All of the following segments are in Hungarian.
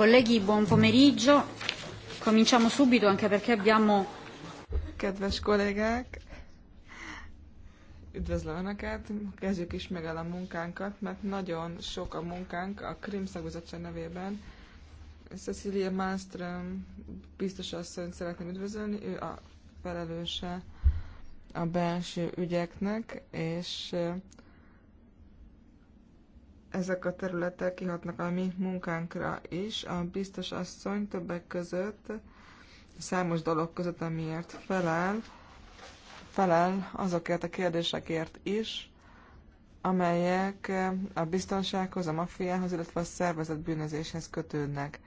Colleghi, buon pomeriggio. Cominciamo subito anche perché abbiamo... Kedves kollégák, üdvözlöm Önöket, kezdjük is meg el a munkánkat, mert nagyon sok a munkánk a Krim szakbizottság nevében. Cecilia Malmström biztos asszonyt szeretném üdvözölni, ő a felelőse a belső ügyeknek, és ezek a területek kihatnak a mi munkánkra is. A biztos asszony többek között, számos dolog között, amiért felel, felel azokért a kérdésekért is, amelyek a biztonsághoz, a maffiához, illetve a szervezett bűnözéshez kötődnek.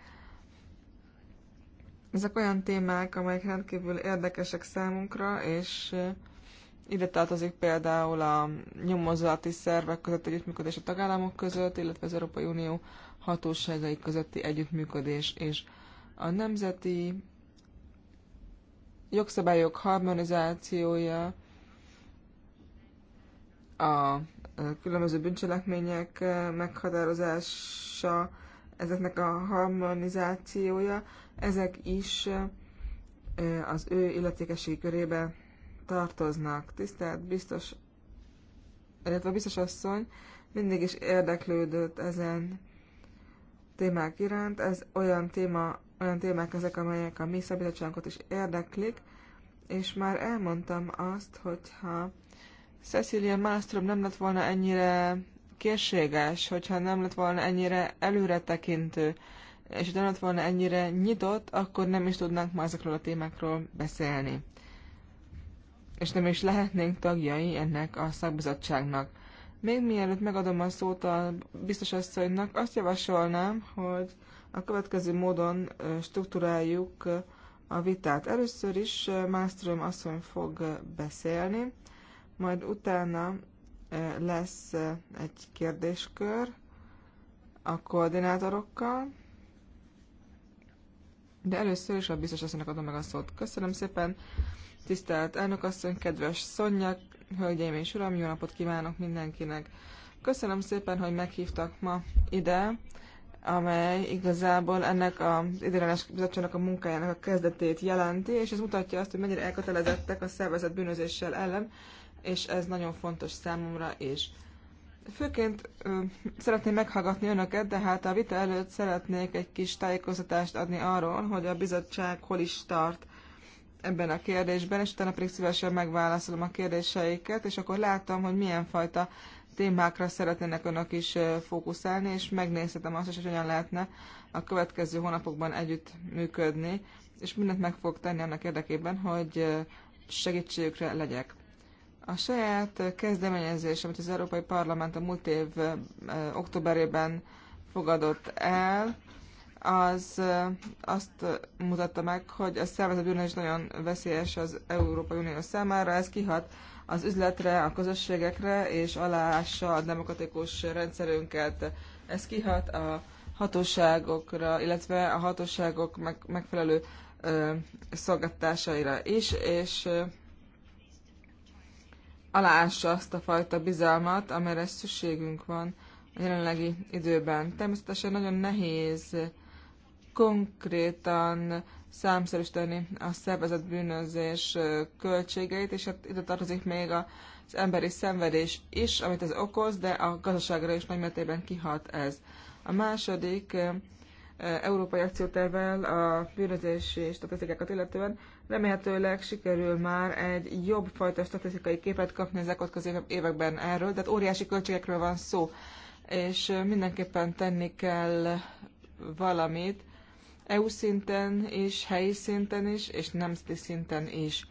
Ezek olyan témák, amelyek rendkívül érdekesek számunkra, és ide tartozik például a nyomozati szervek között együttműködés a tagállamok között, illetve az Európai Unió hatóságai közötti együttműködés és a nemzeti jogszabályok harmonizációja, a különböző bűncselekmények meghatározása, ezeknek a harmonizációja, ezek is az ő illetékességi körébe tartoznak. Tisztelt biztos, illetve biztos asszony mindig is érdeklődött ezen témák iránt. Ez olyan, téma, olyan témák ezek, amelyek a mi szabadságunkat is érdeklik, és már elmondtam azt, hogyha Cecilia Malmström nem lett volna ennyire készséges, hogyha nem lett volna ennyire előretekintő, és nem lett volna ennyire nyitott, akkor nem is tudnánk ma ezekről a témákról beszélni és nem is lehetnénk tagjai ennek a szakbizottságnak. Még mielőtt megadom a szót a biztosasszonynak, azt javasolnám, hogy a következő módon struktúráljuk a vitát. Először is Mástrom asszony fog beszélni, majd utána lesz egy kérdéskör a koordinátorokkal, de először is a biztosasszonynak adom meg a szót. Köszönöm szépen, Tisztelt asszony, kedves Szonya, hölgyeim és uram, jó napot kívánok mindenkinek! Köszönöm szépen, hogy meghívtak ma ide, amely igazából ennek az ideális bizottságnak a munkájának a kezdetét jelenti, és ez mutatja azt, hogy mennyire elkötelezettek a szervezet bűnözéssel ellen, és ez nagyon fontos számomra is. Főként ö, szeretném meghallgatni önöket, de hát a vita előtt szeretnék egy kis tájékoztatást adni arról, hogy a bizottság hol is tart ebben a kérdésben, és utána pedig szívesen megválaszolom a kérdéseiket, és akkor látom, hogy milyen fajta témákra szeretnének önök is fókuszálni, és megnézhetem azt is, hogy hogyan lehetne a következő hónapokban együtt működni, és mindent meg fogok tenni annak érdekében, hogy segítségükre legyek. A saját kezdeményezés, amit az Európai Parlament a múlt év októberében fogadott el, az azt mutatta meg, hogy a szervezett bűnözés nagyon veszélyes az Európai Unió számára, ez kihat az üzletre, a közösségekre, és aláássa a demokratikus rendszerünket. Ez kihat a hatóságokra, illetve a hatóságok meg, megfelelő ö, szolgáltatásaira is, és ö, aláássa azt a fajta bizalmat, amelyre szükségünk van a jelenlegi időben. Természetesen nagyon nehéz konkrétan számszerűsíteni a szervezet bűnözés költségeit, és hát ide tartozik még az emberi szenvedés is, amit ez okoz, de a gazdaságra is nagymértékben kihat ez. A második európai akciótervel a bűnözési statisztikákat illetően remélhetőleg sikerül már egy jobb fajta statisztikai képet kapni az elkövetkező években erről, tehát óriási költségekről van szó, és mindenképpen tenni kell valamit EU szinten is, helyi szinten is, és nemzeti szinten is.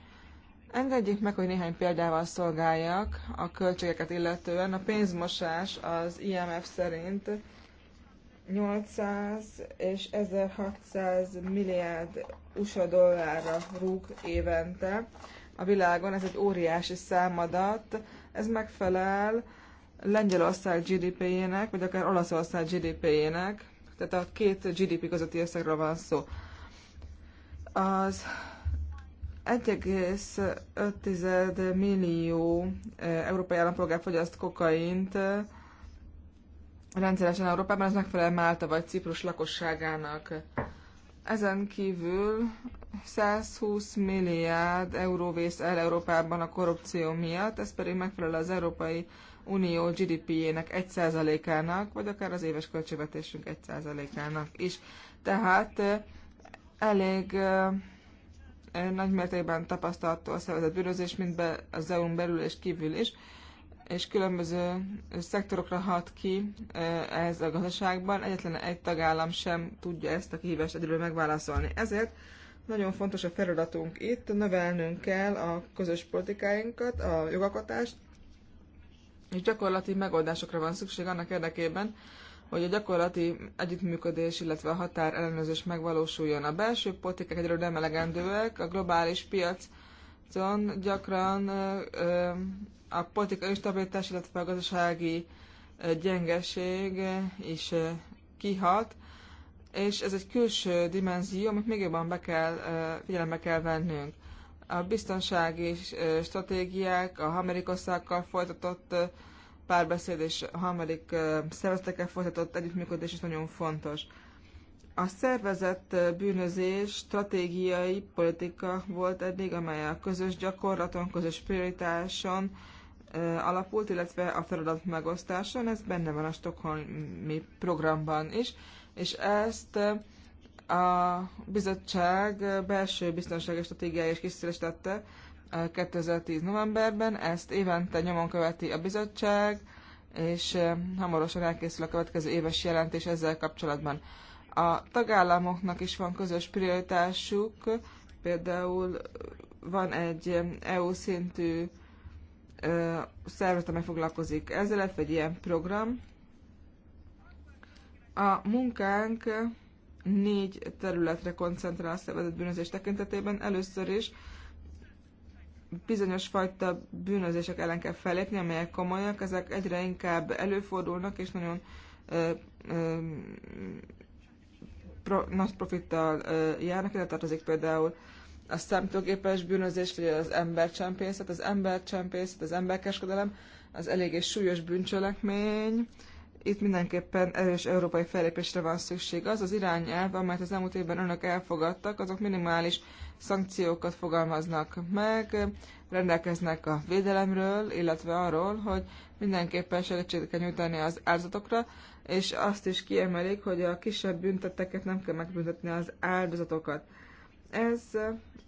Engedjék meg, hogy néhány példával szolgáljak a költségeket illetően. A pénzmosás az IMF szerint 800 és 1600 milliárd USA dollárra rúg évente a világon. Ez egy óriási számadat. Ez megfelel Lengyelország GDP-jének, vagy akár Olaszország GDP-jének tehát a két GDP közötti összegről van szó. Az 1,5 millió európai állampolgár fogyaszt kokaint rendszeresen Európában, ez megfelel Málta vagy Ciprus lakosságának. Ezen kívül 120 milliárd euró vész el Európában a korrupció miatt, ez pedig megfelel az európai Unió GDP-jének 1%-ának, vagy akár az éves költségvetésünk 1%-ának is. Tehát elég nagy mértékben tapasztalható a szervezett bűnözés, mind be az eu belül és kívül is, és különböző szektorokra hat ki ez a gazdaságban. Egyetlen egy tagállam sem tudja ezt a kihívást egyről megválaszolni. Ezért nagyon fontos a feladatunk itt, növelnünk kell a közös politikáinkat, a jogalkotást, és gyakorlati megoldásokra van szükség annak érdekében, hogy a gyakorlati együttműködés, illetve a határ ellenőrzés megvalósuljon. A belső politikák egyre nem elegendőek, a globális piacon gyakran a politikai instabilitás, illetve a gazdasági gyengeség is kihat, és ez egy külső dimenzió, amit még jobban be kell, figyelembe kell vennünk. A biztonsági stratégiák, a hamerik folytatott párbeszéd és a hamerik szervezetekkel folytatott együttműködés is nagyon fontos. A szervezett bűnözés stratégiai politika volt eddig, amely a közös gyakorlaton, közös prioritáson alapult, illetve a feladat megosztáson, ez benne van a Stockholmi programban is, és ezt a bizottság belső biztonsági stratégiája is kiszélesítette 2010. Eh, novemberben, ezt évente nyomon követi a bizottság, és eh, hamarosan elkészül a következő éves jelentés ezzel kapcsolatban. A tagállamoknak is van közös prioritásuk, például van egy eh, EU szintű szervezet, amely foglalkozik ezzel, illetve egy ilyen program. A munkánk négy területre koncentrál a szervezett bűnözés tekintetében. Először is bizonyos fajta bűnözések ellen kell fellépni, amelyek komolyak, ezek egyre inkább előfordulnak, és nagyon ö, ö, pro, nagy profittal ö, járnak. Ide tartozik például a számítógépes bűnözés, vagy az embercsempészet. Az embercsempészet, az emberkeskedelem, az eléggé súlyos bűncselekmény, itt mindenképpen erős európai fellépésre van szükség. Az az irányelv, amelyet az elmúlt évben önök elfogadtak, azok minimális szankciókat fogalmaznak meg, rendelkeznek a védelemről, illetve arról, hogy mindenképpen segítséget kell nyújtani az áldozatokra, és azt is kiemelik, hogy a kisebb büntetteket nem kell megbüntetni az áldozatokat. Ez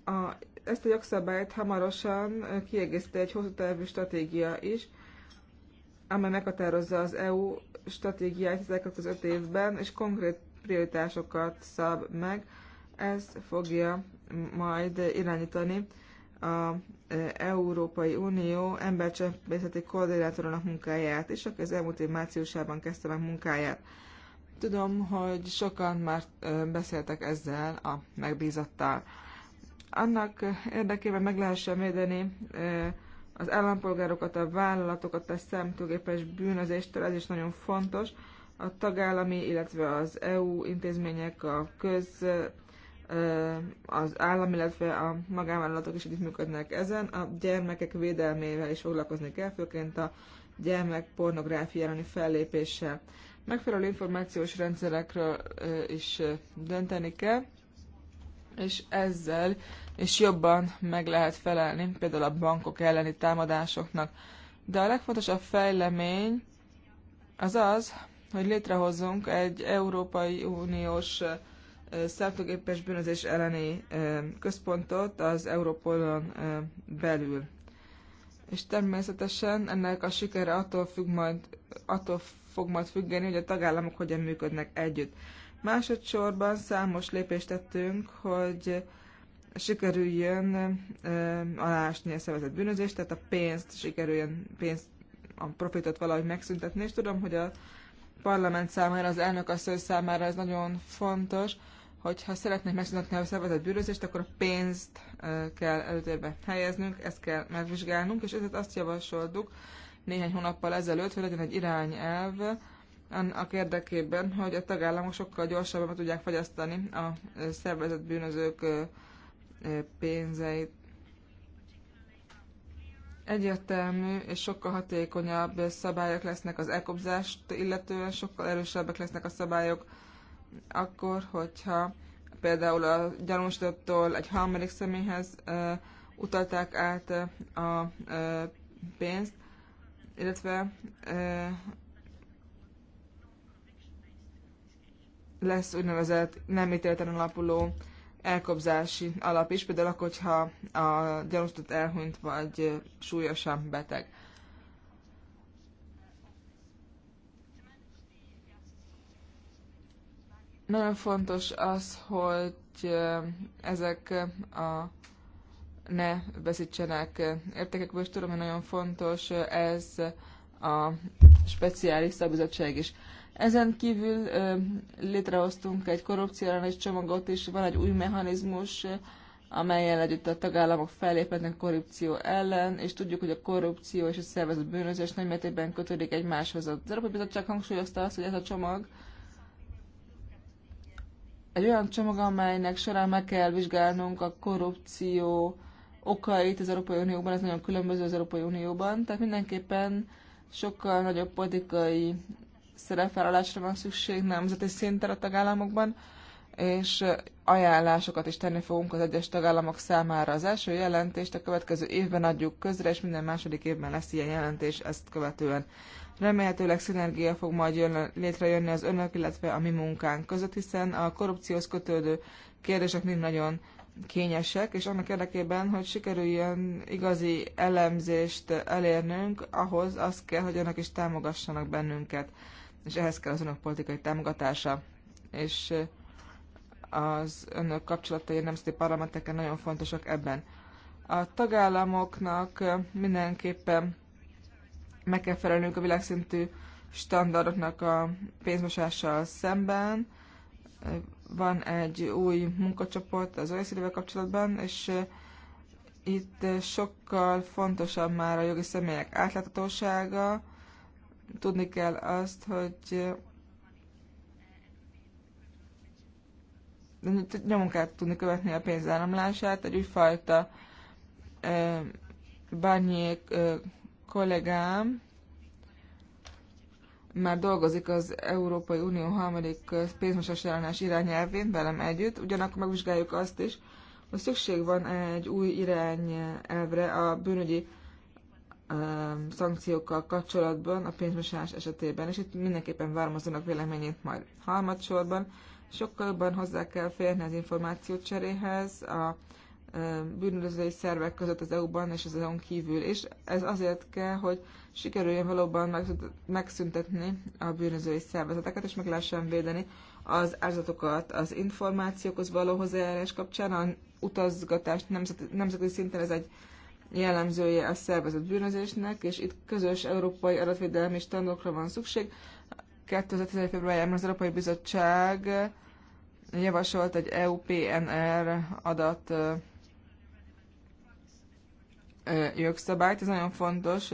a, ezt a jogszabályt hamarosan kiegészte egy hosszú távú stratégia is, amely meghatározza az EU stratégiáját ezeket az öt évben, és konkrét prioritásokat szab meg. Ez fogja majd irányítani a e, Európai Unió embercsempészeti koordinátorának munkáját, és aki az elmúlt év márciusában kezdte meg munkáját. Tudom, hogy sokan már e, beszéltek ezzel a megbízattal. Annak érdekében meg lehessen védeni e, az állampolgárokat, a vállalatokat a szemtőgépes bűnözéstől, ez is nagyon fontos. A tagállami, illetve az EU intézmények, a köz, az állam, illetve a magánvállalatok is működnek ezen. A gyermekek védelmével is foglalkozni kell, főként a gyermek pornográfiáni fellépéssel. Megfelelő információs rendszerekről is dönteni kell, és ezzel és jobban meg lehet felelni például a bankok elleni támadásoknak. De a legfontosabb fejlemény az az, hogy létrehozzunk egy Európai Uniós számítógépes bűnözés elleni központot az Európolon belül. És természetesen ennek a sikere attól, függ majd, attól fog majd függeni, hogy a tagállamok hogyan működnek együtt. Másodszorban számos lépést tettünk, hogy sikerüljön alásni a szervezett bűnözést, tehát a pénzt sikerüljön, pénzt, a profitot valahogy megszüntetni, és tudom, hogy a parlament számára, az elnök asszony számára ez nagyon fontos, hogyha szeretnék megszüntetni a szervezett bűnözést, akkor a pénzt kell előtérbe helyeznünk, ezt kell megvizsgálnunk, és ezért azt javasoltuk néhány hónappal ezelőtt, hogy legyen egy irányelv, annak érdekében, hogy a tagállamok sokkal gyorsabban tudják fogyasztani a szervezett bűnözők pénzeit. Egyértelmű és sokkal hatékonyabb szabályok lesznek az elkobzást illetően, sokkal erősebbek lesznek a szabályok akkor, hogyha például a gyanúsítottól egy harmadik személyhez uh, utalták át a uh, pénzt, illetve uh, lesz úgynevezett nem ítéleten alapuló elkobzási alap is, például akkor, hogyha a gyanúsított elhunyt vagy súlyosan beteg. Nagyon fontos az, hogy ezek a ne veszítsenek Értékek és tudom, hogy nagyon fontos ez a speciális szabizottság is. Ezen kívül létrehoztunk egy korrupciális csomagot, és van egy új mechanizmus, amelyen együtt a tagállamok felléphetnek korrupció ellen, és tudjuk, hogy a korrupció és a szervezett bűnözés mértékben kötődik egymáshoz. Az Európai Bizottság hangsúlyozta azt, hogy ez a csomag egy olyan csomag, amelynek során meg kell vizsgálnunk a korrupció okait az Európai Unióban, ez nagyon különböző az Európai Unióban, tehát mindenképpen sokkal nagyobb politikai szerepvállalásra van szükség nemzeti szinten a tagállamokban, és ajánlásokat is tenni fogunk az egyes tagállamok számára. Az első jelentést a következő évben adjuk közre, és minden második évben lesz ilyen jelentés ezt követően. Remélhetőleg szinergia fog majd jön, létrejönni az önök, illetve a mi munkánk között, hiszen a korrupcióhoz kötődő kérdések mind nagyon kényesek, és annak érdekében, hogy sikerüljön igazi elemzést elérnünk, ahhoz az kell, hogy önök is támogassanak bennünket és ehhez kell az önök politikai támogatása. És az önök kapcsolatai nemzeti parlamenteken nagyon fontosak ebben. A tagállamoknak mindenképpen meg kell felelnünk a világszintű standardoknak a pénzmosással szemben. Van egy új munkacsoport az oecd kapcsolatban, és itt sokkal fontosabb már a jogi személyek átláthatósága, Tudni kell azt, hogy nyomon kell tudni követni a pénzáramlását, egy újfajta bányék kollégám már dolgozik az Európai Unió harmadik pénzmosás ellenes irányelvén velem együtt, ugyanakkor megvizsgáljuk azt is, hogy szükség van egy új irányelvre a bűnügyi szankciókkal kapcsolatban a pénzmosás esetében, és itt mindenképpen várom az önök véleményét majd harmadsorban. Sokkal jobban hozzá kell férni az információ cseréhez a bűnözői szervek között az EU-ban és az EU-n kívül, és ez azért kell, hogy sikerüljön valóban megszüntetni a bűnözői szervezeteket, és meg lehessen védeni az áldozatokat az információkhoz való hozzájárás kapcsán, a utazgatást nemzeti, nemzeti szinten ez egy jellemzője a szervezett bűnözésnek, és itt közös európai adatvédelmi standokra van szükség. 2017. februárjában az Európai Bizottság javasolt egy EU-PNR adat jogszabályt. Ez nagyon fontos,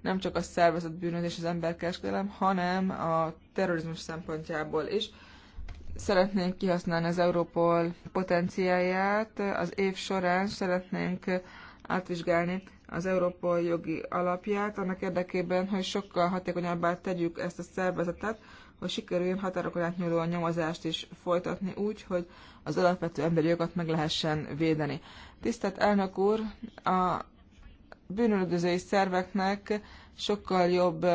nem csak a szervezett bűnözés, az emberkereskedelem, hanem a terrorizmus szempontjából is. Szeretnénk kihasználni az Európol potenciáját. Az év során szeretnénk átvizsgálni az Európol jogi alapját, annak érdekében, hogy sokkal hatékonyabbá tegyük ezt a szervezetet, hogy sikerüljön határokon átnyúló nyomozást is folytatni úgy, hogy az alapvető emberi jogot meg lehessen védeni. Tisztelt elnök úr, a bűnöldözői szerveknek sokkal jobb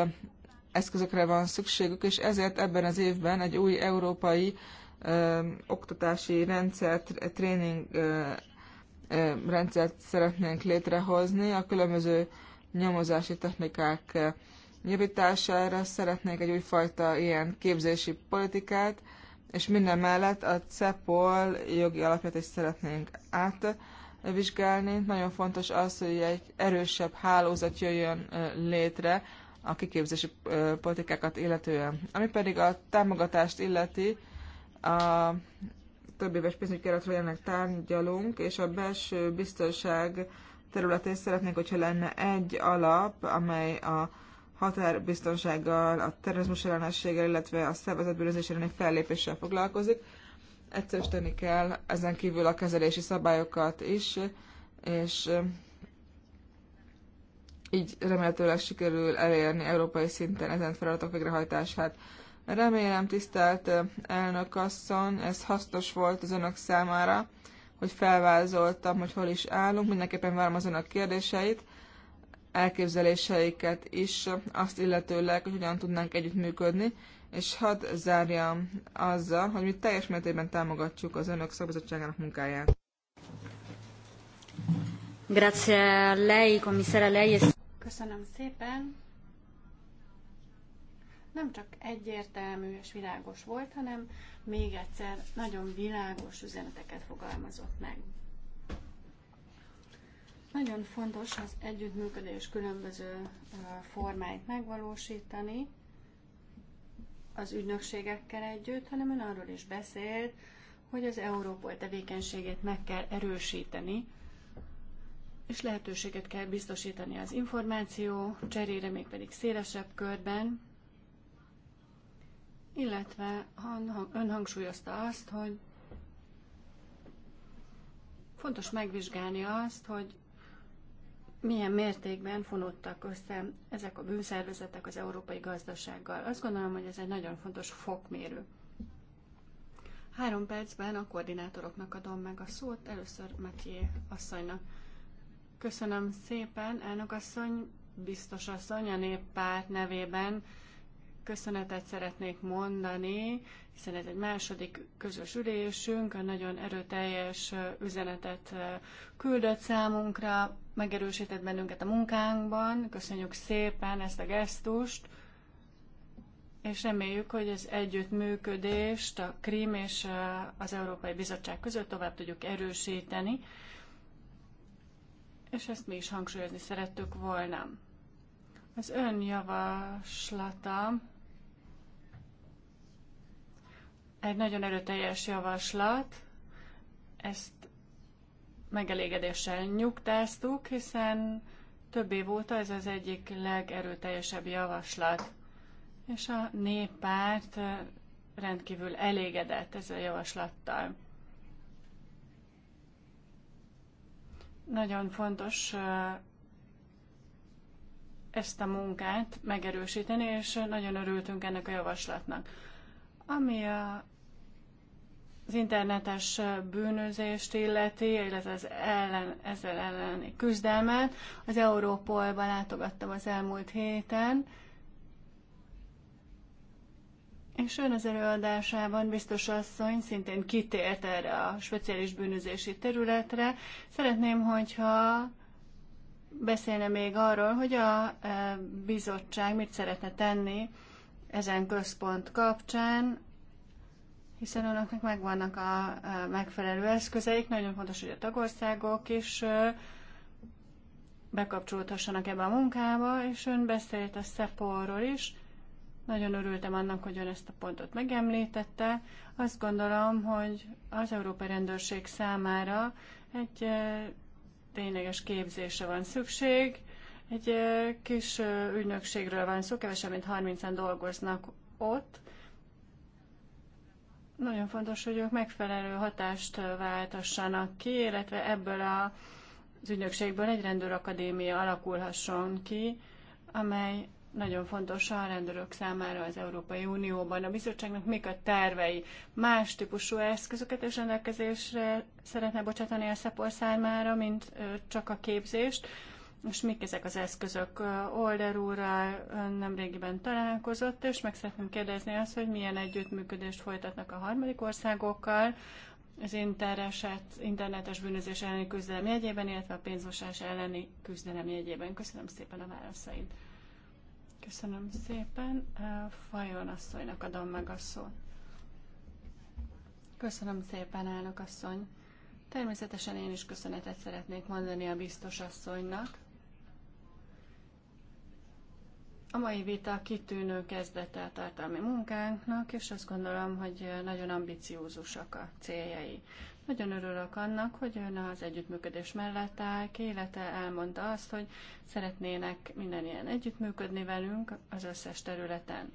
eszközökre van szükségük, és ezért ebben az évben egy új európai ö, oktatási rendszert, tréning ö, rendszert szeretnénk létrehozni. A különböző nyomozási technikák javítására szeretnénk egy újfajta ilyen képzési politikát, és minden mellett a CEPOL jogi alapját is szeretnénk átvizsgálni. Nagyon fontos az, hogy egy erősebb hálózat jöjjön létre a kiképzési politikákat illetően. Ami pedig a támogatást illeti, a több éves pénzügyi keretről jelenleg tárgyalunk, és a belső biztonság területén szeretnénk, hogyha lenne egy alap, amely a határbiztonsággal, a terrorizmus ellenességgel, illetve a szervezetbűnözés elleni fellépéssel foglalkozik. Egyszerűsíteni kell ezen kívül a kezelési szabályokat is, és eh, így remélhetőleg sikerül elérni európai szinten ezen feladatok végrehajtását. Remélem, tisztelt elnök asszony, ez hasznos volt az önök számára, hogy felvázoltam, hogy hol is állunk. Mindenképpen várom az önök kérdéseit, elképzeléseiket is, azt illetőleg, hogy hogyan tudnánk együttműködni, és hadd zárjam azzal, hogy mi teljes mértékben támogatjuk az önök szakbizottságának munkáját. Grazie lei, commissaria lei. Köszönöm szépen nem csak egyértelmű és világos volt, hanem még egyszer nagyon világos üzeneteket fogalmazott meg. Nagyon fontos az együttműködés különböző formáit megvalósítani az ügynökségekkel együtt, hanem ön arról is beszélt, hogy az Európol tevékenységét meg kell erősíteni, és lehetőséget kell biztosítani az információ cserére, mégpedig szélesebb körben, illetve ön hangsúlyozta azt, hogy fontos megvizsgálni azt, hogy milyen mértékben fonódtak össze ezek a bűnszervezetek az európai gazdasággal. Azt gondolom, hogy ez egy nagyon fontos fokmérő. Három percben a koordinátoroknak adom meg a szót, először Matyé asszonynak. Köszönöm szépen, elnök asszony, biztos asszony a néppárt nevében köszönetet szeretnék mondani, hiszen ez egy második közös ülésünk, a nagyon erőteljes üzenetet küldött számunkra, megerősített bennünket a munkánkban, köszönjük szépen ezt a gesztust, és reméljük, hogy az együttműködést a Krím és az Európai Bizottság között tovább tudjuk erősíteni, és ezt mi is hangsúlyozni szerettük volna. Az ön javaslata egy nagyon erőteljes javaslat, ezt megelégedéssel nyugtáztuk, hiszen több év óta ez az egyik legerőteljesebb javaslat. És a néppárt rendkívül elégedett ezzel a javaslattal. Nagyon fontos ezt a munkát megerősíteni, és nagyon örültünk ennek a javaslatnak. Ami a az internetes bűnözést illeti, illetve az ellen, ezzel elleni küzdelmet. Az Európolba látogattam az elmúlt héten, és ön az előadásában biztos asszony szintén kitért erre a speciális bűnözési területre. Szeretném, hogyha beszélne még arról, hogy a e, bizottság mit szeretne tenni ezen központ kapcsán, hiszen önöknek megvannak a megfelelő eszközeik. Nagyon fontos, hogy a tagországok is bekapcsolódhassanak ebbe a munkába, és ön beszélt a SZEPOR-ról is. Nagyon örültem annak, hogy ön ezt a pontot megemlítette. Azt gondolom, hogy az Európai Rendőrség számára egy tényleges képzése van szükség. Egy kis ügynökségről van szó, kevesebb mint 30 en dolgoznak ott, nagyon fontos, hogy ők megfelelő hatást váltassanak ki, illetve ebből a, az ügynökségből egy rendőrakadémia alakulhasson ki, amely nagyon fontos a rendőrök számára az Európai Unióban. A bizottságnak mik a tervei? Más típusú eszközöket és rendelkezésre szeretne bocsátani a SZEPOR számára, mint csak a képzést. Most mik ezek az eszközök? Older úrral nemrégiben találkozott, és meg szeretném kérdezni azt, hogy milyen együttműködést folytatnak a harmadik országokkal, az intereset, internetes bűnözés elleni küzdelem jegyében, illetve a pénzmosás elleni küzdelem jegyében. Köszönöm szépen a válaszait. Köszönöm szépen. Fajon asszonynak adom meg a szót. Köszönöm szépen, elnök asszony. Természetesen én is köszönetet szeretnék mondani a biztos asszonynak. A mai vita kitűnő kezdete a tartalmi munkánknak, és azt gondolom, hogy nagyon ambiciózusak a céljai. Nagyon örülök annak, hogy ön az együttműködés mellett áll, élete elmondta azt, hogy szeretnének minden ilyen együttműködni velünk az összes területen.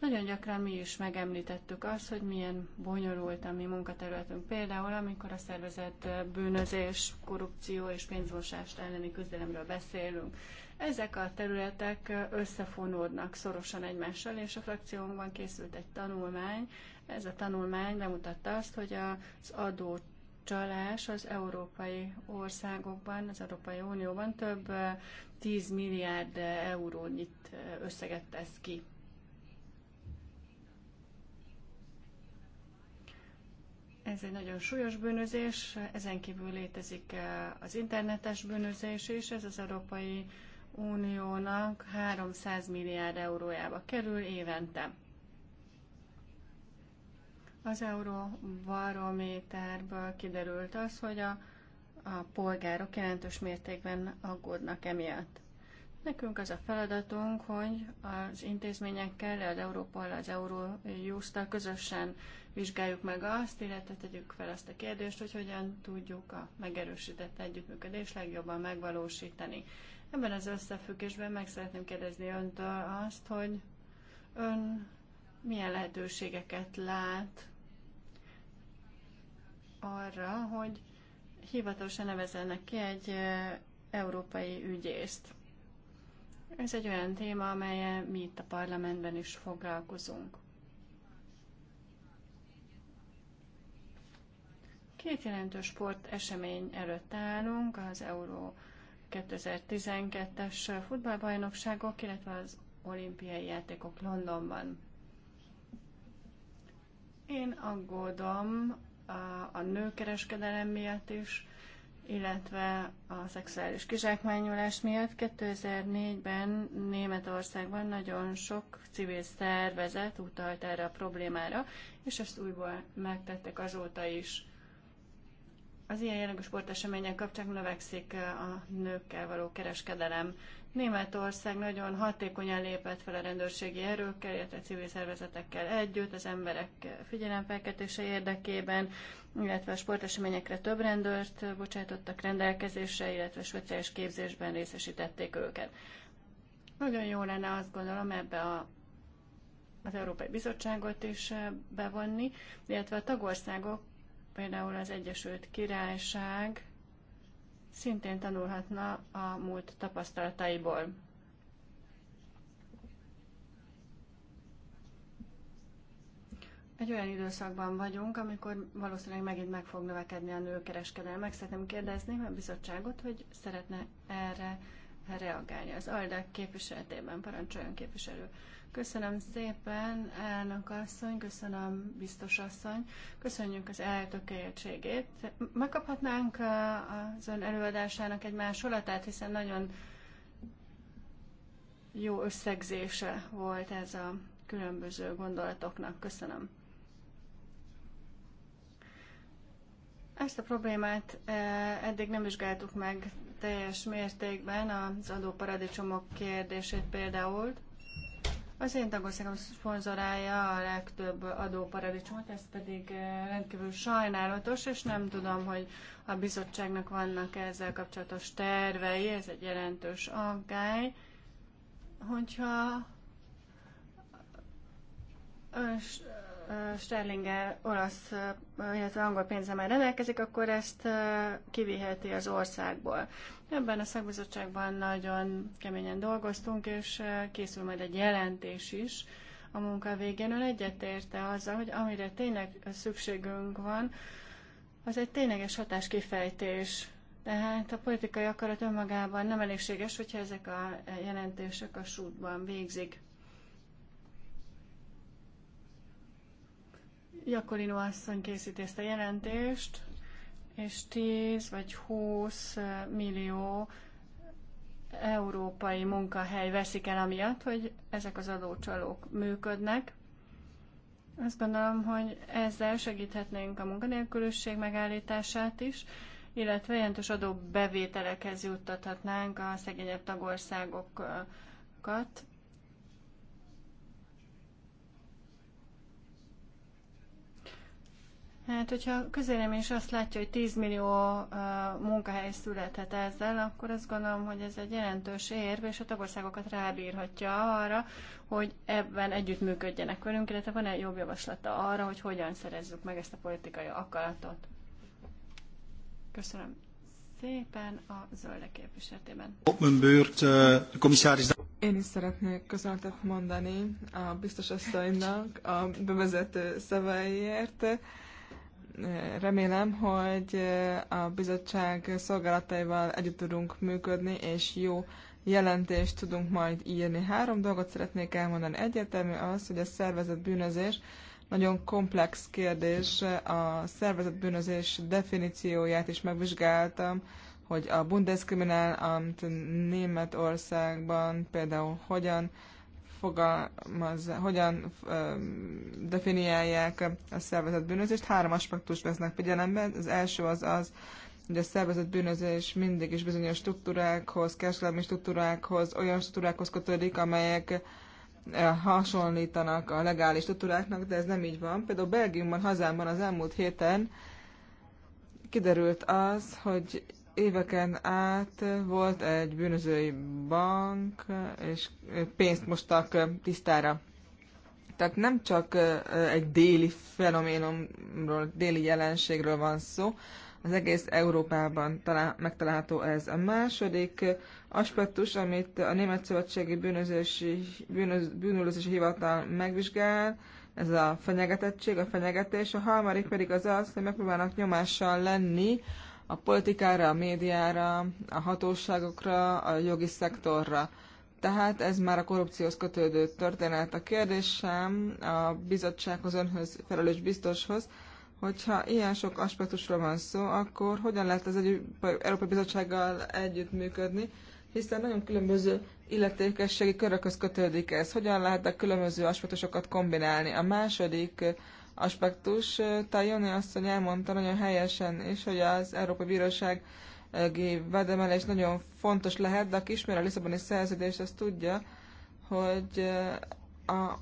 Nagyon gyakran mi is megemlítettük azt, hogy milyen bonyolult a mi munkaterületünk. Például, amikor a szervezett bűnözés, korrupció és pénzmosást elleni küzdelemről beszélünk, ezek a területek összefonódnak szorosan egymással, és a frakciónkban készült egy tanulmány. Ez a tanulmány bemutatta azt, hogy az adó csalás az európai országokban, az Európai Unióban több 10 milliárd eurónyit összeget tesz ki. Ez egy nagyon súlyos bűnözés, ezen kívül létezik az internetes bűnözés is, ez az Európai Uniónak 300 milliárd eurójába kerül évente. Az euróbarométerből kiderült az, hogy a, a polgárok jelentős mértékben aggódnak emiatt. Nekünk az a feladatunk, hogy az intézményekkel, az Európol, az eurojust közösen vizsgáljuk meg azt, illetve tegyük fel azt a kérdést, hogy hogyan tudjuk a megerősített együttműködést legjobban megvalósítani. Ebben az összefüggésben meg szeretném kérdezni öntől azt, hogy ön milyen lehetőségeket lát arra, hogy hivatalosan nevezzenek ki egy európai ügyészt. Ez egy olyan téma, amelyel mi itt a parlamentben is foglalkozunk. Két jelentős sport esemény előtt állunk, az Euró 2012-es futballbajnokságok, illetve az olimpiai játékok Londonban. Én aggódom a, a nőkereskedelem miatt is, illetve a szexuális kizsákmányolás miatt 2004-ben Németországban nagyon sok civil szervezet utalt erre a problémára, és ezt újból megtettek azóta is. Az ilyen jellegű sportesemények kapcsán növekszik eh, a nőkkel való kereskedelem. Németország nagyon hatékonyan lépett fel a rendőrségi erőkkel, illetve civil szervezetekkel együtt, az emberek figyelemfelkeltése érdekében, illetve a sporteseményekre több rendőrt bocsátottak rendelkezésre, illetve speciális képzésben részesítették őket. Nagyon jó lenne azt gondolom ebbe a az Európai Bizottságot is eh, bevonni, illetve a tagországok például az Egyesült Királyság szintén tanulhatna a múlt tapasztalataiból. Egy olyan időszakban vagyunk, amikor valószínűleg megint meg fog növekedni a nőkereskedelme. Meg szeretném kérdezni a bizottságot, hogy szeretne erre reagálni. Az ALDE képviseletében parancsoljon képviselő. Köszönöm szépen, elnök asszony, köszönöm biztos asszony, köszönjük az eltökéltségét. Megkaphatnánk az ön előadásának egy másolatát, hiszen nagyon jó összegzése volt ez a különböző gondolatoknak. Köszönöm. Ezt a problémát eddig nem vizsgáltuk meg teljes mértékben, az adóparadicsomok kérdését például, az én tagországom szponzorálja a legtöbb adóparadicsomot, ez pedig eh, rendkívül sajnálatos, és nem tudom, hogy a bizottságnak vannak -e ezzel kapcsolatos tervei, ez egy jelentős aggály, hogyha Sterlinger olasz, eh, illetve angol pénze már rendelkezik, akkor ezt eh, kiviheti az országból. Ebben a szakbizottságban nagyon keményen dolgoztunk, és eh, készül majd egy jelentés is a munka végén. Ön egyetérte azzal, hogy amire tényleg szükségünk van, az egy tényleges hatáskifejtés. Tehát a politikai akarat önmagában nem elégséges, hogyha ezek a jelentések a sútban végzik. Jakolino asszony készíti ezt a jelentést, és 10 vagy 20 millió európai munkahely veszik el amiatt, hogy ezek az adócsalók működnek. Azt gondolom, hogy ezzel segíthetnénk a munkanélküliség megállítását is, illetve jelentős adóbevételekhez juttathatnánk a szegényebb tagországokat, Hát, hogyha a közélem is azt látja, hogy 10 millió munkahely születhet ezzel, akkor azt gondolom, hogy ez egy jelentős érv, és a tagországokat rábírhatja arra, hogy ebben együttműködjenek velünk, illetve van-e jobb javaslata arra, hogy hogyan szerezzük meg ezt a politikai akaratot? Köszönöm szépen a zöldek képviseletében. Én is szeretnék köszönetet mondani a biztos asszonynak a bevezető szavaiért remélem, hogy a bizottság szolgálataival együtt tudunk működni, és jó jelentést tudunk majd írni. Három dolgot szeretnék elmondani. Egyértelmű az, hogy a szervezett bűnözés nagyon komplex kérdés. A szervezett bűnözés definícióját is megvizsgáltam, hogy a Bundeskriminalamt Németországban például hogyan fogalmaz, hogyan definiálják a szervezett bűnözést. Három aspektus vesznek figyelembe. Az első az az, hogy a szervezett bűnözés mindig is bizonyos struktúrákhoz, kereskedelmi struktúrákhoz, olyan struktúrákhoz kötődik, amelyek hasonlítanak a legális struktúráknak, de ez nem így van. Például Belgiumban, hazámban az elmúlt héten kiderült az, hogy éveken át volt egy bűnözői bank, és pénzt mostak tisztára. Tehát nem csak egy déli fenoménumról, déli jelenségről van szó, az egész Európában talál, megtalálható ez. A második aspektus, amit a Német Szövetségi Bűnözési, Bűnözési Hivatal megvizsgál, ez a fenyegetettség, a fenyegetés. A harmadik pedig az az, hogy megpróbálnak nyomással lenni a politikára, a médiára, a hatóságokra, a jogi szektorra. Tehát ez már a korrupcióhoz kötődő történet. A kérdésem a bizottsághoz, önhöz, felelős biztoshoz, hogyha ilyen sok aspektusról van szó, akkor hogyan lehet az egy Európai Bizottsággal együttműködni, hiszen nagyon különböző illetékességi körökhöz kötődik ez. Hogyan lehet a különböző aspektusokat kombinálni? A második aspektus. Tajoni hogy elmondta nagyon helyesen és hogy az Európai Bíróság vedemelés nagyon fontos lehet, de aki ismer a Lisszaboni szerződés, az tudja, hogy eh, a,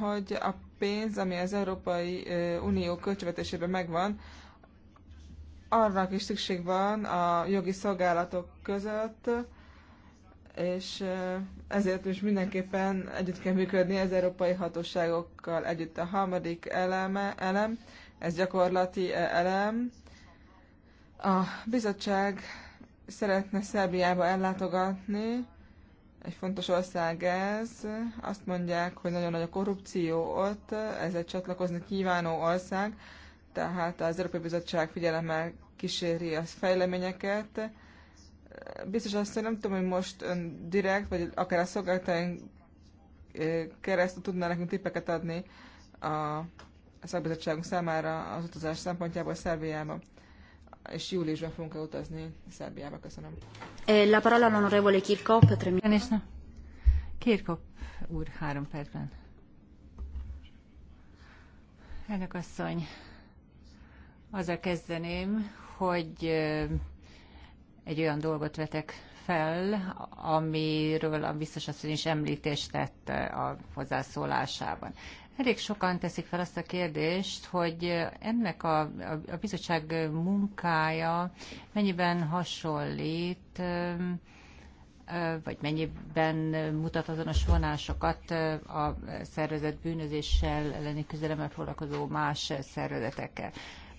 hogy a pénz, ami az Európai eh, Unió költségvetésében megvan, arra is szükség van a jogi szolgálatok között, és ezért is mindenképpen együtt kell működni az európai hatóságokkal együtt. A harmadik eleme, elem, ez gyakorlati elem. A bizottság szeretne Szerbiába ellátogatni, egy fontos ország ez. Azt mondják, hogy nagyon nagy a korrupció ott, ez egy csatlakozni kívánó ország, tehát az Európai Bizottság figyelemmel kíséri a fejleményeket biztos azt, hogy nem tudom, hogy most ön direkt, vagy akár a szolgálataink eh, keresztül tudná nekünk tippeket adni a szakbizottságunk számára az utazás szempontjából Szerbiába. És júliusban fogunk utazni Szerbiába. Köszönöm. Eh, la parola l'onorevole Kirkop, tre Kirkop úr, három percben. Elnök asszony, azzal kezdeném, hogy eh, egy olyan dolgot vetek fel, amiről a biztos asszony is említést tett a hozzászólásában. Elég sokan teszik fel azt a kérdést, hogy ennek a, a, a bizottság munkája mennyiben hasonlít, vagy mennyiben mutat azonos vonásokat a szervezet bűnözéssel elleni küzdelemmel foglalkozó más szervezetekkel.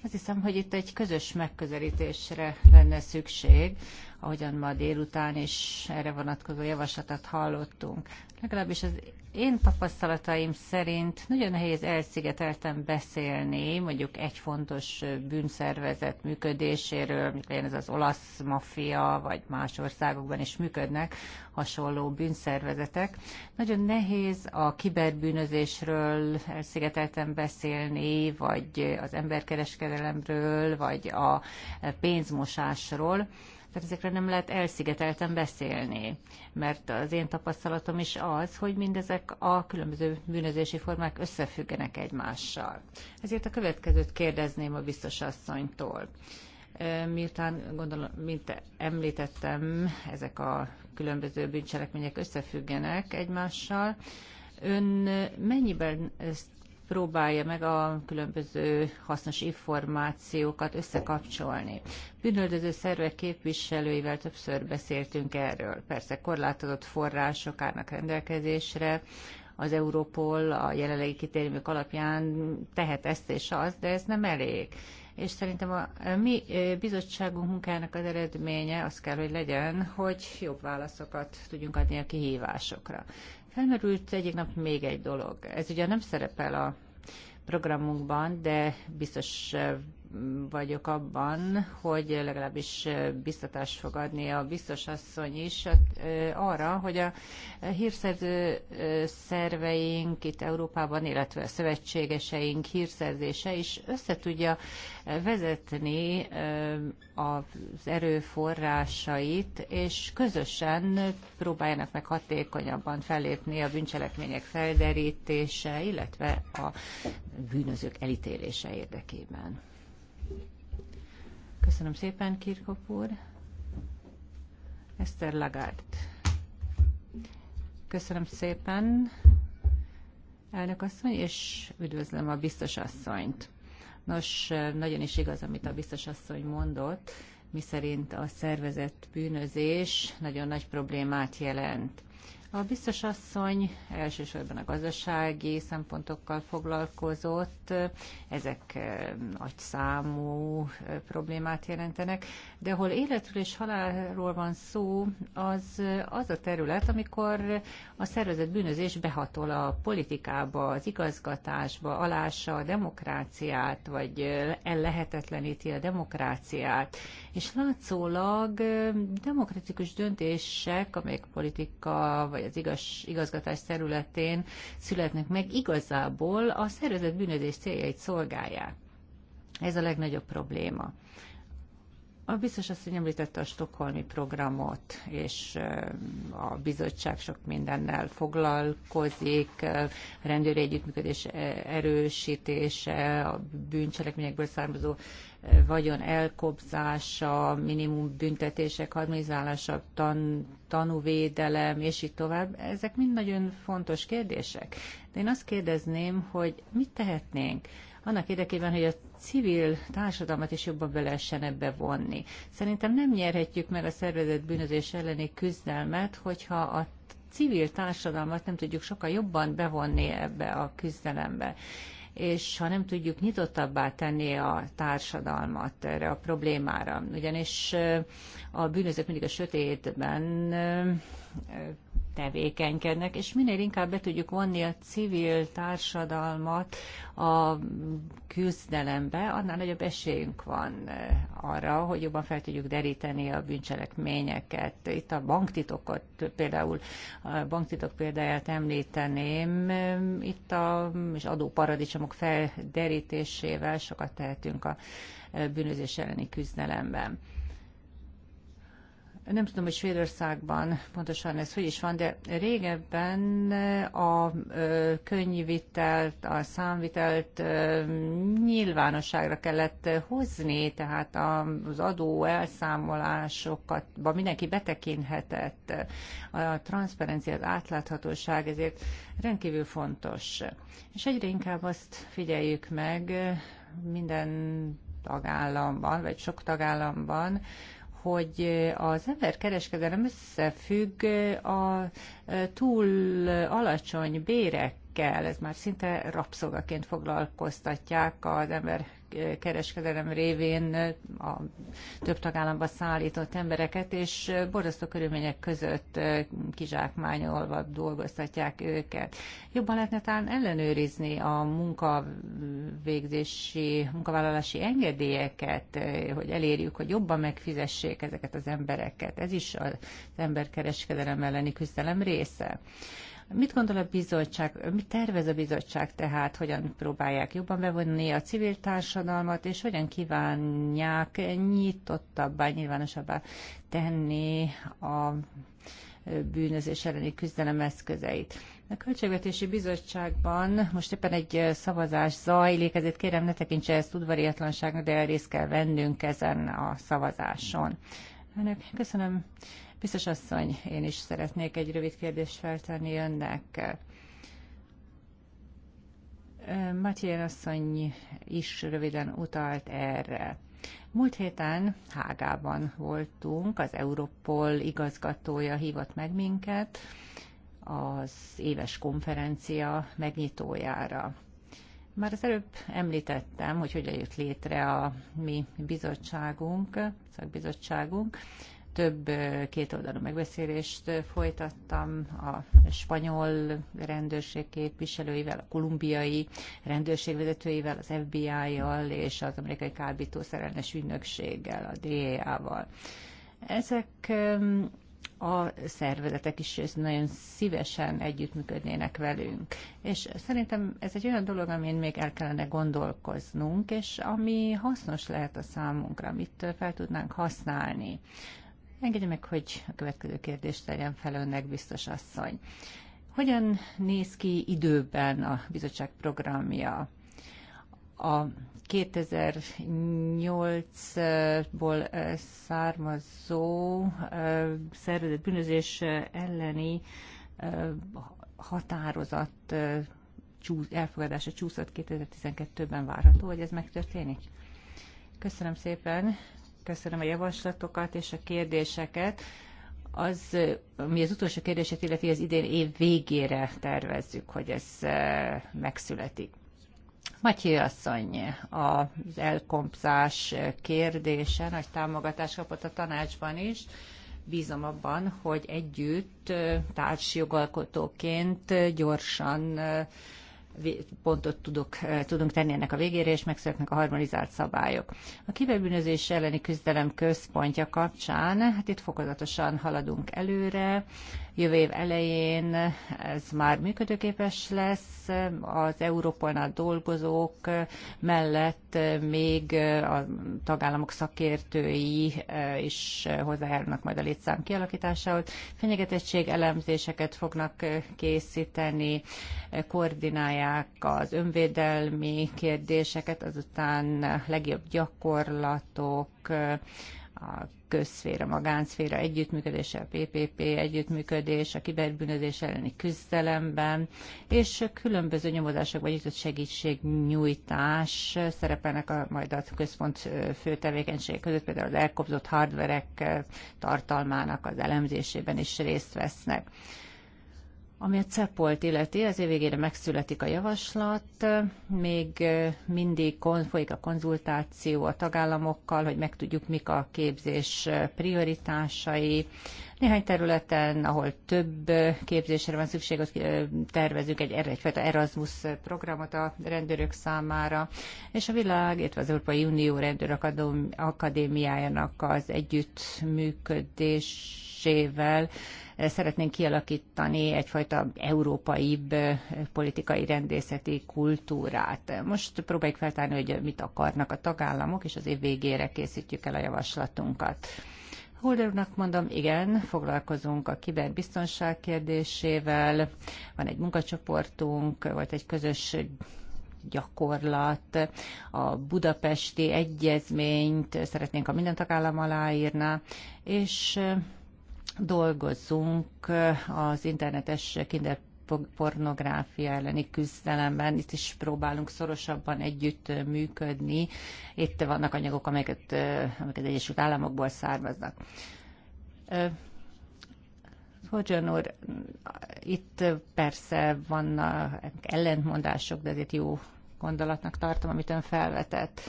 Azt hiszem, hogy itt egy közös megközelítésre lenne szükség, ahogyan ma délután is erre vonatkozó javaslatot hallottunk. Legalábbis az én tapasztalataim szerint nagyon nehéz elszigetelten beszélni, mondjuk egy fontos bűnszervezet működéséről, mint legyen ez az olasz maffia, vagy más országokban is működnek hasonló bűnszervezetek. Nagyon nehéz a kiberbűnözésről elszigetelten beszélni, vagy az emberkereskedelemről, vagy a pénzmosásról tehát ezekre nem lehet elszigetelten beszélni, mert az én tapasztalatom is az, hogy mindezek a különböző bűnözési formák összefüggenek egymással. Ezért a következőt kérdezném a biztos asszonytól. Miután, gondolom, mint említettem, ezek a különböző bűncselekmények összefüggenek egymással, Ön mennyiben próbálja meg a különböző hasznos információkat összekapcsolni. Bűnöldöző szervek képviselőivel többször beszéltünk erről. Persze korlátozott források állnak rendelkezésre, az Europol a jelenlegi kitérmük alapján tehet ezt és azt, de ez nem elég. És szerintem a mi bizottságunk munkának az eredménye az kell, hogy legyen, hogy jobb válaszokat tudjunk adni a kihívásokra. Felmerült egyik nap még egy dolog. Ez ugye nem szerepel a programunkban, de biztos eh, vagyok abban, hogy legalábbis biztatást fog adni a biztos asszony is hát, arra, hogy a hírszerző szerveink itt Európában, illetve a szövetségeseink hírszerzése is összetudja vezetni az erőforrásait, és közösen próbáljanak meg hatékonyabban fellépni a bűncselekmények felderítése, illetve a bűnözők elítélése érdekében. Köszönöm szépen, Kirkop úr. Eszter Lagard. Köszönöm szépen, elnök asszony, és üdvözlöm a biztos asszonyt. Nos, nagyon is igaz, amit a biztos asszony mondott, miszerint a szervezett bűnözés nagyon nagy problémát jelent. A biztos asszony elsősorban a gazdasági szempontokkal foglalkozott, ezek eh, nagy számú eh, problémát jelentenek, de hol életről és halálról van szó, az eh, az a terület, amikor a szervezet bűnözés behatol a politikába, az igazgatásba, alása a demokráciát, vagy ellehetetleníti a demokráciát, és látszólag demokratikus döntések, amelyek politika vagy vagy az igaz, igazgatás területén születnek meg, igazából a szervezet bűnözés céljait szolgálják. Ez a legnagyobb probléma. A biztos hogy említette a stokholmi programot, és a bizottság sok mindennel foglalkozik, rendőri együttműködés erősítése, a bűncselekményekből származó vagyon elkobzása, minimum büntetések harmonizálása, tan, tanúvédelem, és így tovább. Ezek mind nagyon fontos kérdések. De én azt kérdezném, hogy mit tehetnénk annak érdekében, hogy a civil társadalmat is jobban be lehessen ebbe vonni. Szerintem nem nyerhetjük meg a szervezett bűnözés elleni küzdelmet, hogyha a civil társadalmat nem tudjuk sokkal jobban bevonni ebbe a küzdelembe és ha nem tudjuk nyitottabbá tenni a társadalmat erre a problémára. Ugyanis a bűnözők mindig a sötétben tevékenykednek, és minél inkább be tudjuk vonni a civil társadalmat a küzdelembe, annál nagyobb esélyünk van eh, arra, hogy jobban fel tudjuk deríteni a bűncselekményeket. Itt a banktitokot például, a banktitok példáját említeném, itt a, és adóparadicsomok felderítésével sokat tehetünk a eh, bűnözés elleni küzdelemben. Nem tudom, hogy Svédországban pontosan ez hogy is van, de régebben a könyvvitelt, a számvitelt nyilvánosságra kellett hozni, tehát az adó elszámolásokat mindenki betekinthetett. A transzparencia, az átláthatóság ezért rendkívül fontos. És egyre inkább azt figyeljük meg minden tagállamban, vagy sok tagállamban, hogy az ember kereskedelem összefügg a túl alacsony bérekkel, ez már szinte rabszolgaként foglalkoztatják az ember kereskedelem révén a több tagállamba szállított embereket, és borzasztó körülmények között kizsákmányolva dolgoztatják őket. Jobban lehetne talán ellenőrizni a munkavégzési, munkavállalási engedélyeket, hogy elérjük, hogy jobban megfizessék ezeket az embereket. Ez is az emberkereskedelem elleni küzdelem része. Mit gondol a bizottság, mit tervez a bizottság tehát, hogyan próbálják jobban bevonni a civil társadalmat, és hogyan kívánják nyitottabbá, nyilvánosabbá tenni a bűnözés elleni küzdelem eszközeit. A Költségvetési Bizottságban most éppen egy szavazás zajlik, ezért kérem ne tekintse ezt udvariatlanságnak, de részt kell vennünk ezen a szavazáson. Önök, köszönöm. Biztos asszony, én is szeretnék egy rövid kérdést feltenni önnek. Matyén asszony is röviden utalt erre. Múlt héten Hágában voltunk, az Europol igazgatója hívott meg minket az éves konferencia megnyitójára. Már az előbb említettem, hogy hogyan jött létre a mi bizottságunk, szakbizottságunk, több kétoldalú megbeszélést folytattam a spanyol rendőrség képviselőivel, a kolumbiai rendőrség vezetőivel, az FBI-jal és az amerikai kábítószerelmes ügynökséggel, a DEA-val. Ezek a szervezetek is nagyon szívesen együttműködnének velünk. És szerintem ez egy olyan dolog, amin még el kellene gondolkoznunk, és ami hasznos lehet a számunkra, amit fel tudnánk használni. Engedje meg, hogy a következő kérdést tegyem fel önnek, biztos asszony. Hogyan néz ki időben a bizottság programja? A 2008-ból származó szervezett bűnözés elleni határozat elfogadása csúszott 2012-ben várható, hogy ez megtörténik? Köszönöm szépen köszönöm a javaslatokat és a kérdéseket. Az, mi az utolsó kérdését illeti, az idén év végére tervezzük, hogy ez e, megszületik. Matyi asszony, az elkompzás kérdése nagy támogatást kapott a tanácsban is. Bízom abban, hogy együtt e, társjogalkotóként gyorsan e, pontot tudok, eh, tudunk tenni ennek a végére, és megszületnek a harmonizált szabályok. A kiberbűnözés elleni küzdelem központja kapcsán, hát itt fokozatosan haladunk előre, Jövő év elején ez már működőképes lesz. Az Európolnál dolgozók mellett még a tagállamok szakértői e, is hozzájárulnak majd a létszám kialakításához. Fenyegetettség elemzéseket fognak készíteni, koordinálják az önvédelmi kérdéseket, azután legjobb gyakorlatok, a közszféra, magánszféra együttműködése, a PPP együttműködés, a kiberbűnözés elleni küzdelemben, és különböző vagy nyitott segítségnyújtás szerepelnek a, majd a központ fő tevékenység között, például az elkobzott hardverek tartalmának az elemzésében is részt vesznek. Ami a CEPOLT illeti, az év végére megszületik a javaslat, még mindig folyik a konzultáció a tagállamokkal, hogy megtudjuk, mik a képzés prioritásai, néhány területen, ahol több képzésre van szükség, ott tervezünk egy, egyfajta Erasmus programot a rendőrök számára, és a világ, illetve az Európai Unió Rendőr Akadémiájának az együttműködésével szeretnénk kialakítani egyfajta európai politikai rendészeti kultúrát. Most próbáljuk feltárni, hogy mit akarnak a tagállamok, és az év végére készítjük el a javaslatunkat. Holder úrnak mondom, igen, foglalkozunk a kiberbiztonság kérdésével, van egy munkacsoportunk, volt egy közös gyakorlat, a budapesti egyezményt szeretnénk, ha minden tagállam aláírná, és dolgozunk az internetes kinder pornográfia elleni küzdelemben. Itt is próbálunk szorosabban együtt működni. Itt vannak anyagok, amelyeket, amelyeket Egyesült Államokból származnak. Hogyan úr, itt persze vannak ellentmondások, de ezért jó gondolatnak tartom, amit ön felvetett.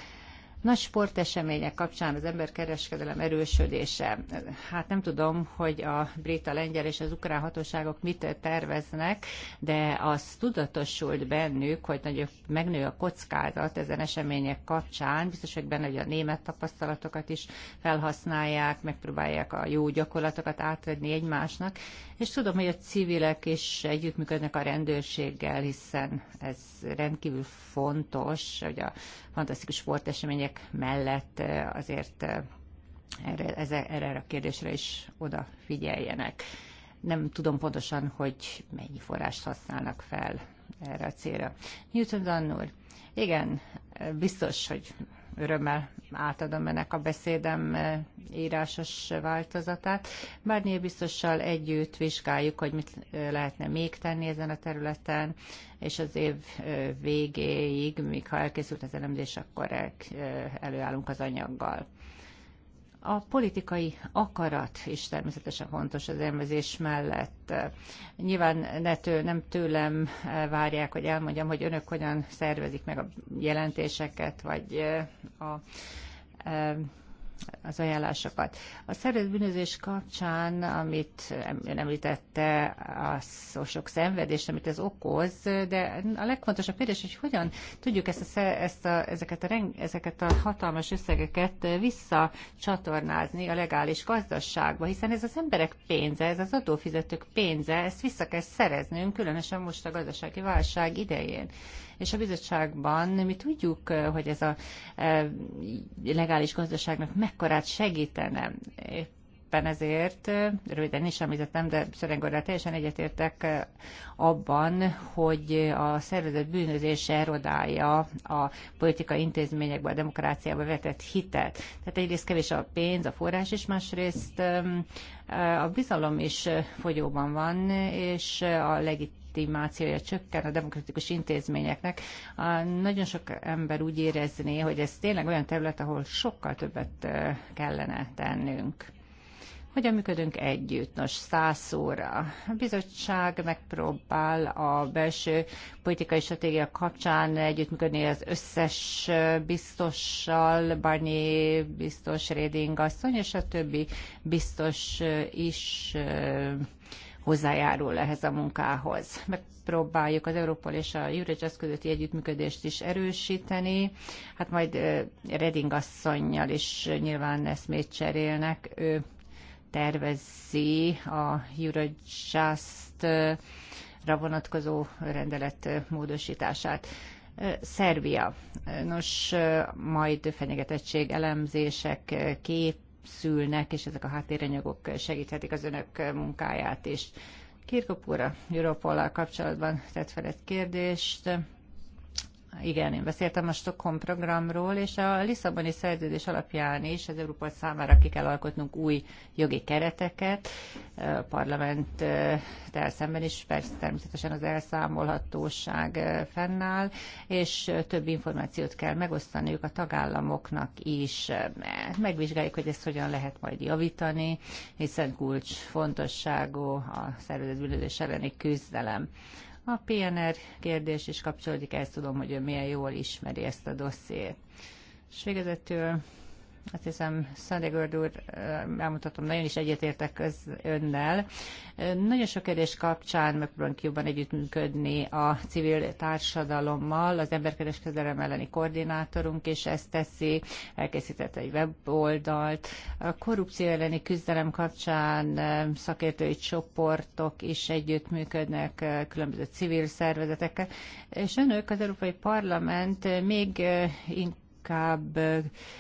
Nagy sportesemények kapcsán az emberkereskedelem erősödése. Hát nem tudom, hogy a brit, a lengyel és az ukrán hatóságok mit terveznek, de az tudatosult bennük, hogy nagyobb megnő a kockázat ezen események kapcsán. Biztos hogy benne, hogy a német tapasztalatokat is felhasználják, megpróbálják a jó gyakorlatokat átadni egymásnak, és tudom, hogy a civilek is együttműködnek a rendőrséggel, hiszen ez rendkívül fontos, hogy a fantasztikus sportesemények ezek mellett azért erre, erre a kérdésre is odafigyeljenek. Nem tudom pontosan, hogy mennyi forrást használnak fel erre a célra. Newton Dunn úr, igen, biztos, hogy örömmel átadom ennek a beszédem eh, írásos változatát. Bárnyi biztossal együtt vizsgáljuk, hogy mit eh, lehetne még tenni ezen a területen, és az év eh, végéig, míg ha elkészült az elemzés, akkor előállunk az anyaggal. A politikai akarat is természetesen fontos az elmezés mellett. Nyilván ne tő, nem tőlem várják, hogy elmondjam, hogy önök hogyan szervezik meg a jelentéseket, vagy a az ajánlásokat. A szervezett bűnözés kapcsán, amit ön említette, az sok szenvedést, amit ez okoz, de a legfontosabb kérdés, hogy hogyan tudjuk ezt a, ezt a, ezeket, a, ezeket a hatalmas összegeket visszacsatornázni a legális gazdaságba, hiszen ez az emberek pénze, ez az adófizetők pénze, ezt vissza kell szereznünk, különösen most a gazdasági válság idején és a bizottságban mi tudjuk, eh, hogy ez a eh, legális gazdaságnak mekkorát segítene. éppen ezért, eh, röviden is említettem, de Szerengorral teljesen egyetértek abban, hogy a szervezet bűnözés erodálja a politikai intézményekbe, a demokráciába vetett hitet. Tehát egyrészt kevés a pénz, a forrás is, másrészt a bizalom is fogyóban van, és a legit legitimációja csökken a demokratikus intézményeknek, a, nagyon sok ember úgy érezné, hogy ez tényleg olyan terület, ahol sokkal többet kellene tennünk hogyan működünk együtt. Nos, száz óra. A bizottság megpróbál a belső politikai stratégia kapcsán együttműködni az összes biztossal, Barnyi biztos, Reding asszony, és a többi biztos is hozzájárul ehhez a munkához. Megpróbáljuk az Európol és a Eurojust közötti együttműködést is erősíteni. Hát majd Reding asszonynal is nyilván eszmét cserélnek. Ő tervezi a Eurojust ra vonatkozó rendelet módosítását. Szerbia. Nos, majd fenyegetettség elemzések, kép, szülnek, és ezek a háttéranyagok segíthetik az önök munkáját is. Kirkop Europollal kapcsolatban tett fel egy kérdést. Igen, én beszéltem a Stockholm programról, és a Lisszaboni szerződés alapján is az Európa számára ki kell alkotnunk új jogi kereteket, a parlament szemben is persze természetesen az elszámolhatóság fennáll, és több információt kell megosztaniuk a tagállamoknak is. Megvizsgáljuk, hogy ezt hogyan lehet majd javítani, hiszen kulcs fontosságú a szervezetbűnözés elleni küzdelem. A PNR kérdés is kapcsolódik, ezt tudom, hogy ő milyen jól ismeri ezt a dossziét. És végezetül azt hiszem, Szadegörd úr, elmutatom, nagyon is egyetértek az önnel. Nagyon sok kérdés kapcsán megpróbálunk jobban együttműködni a civil társadalommal. Az emberkereskedelem elleni koordinátorunk és ezt teszi, elkészített egy weboldalt. A korrupció elleni küzdelem kapcsán szakértői csoportok is együttműködnek különböző civil szervezetekkel, és önök az Európai Parlament még inkább inkább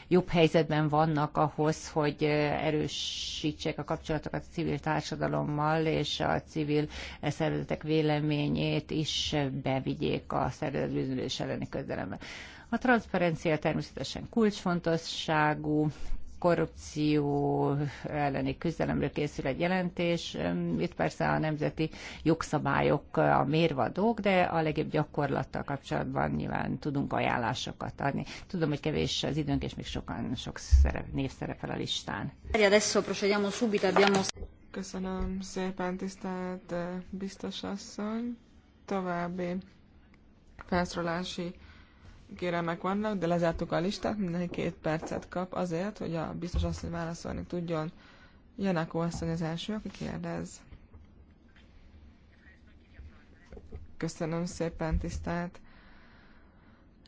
jobb helyzetben vannak ahhoz, hogy erősítsék a kapcsolatokat a civil társadalommal, és a civil szervezetek véleményét is bevigyék a szervezetbűnözés elleni közelembe. A transzparencia természetesen kulcsfontosságú, korrupció elleni küzdelemről készül egy jelentés. Itt persze a nemzeti jogszabályok a mérvadók, de a legjobb gyakorlattal kapcsolatban nyilván tudunk ajánlásokat adni. Tudom, hogy kevés az időnk, és még sokan sok szerep, név szerepel a listán. Köszönöm szépen, tisztelt eh, biztos asszony. További felszólási kérelmek vannak, de lezártuk a listát, mindenki két percet kap azért, hogy a biztos asszony válaszolni tudjon. Janakó asszony az első, aki kérdez. Köszönöm szépen, tisztelt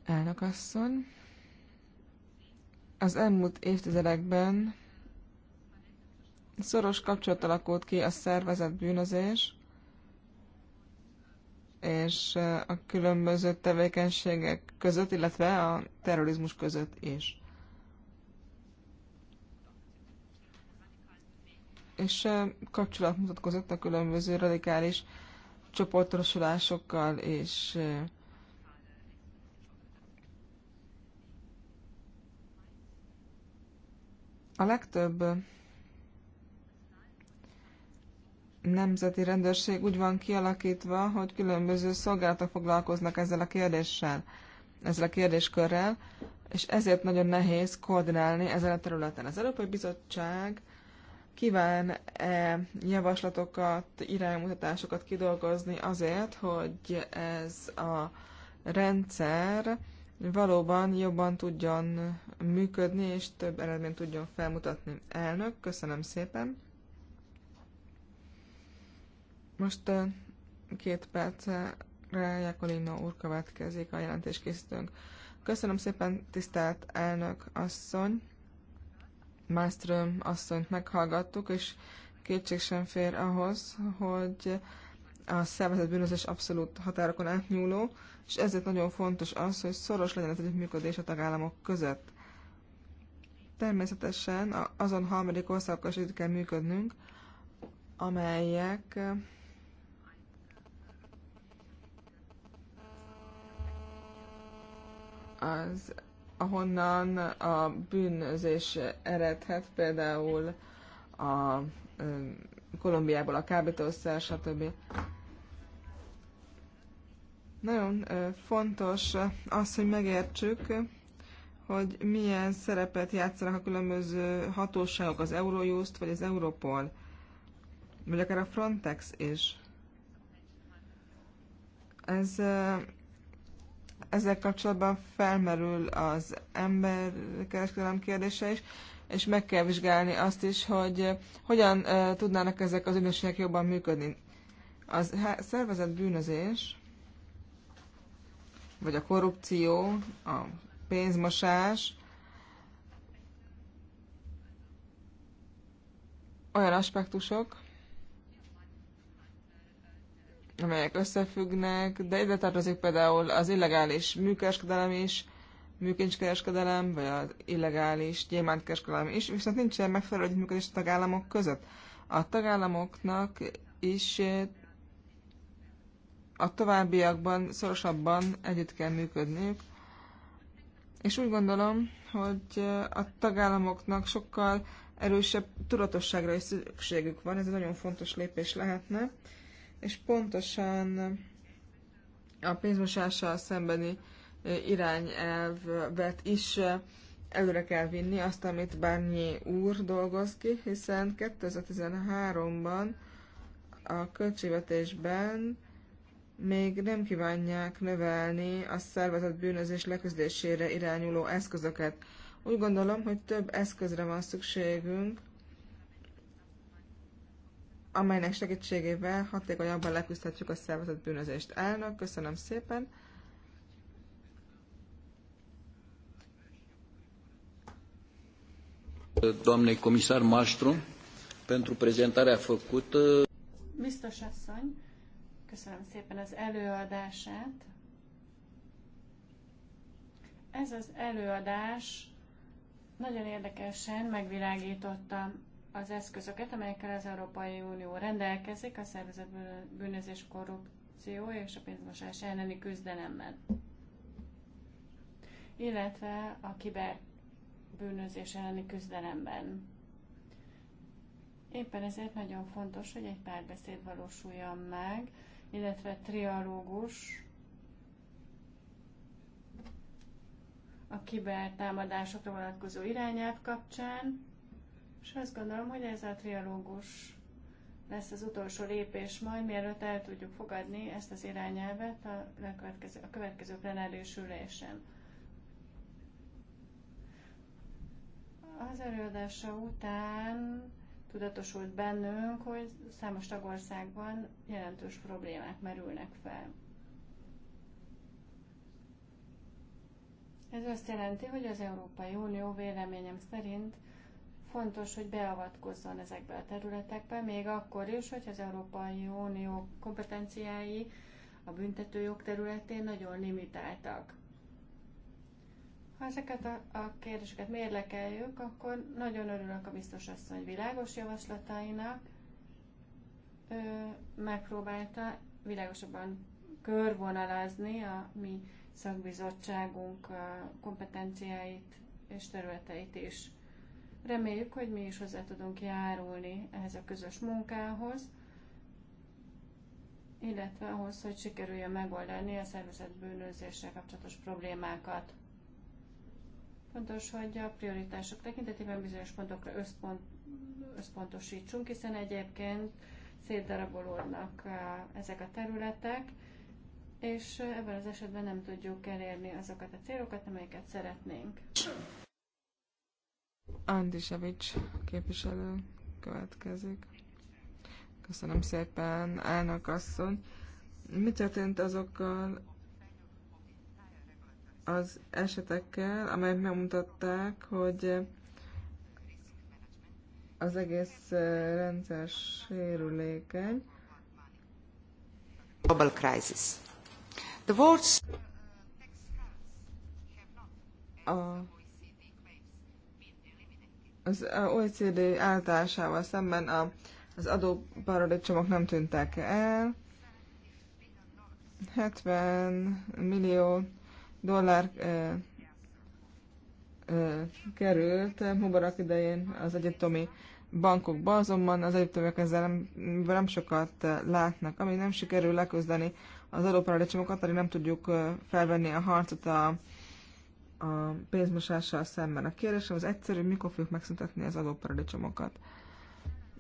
elnök asszony. Az elmúlt évtizedekben szoros kapcsolat alakult ki a szervezett bűnözés és eh, a különböző tevékenységek között, illetve a terrorizmus között is. És eh, kapcsolat mutatkozott a különböző radikális csoportosulásokkal és eh. a legtöbb nemzeti rendőrség úgy van kialakítva, hogy különböző szolgálatok foglalkoznak ezzel a kérdéssel, ezzel a kérdéskörrel, és ezért nagyon nehéz koordinálni ezen a területen. Az Európai Bizottság kíván -e javaslatokat, iránymutatásokat kidolgozni azért, hogy ez a rendszer valóban jobban tudjon működni, és több eredményt tudjon felmutatni. Elnök, köszönöm szépen! Most két percre Jakolino úr következik a jelentéskészítőnk. Köszönöm szépen, tisztelt elnök asszony! Máström asszonyt meghallgattuk, és kétség sem fér ahhoz, hogy a szervezet bűnözés abszolút határokon átnyúló, és ezért nagyon fontos az, hogy szoros legyen az együttműködés a tagállamok között. Természetesen azon harmadik országokkal is kell működnünk, amelyek az, ahonnan a bűnözés eredhet, például a Kolumbiából a kábítószer, stb. Nagyon fontos az, hogy megértsük, hogy milyen szerepet játszanak a különböző hatóságok, az Eurojust, vagy az Europol, vagy akár a Frontex is. Ez ezzel kapcsolatban felmerül az kereskedelem kérdése is, és meg kell vizsgálni azt is, hogy eh, hogyan eh, tudnának ezek az ügynökségek jobban működni. Az szervezett bűnözés, vagy a korrupció, a pénzmosás olyan aspektusok, amelyek összefüggnek, de ide tartozik például az illegális műkereskedelem is, műkincskereskedelem, vagy az illegális gyémántkereskedelem is, viszont nincsen megfelelő együttműködés a tagállamok között. A tagállamoknak is eh, a továbbiakban szorosabban együtt kell működniük, és úgy gondolom, hogy eh, a tagállamoknak sokkal erősebb tudatosságra is szükségük van, ez egy nagyon fontos lépés lehetne és pontosan a pénzmosással szembeni irányelvet is előre kell vinni, azt, amit bárnyi úr dolgoz ki, hiszen 2013-ban a költségvetésben még nem kívánják növelni a szervezet bűnözés leküzdésére irányuló eszközöket. Úgy gondolom, hogy több eszközre van szükségünk amelynek segítségével hatékonyabban leküzdhetjük a szervezet bűnözést. Elnök, köszönöm szépen. Doamnei comisar Mastro, pentru prezentarea făcută. Biztos asszony, köszönöm szépen az előadását. Ez az előadás nagyon érdekesen megvilágította az eszközöket, amelyekkel az Európai Unió rendelkezik a szervezett bűnözés, korrupció és a pénzmosás elleni küzdelemben, illetve a kiberbűnözés elleni küzdelemben. Éppen ezért nagyon fontos, hogy egy párbeszéd valósuljon meg, illetve trialógus a kibertámadásokra vonatkozó irányelv kapcsán, és azt gondolom, hogy ez a trialógus lesz az utolsó lépés majd, mielőtt el tudjuk fogadni ezt az irányelvet a, következő, a következő plenáris ülésen. Az előadása után tudatosult bennünk, hogy számos tagországban jelentős problémák merülnek fel. Ez azt jelenti, hogy az Európai Unió véleményem szerint fontos, hogy beavatkozzon ezekbe a területekbe, még akkor is, hogy az Európai Unió kompetenciái a büntetőjog területén nagyon limitáltak. Ha ezeket a, a kérdéseket mérlekeljük, akkor nagyon örülök a biztos asszony világos javaslatainak. Ő megpróbálta világosabban körvonalazni a mi szakbizottságunk kompetenciáit és területeit is. Reméljük, hogy mi is hozzá tudunk járulni ehhez a közös munkához, illetve ahhoz, hogy sikerüljön megoldani a szervezet bűnözéssel kapcsolatos problémákat. Fontos, hogy a prioritások tekintetében bizonyos pontokra összpont, összpontosítsunk, hiszen egyébként szétdarabolódnak eh, ezek a területek, és eh, ebben az esetben nem tudjuk elérni azokat a célokat, amelyeket szeretnénk. Antisevics képviselő következik. Köszönöm szépen, elnök asszony. Mi történt azokkal az esetekkel, amelyek megmutatták, hogy az egész eh, rendszer sérülékeny. Global crisis. The words... A az OECD általásával szemben a, az adóparadicsomok nem tűntek el. 70 millió dollár eh, eh, került Mubarak idején az egyetemi bankokba, azonban az egyetemiek ezzel nem, nem sokat látnak. ami nem sikerül leküzdeni az adóparadicsomokat, pedig nem tudjuk felvenni a harcot a a pénzmosással szemben. A kérdésem az egyszerű, mikor fogjuk megszüntetni az adóparadicsomokat.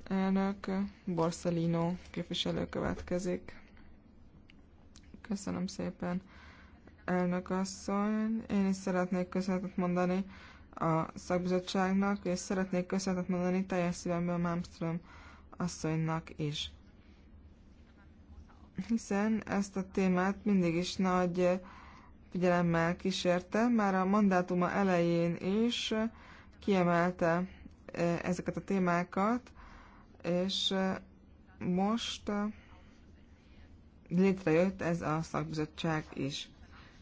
Elnök Borsellino képviselő következik. Köszönöm szépen, elnök asszony. Én is szeretnék köszönetet mondani a szakbizottságnak, és szeretnék köszönetet mondani teljes szívemből Malmström asszonynak is. Hiszen ezt a témát mindig is nagy figyelemmel kísérte, már a mandátuma elején is kiemelte e, ezeket a témákat, és e, most e, létrejött ez a szakbizottság is.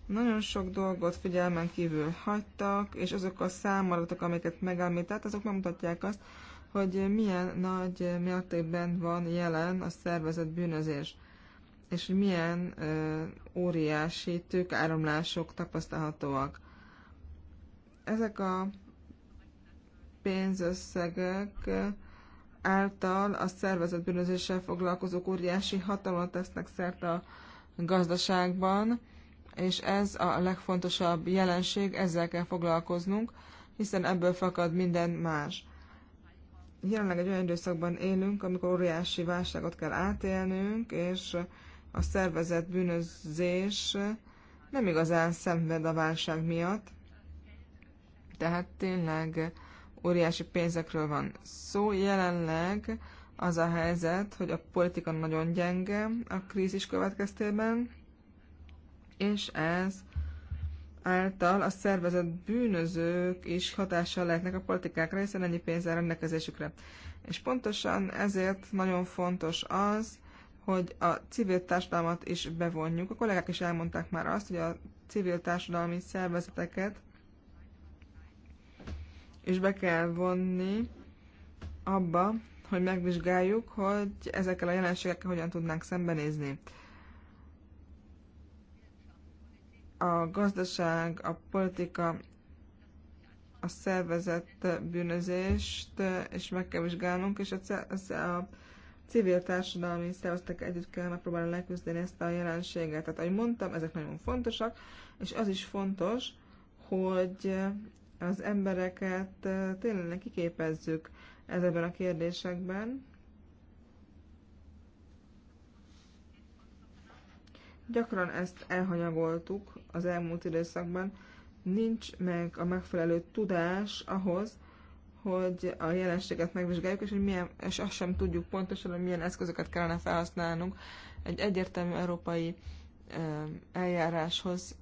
Nagyon sok dolgot figyelmen kívül hagytak, és azok a számadatok, amiket megemlített, azok megmutatják azt, hogy milyen nagy mértékben van jelen a szervezet bűnözés és hogy milyen ö, óriási tőkáramlások tapasztalhatóak. Ezek a pénzösszegek által a szervezetbűnözéssel foglalkozók óriási hatalmat tesznek szert a gazdaságban, és ez a legfontosabb jelenség, ezzel kell foglalkoznunk, hiszen ebből fakad minden más. Jelenleg egy olyan időszakban élünk, amikor óriási válságot kell átélnünk, és a szervezett bűnözés nem igazán szenved a válság miatt, tehát tényleg óriási pénzekről van szó. Jelenleg az a helyzet, hogy a politika nagyon gyenge a krízis következtében, és ez által a szervezett bűnözők is hatással lehetnek a politikákra, hiszen ennyi pénz áll rendelkezésükre. És pontosan ezért nagyon fontos az, hogy a civil társadalmat is bevonjuk. A kollégák is elmondták már azt, hogy a civil társadalmi szervezeteket is be kell vonni abba, hogy megvizsgáljuk, hogy ezekkel a jelenségekkel hogyan tudnánk szembenézni. A gazdaság, a politika, a szervezett bűnözést is meg kell vizsgálnunk, és a, a civil társadalmi szervezetek együtt kell megpróbálni leküzdeni ezt a jelenséget. Tehát, ahogy mondtam, ezek nagyon fontosak, és az is fontos, hogy eh, az embereket eh, tényleg kiképezzük ezekben a kérdésekben. Gyakran ezt elhanyagoltuk az elmúlt időszakban. Nincs meg a megfelelő tudás ahhoz, hogy a jelenséget megvizsgáljuk, és, hogy milyen, és azt sem tudjuk pontosan, hogy milyen eszközöket kellene felhasználnunk egy egyértelmű európai eljáráshoz,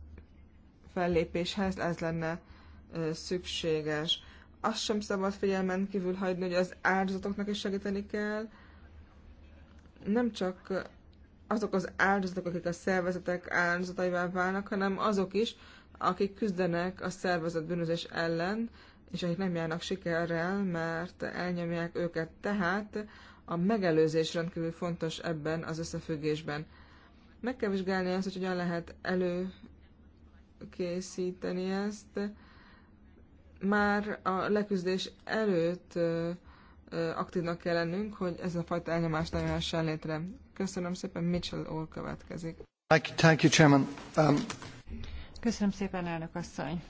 fellépéshez, ez lenne szükséges. Azt sem szabad figyelmen kívül hagyni, hogy az áldozatoknak is segíteni kell. Nem csak azok az áldozatok, akik a szervezetek áldozataival válnak, hanem azok is, akik küzdenek a szervezet bűnözés ellen, és akik nem járnak sikerrel, mert elnyomják őket. Tehát a megelőzés rendkívül fontos ebben az összefüggésben. Meg kell vizsgálni azt, hogy hogyan lehet előkészíteni ezt. Már a leküzdés előtt aktívnak kell lennünk, hogy ez a fajta elnyomás ne jöhessen létre. Köszönöm szépen, Mitchell úr következik. Thank you, Chairman. Um... Köszönöm szépen, elnök asszony.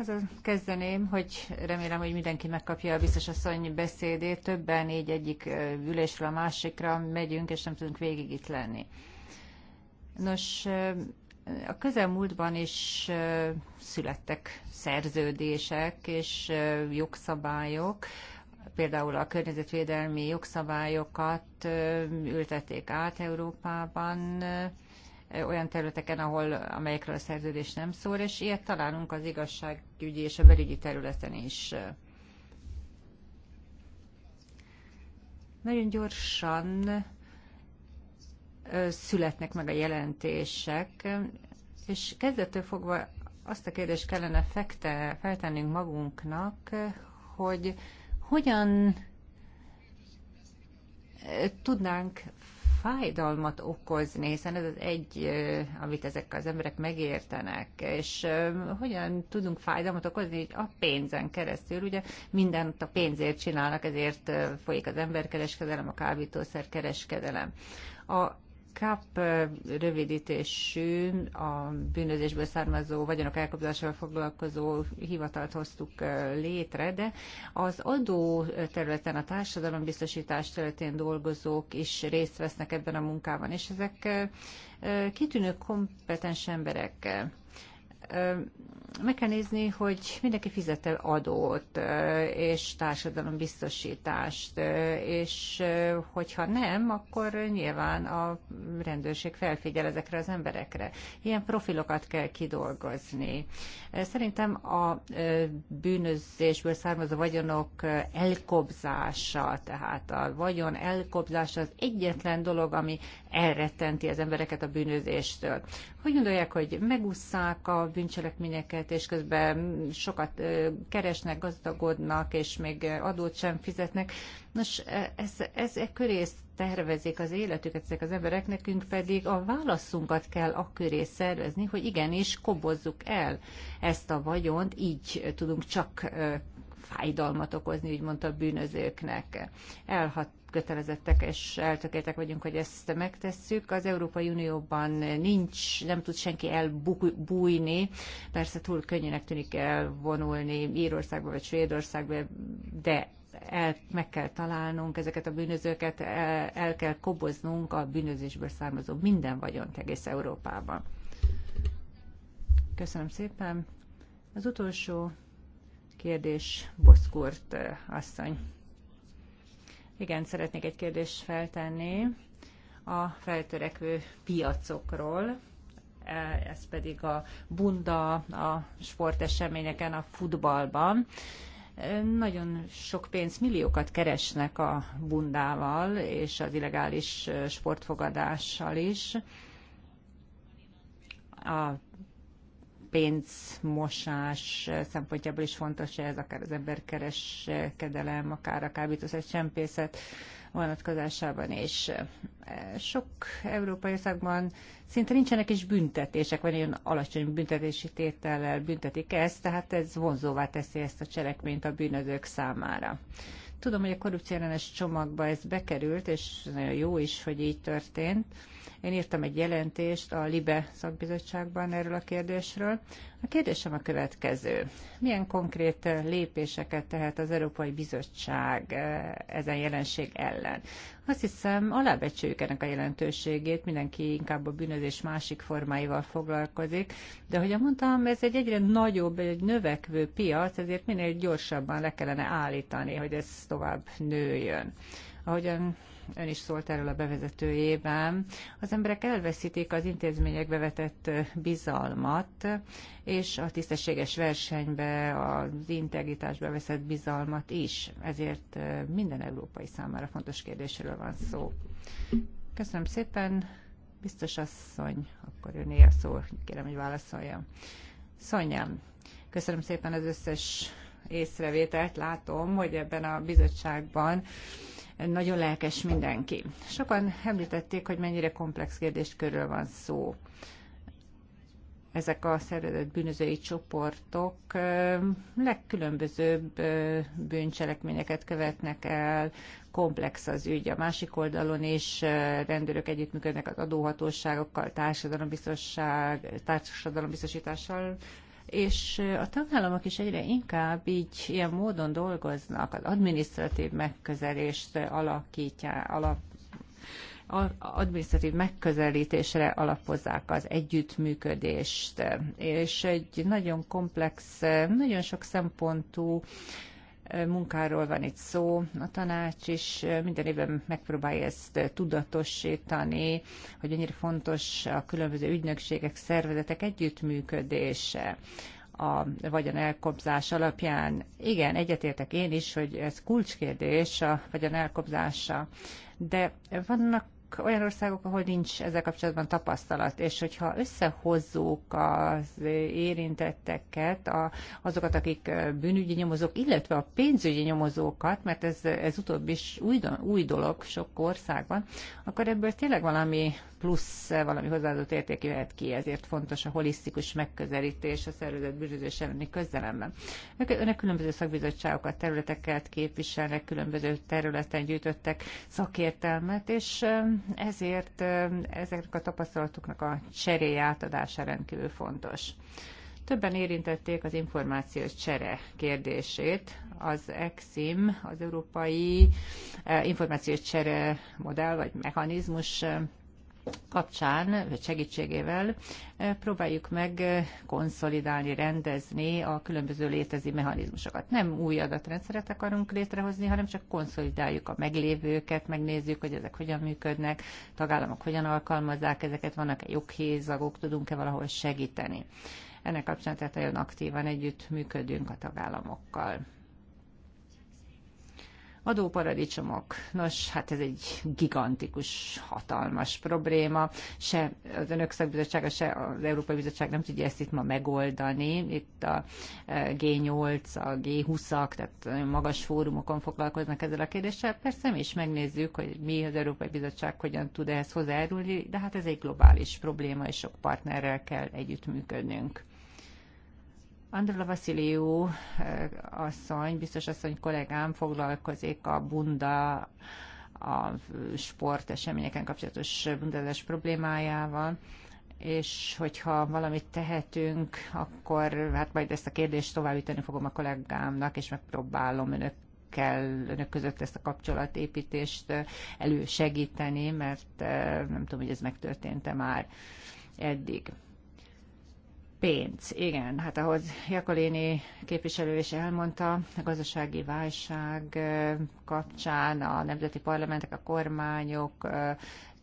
Azzal kezdeném, hogy remélem, hogy mindenki megkapja a biztos asszony beszédét. Többen így egyik ülésről a másikra megyünk, és nem tudunk végig itt lenni. Nos, a közelmúltban is születtek szerződések és jogszabályok, például a környezetvédelmi jogszabályokat ültették át Európában, olyan területeken, ahol, amelyekről a szerződés nem szól, és ilyet találunk az igazságügyi és a belügyi területen is. Nagyon gyorsan születnek meg a jelentések, és kezdettől fogva azt a kérdést kellene fekte, feltennünk magunknak, hogy hogyan tudnánk fájdalmat okozni, hiszen ez az egy, amit ezek az emberek megértenek, és hogyan tudunk fájdalmat okozni, hogy a pénzen keresztül, ugye mindent a pénzért csinálnak, ezért folyik az emberkereskedelem, a kábítószerkereskedelem. A CAP rövidítésű, a bűnözésből származó vagyonok elkobzásával foglalkozó hivatalt hoztuk létre, de az adó területen, a társadalombiztosítás területén dolgozók is részt vesznek ebben a munkában, és ezek kitűnő kompetens emberek meg kell nézni, hogy mindenki fizet el adót és társadalombiztosítást, és hogyha nem, akkor nyilván a rendőrség felfigyel ezekre az emberekre. Ilyen profilokat kell kidolgozni. Szerintem a bűnözésből származó vagyonok elkobzása, tehát a vagyon elkobzása az egyetlen dolog, ami elrettenti az embereket a bűnözéstől hogy gondolják, hogy megusszák a bűncselekményeket, és közben sokat keresnek, gazdagodnak, és még adót sem fizetnek. Nos, e, ez, ez e köré tervezik az életüket ezek az emberek, nekünk pedig a válaszunkat kell a köré szervezni, hogy igenis kobozzuk el ezt a vagyont, így tudunk csak fájdalmat okozni, úgymond a bűnözőknek. Elhat, kötelezettek és eltökéltek vagyunk, hogy ezt megtesszük. Az Európai Unióban nincs, nem tud senki elbújni. Persze túl könnyűnek tűnik elvonulni Írországba vagy Svédországba, de el, meg kell találnunk ezeket a bűnözőket, el, el kell koboznunk a bűnözésből származó minden vagyont egész Európában. Köszönöm szépen. Az utolsó kérdés Boszkurt eh, asszony. Igen, szeretnék egy kérdést feltenni a feltörekvő piacokról. Ez pedig a bunda, a sporteseményeken, a futballban nagyon sok pénzmilliókat milliókat keresnek a bundával és az illegális sportfogadással is. A pénzmosás szempontjából is fontos ez, akár az emberkereskedelem, akár a kábítószer csempészet vonatkozásában, és sok európai országban szinte nincsenek is büntetések, vagy nagyon alacsony büntetési tétellel büntetik ezt, tehát ez vonzóvá teszi ezt a cselekményt a bűnözők számára. Tudom, hogy a korrupció csomagba ez bekerült, és nagyon jó is, hogy így történt, én írtam egy jelentést a LIBE szakbizottságban erről a kérdésről. A kérdésem a következő. Milyen konkrét lépéseket tehet az Európai Bizottság eh, ezen jelenség ellen? Azt hiszem, alábecsüljük ennek a jelentőségét, mindenki inkább a bűnözés másik formáival foglalkozik, de ahogy mondtam, ez egy egyre nagyobb, egy növekvő piac, ezért minél gyorsabban le kellene állítani, hogy ez tovább nőjön. Ahogyan ön is szólt erről a bevezetőjében, az emberek elveszítik az intézményekbe vetett bizalmat, és a tisztességes versenybe, az integritásbe veszett bizalmat is. Ezért minden európai számára fontos kérdésről van szó. Köszönöm szépen, biztos asszony, akkor öné a szó, kérem, hogy válaszoljam. Szonyám, köszönöm szépen az összes észrevételt. Látom, hogy ebben a bizottságban nagyon lelkes mindenki. Sokan említették, hogy mennyire komplex kérdés körül van szó. Ezek a szervezett bűnözői csoportok legkülönbözőbb bűncselekményeket követnek el, komplex az ügy. A másik oldalon és rendőrök együttműködnek az adóhatóságokkal, társadalombiztosság, társadalombiztosítással, és a tagállamok is egyre inkább így ilyen módon dolgoznak, az administratív megközelést alakítják, alap, adminisztratív megközelítésre alapozzák az együttműködést, és egy nagyon komplex, nagyon sok szempontú munkáról van itt szó. A tanács is minden évben megpróbálja ezt tudatosítani, hogy annyira fontos a különböző ügynökségek, szervezetek együttműködése a vagyon elkobzás alapján. Igen, egyetértek én is, hogy ez kulcskérdés a vagyon elkobzása, de vannak olyan országok, ahol nincs ezzel kapcsolatban tapasztalat, és hogyha összehozzuk az érintetteket, a, azokat, akik bűnügyi nyomozók, illetve a pénzügyi nyomozókat, mert ez, ez utóbbi is új, új dolog sok országban, akkor ebből tényleg valami plusz, valami hozzáadott érték jöhet ki, ezért fontos a holisztikus megközelítés a szervezet bűnözés elleni közelemben. Önök különböző szakbizottságokat, területeket képviselnek, különböző területen gyűjtöttek szakértelmet, és ezért ezeknek a tapasztalatoknak a cseréje átadása rendkívül fontos. Többen érintették az információs csere kérdését. Az EXIM, az Európai Információs Csere Modell vagy Mechanizmus kapcsán, vagy segítségével próbáljuk meg konszolidálni, rendezni a különböző létező mechanizmusokat. Nem új adatrendszeret akarunk létrehozni, hanem csak konszolidáljuk a meglévőket, megnézzük, hogy ezek hogyan működnek, tagállamok hogyan alkalmazzák ezeket, vannak-e joghézagok, tudunk-e valahol segíteni. Ennek kapcsán tehát nagyon aktívan együtt működünk a tagállamokkal. Adóparadicsomok. Nos, hát ez egy gigantikus, hatalmas probléma. Se az Önök Szakbizottsága, se az Európai Bizottság nem tudja ezt itt ma megoldani. Itt a e, G8, a G20-ak, tehát magas fórumokon foglalkoznak ezzel a kérdéssel. Persze mi is megnézzük, hogy mi az Európai Bizottság hogyan tud ehhez hozzájárulni, de hát ez egy globális probléma, és sok partnerrel kell együttműködnünk. Andrula Vasziliu eh, asszony, biztos asszony kollégám foglalkozik a bunda a sport eseményeken kapcsolatos bundázás problémájával, és hogyha valamit tehetünk, akkor hát majd ezt a kérdést továbbítani fogom a kollégámnak, és megpróbálom önök kell önök között ezt a kapcsolatépítést eh, elősegíteni, mert eh, nem tudom, hogy ez megtörtént-e már eddig. Pénz, igen. Hát ahogy Jakoléni képviselő is elmondta, a gazdasági válság kapcsán a nemzeti parlamentek, a kormányok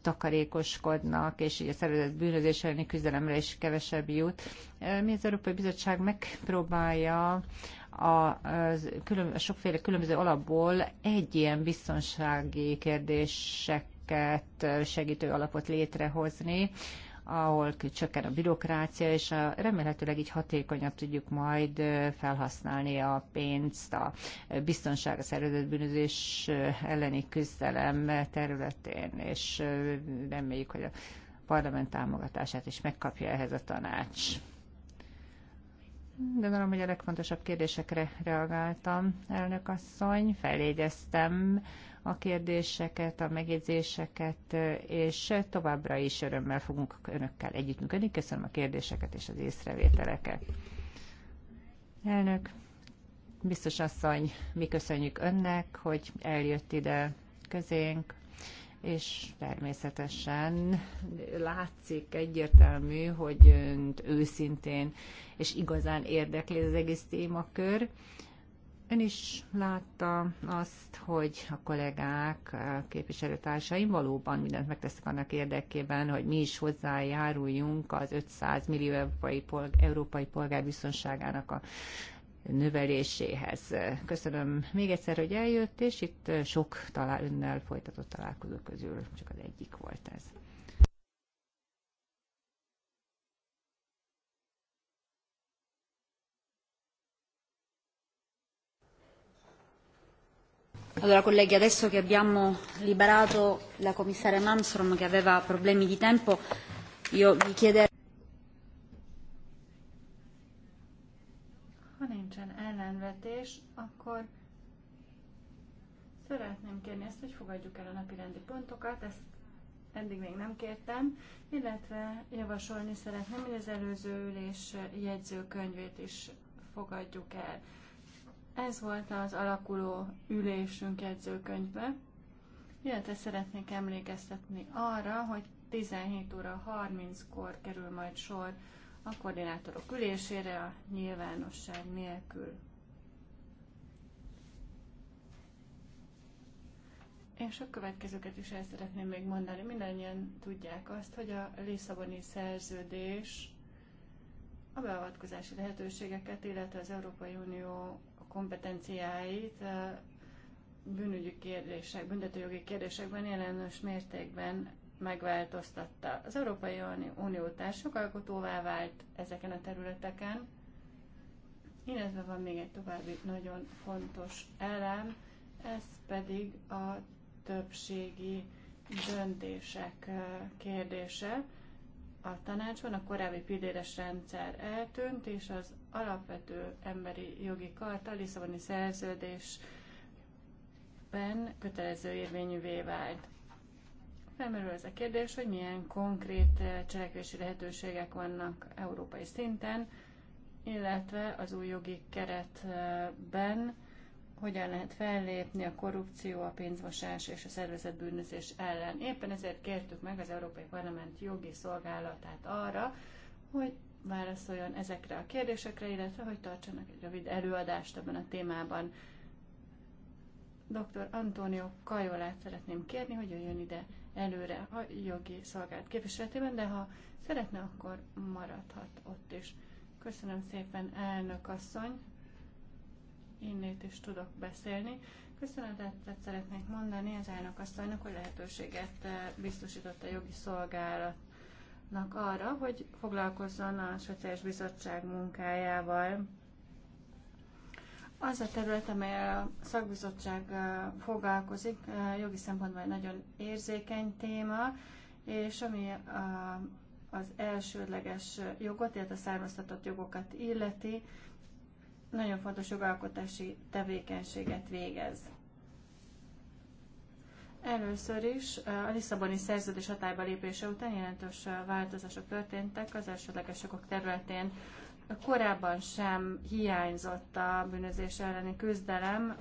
takarékoskodnak, és így a szervezet bűnözés elleni küzdelemre is kevesebb jut. Mi az Európai Bizottság megpróbálja a, külön, a sokféle különböző alapból egy ilyen biztonsági kérdéseket segítő alapot létrehozni, ahol csökken a bürokrácia, és a, remélhetőleg így hatékonyabb tudjuk majd felhasználni a pénzt a biztonság, a szervezett bűnözés elleni küzdelem területén, és reméljük, hogy a parlament támogatását is megkapja ehhez a tanács. Gondolom, hogy a legfontosabb kérdésekre reagáltam, elnök asszony, feljegyeztem a kérdéseket, a megjegyzéseket, és továbbra is örömmel fogunk önökkel együttműködni. Köszönöm a kérdéseket és az észrevételeket. Elnök, biztos asszony, mi köszönjük önnek, hogy eljött ide közénk, és természetesen látszik egyértelmű, hogy önt őszintén és igazán érdekli az egész témakör, Ön is látta azt, hogy a kollégák, a képviselőtársaim valóban mindent megtesznek annak érdekében, hogy mi is hozzájáruljunk az 500 millió európai, polg- európai polgár biztonságának a növeléséhez. Köszönöm még egyszer, hogy eljött, és itt sok talál önnel folytatott találkozó közül csak az egyik volt ez. Allora colleghi, adesso che abbiamo liberato la commissaria Malmström che aveva problemi di tempo, io vi chiederei... Ha nincsen ellenvetés, akkor szeretném kérni ezt, hogy fogadjuk el a napi rendi pontokat, ezt eddig még nem kértem, illetve javasolni szeretném, hogy az előző ülés jegyzőkönyvét is fogadjuk el. Ez volt az alakuló ülésünk jegyzőkönyve, illetve szeretnék emlékeztetni arra, hogy 17 óra 30-kor kerül majd sor a koordinátorok ülésére a nyilvánosság nélkül. És a következőket is el szeretném még mondani. Mindannyian tudják azt, hogy a Lisszaboni szerződés a beavatkozási lehetőségeket, illetve az Európai Unió kompetenciáit bűnügyi kérdések, büntetőjogi kérdésekben jelentős mértékben megváltoztatta. Az Európai Unió alkotóvá vált ezeken a területeken, illetve van még egy további nagyon fontos elem, ez pedig a többségi döntések kérdése. A tanácson a korábbi pilléres rendszer eltűnt, és az alapvető emberi jogi karta, Lisszaboni szerződésben kötelező érvényűvé vált. Felmerül ez a kérdés, hogy milyen konkrét eh, cselekvési lehetőségek vannak európai szinten, illetve az új jogi keretben hogyan lehet fellépni a korrupció, a pénzmosás és a szervezett bűnözés ellen. Éppen ezért kértük meg az Európai Parlament jogi szolgálatát arra, hogy válaszoljon ezekre a kérdésekre, illetve hogy tartsanak egy rövid előadást ebben a témában. Dr. Antonio Kajolát szeretném kérni, hogy jöjjön ide előre a jogi szolgált képviseletében, de ha szeretne, akkor maradhat ott is. Köszönöm szépen, elnök asszony. Innét is tudok beszélni. Köszönetet szeretnék mondani az elnök asszonynak, hogy lehetőséget eh, biztosított a jogi szolgálat arra, hogy foglalkozzon a Sociális Bizottság munkájával. Az a terület, amely a szakbizottság foglalkozik, jogi szempontból egy nagyon érzékeny téma, és ami a, az elsődleges jogot, illetve a származtatott jogokat illeti, nagyon fontos jogalkotási tevékenységet végez. Először is a Lisszaboni szerződés hatályba lépése után jelentős változások történtek az elsődleges jogok területén. Korábban sem hiányzott a bűnözés elleni küzdelem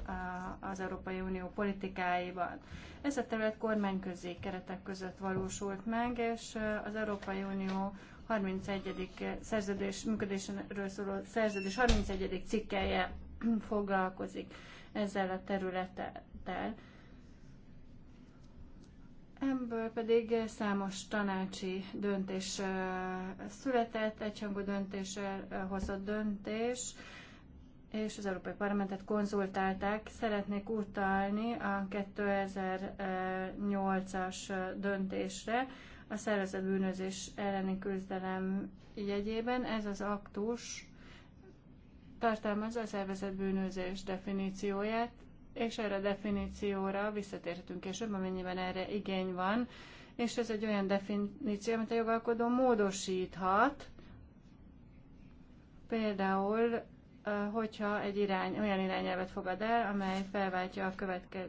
az Európai Unió politikáiban. Ez a terület kormányközi keretek között valósult meg, és az Európai Unió 31. szerződés működéséről szóló szerződés 31. cikkelje foglalkozik ezzel a területtel. Ebből pedig számos tanácsi döntés született, egyhangú döntéssel hozott döntés, és az Európai Parlamentet konzultálták. Szeretnék utalni a 2008-as döntésre a szervezett bűnözés elleni küzdelem jegyében. Ez az aktus tartalmazza a szervezett bűnözés definícióját, és erre a definícióra visszatérhetünk később, amennyiben erre igény van, és ez egy olyan definíció, amit a jogalkodó módosíthat, például hogyha egy irány, olyan irányelvet fogad el, amely felváltja a, követke,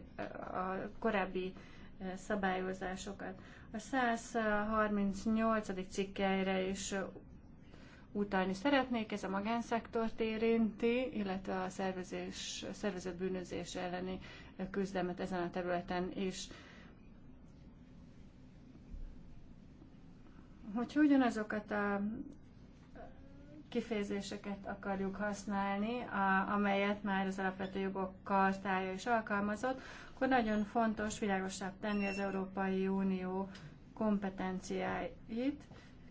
a korábbi szabályozásokat. A 138. cikkeire is utalni szeretnék, ez a magánszektort érinti, illetve a szervezés, szervezett bűnözés elleni küzdelmet ezen a területen is. Hogyha ugyanazokat a kifejezéseket akarjuk használni, a, amelyet már az alapvető jogok kartája is alkalmazott, akkor nagyon fontos világosabb tenni az Európai Unió kompetenciáit,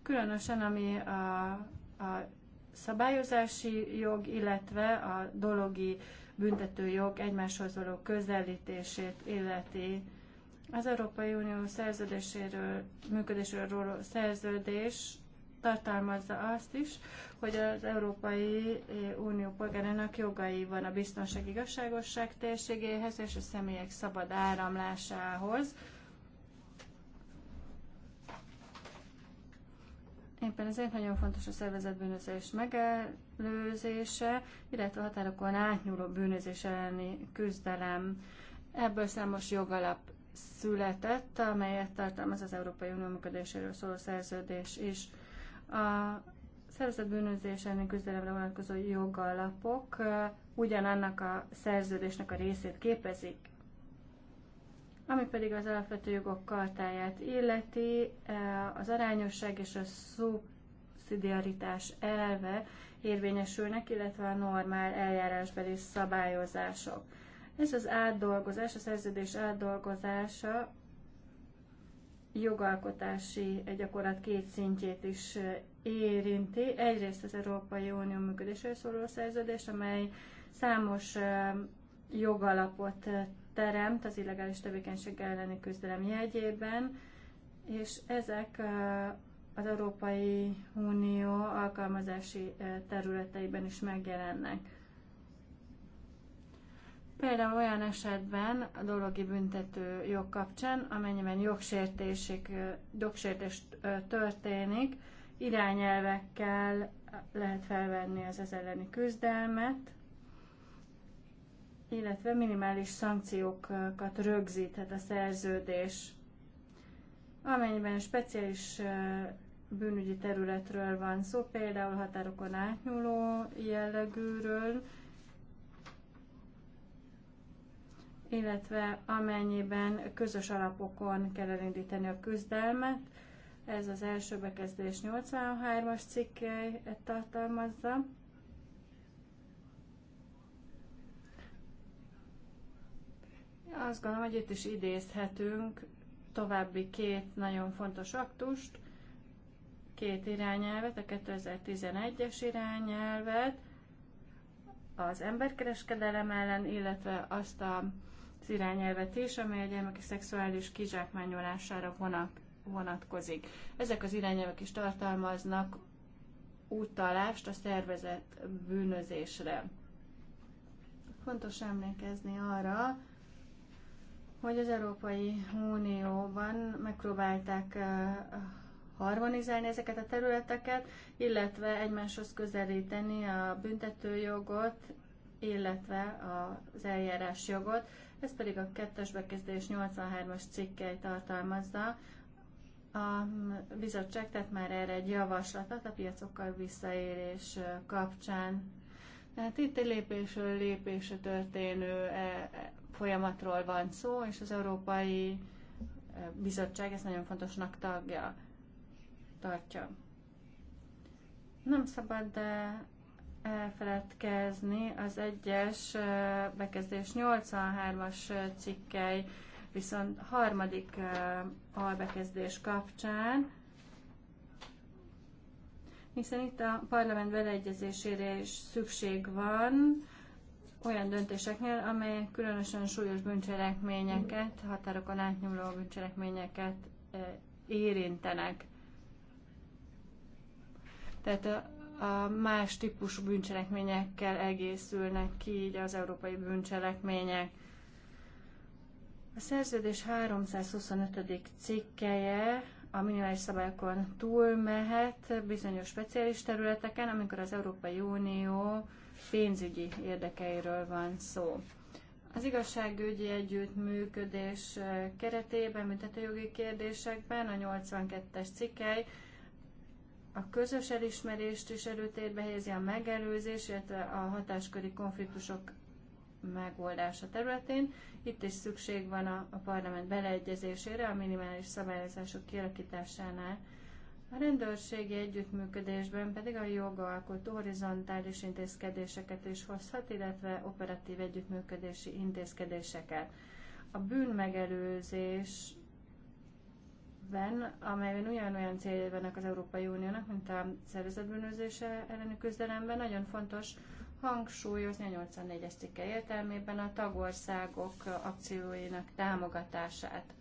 különösen ami a a szabályozási jog, illetve a dologi büntetőjog egymáshoz való közelítését illeti. Az Európai Unió szerződéséről, működésről róló szerződés tartalmazza azt is, hogy az Európai Unió polgárának jogai van a biztonság igazságosság térségéhez és a személyek szabad áramlásához. Éppen ezért nagyon fontos a szervezet bűnözés megelőzése, illetve a határokon átnyúló bűnözés elleni küzdelem. Ebből számos jogalap született, amelyet tartalmaz az Európai Unió működéséről szóló szerződés is. A szervezett bűnözés elleni küzdelemre vonatkozó jogalapok eh, ugyanannak a szerződésnek a részét képezik. Ami pedig az alapvető jogok kartáját illeti, e, az arányosság és a szubszidiaritás elve érvényesülnek, illetve a normál eljárásbeli szabályozások. Ez az átdolgozás, a szerződés átdolgozása jogalkotási gyakorlat két szintjét is e, érinti. Egyrészt az Európai Unió működésről szóló szerződés, amely számos e, jogalapot teremt az illegális tevékenység elleni küzdelem jegyében, és ezek az Európai Unió alkalmazási területeiben is megjelennek. Például olyan esetben a dologi büntető jog kapcsán, amennyiben jogsértés történik, irányelvekkel lehet felvenni az ez elleni küzdelmet, illetve minimális szankciókat rögzíthet a szerződés, amennyiben speciális bűnügyi területről van szó, például határokon átnyúló jellegűről, illetve amennyiben közös alapokon kell elindítani a küzdelmet. Ez az első bekezdés 83-as cikkét tartalmazza. Azt gondolom, hogy itt is idézhetünk további két nagyon fontos aktust, két irányelvet, a 2011-es irányelvet, az emberkereskedelem ellen, illetve azt a az irányelvet is, amely a gyermeki szexuális kizsákmányolására vonatkozik. Ezek az irányelvek is tartalmaznak utalást a szervezet bűnözésre. Fontos emlékezni arra, hogy az Európai Unióban megpróbálták harmonizálni ezeket a területeket, illetve egymáshoz közelíteni a büntetőjogot, illetve az eljárásjogot. Ez pedig a kettes bekezdés 83-as cikkei tartalmazza. A bizottság tett már erre egy javaslatot a piacokkal visszaérés kapcsán. Tehát itt lépésről lépésre történő e, e, folyamatról van szó, és az Európai Bizottság ezt nagyon fontosnak tagja, tartja. Nem szabad elfeledkezni az egyes bekezdés 83-as cikkei, viszont harmadik albekezdés kapcsán, hiszen itt a parlament beleegyezésére is szükség van, olyan döntéseknél, amelyek különösen súlyos bűncselekményeket, határokon átnyúló bűncselekményeket e, érintenek. Tehát a, a más típusú bűncselekményekkel egészülnek ki így az európai bűncselekmények. A szerződés 325. cikkeje a minimális szabályokon túl mehet bizonyos speciális területeken, amikor az Európai Unió pénzügyi érdekeiről van szó. Az igazságügyi együttműködés keretében, büntetőjogi kérdésekben a 82-es cikkely a közös elismerést is előtérbe helyezi a megelőzés, illetve a hatásköri konfliktusok megoldása területén. Itt is szükség van a, a parlament beleegyezésére a minimális szabályozások kialakításánál. A rendőrségi együttműködésben pedig a jogalkotó horizontális intézkedéseket is hozhat, illetve operatív együttműködési intézkedéseket. A bűnmegelőzés amelyben ugyanolyan céljai vannak az Európai Uniónak, mint a szervezetbűnözése elleni küzdelemben, nagyon fontos hangsúlyozni a 84-es cikke értelmében a tagországok akcióinak támogatását.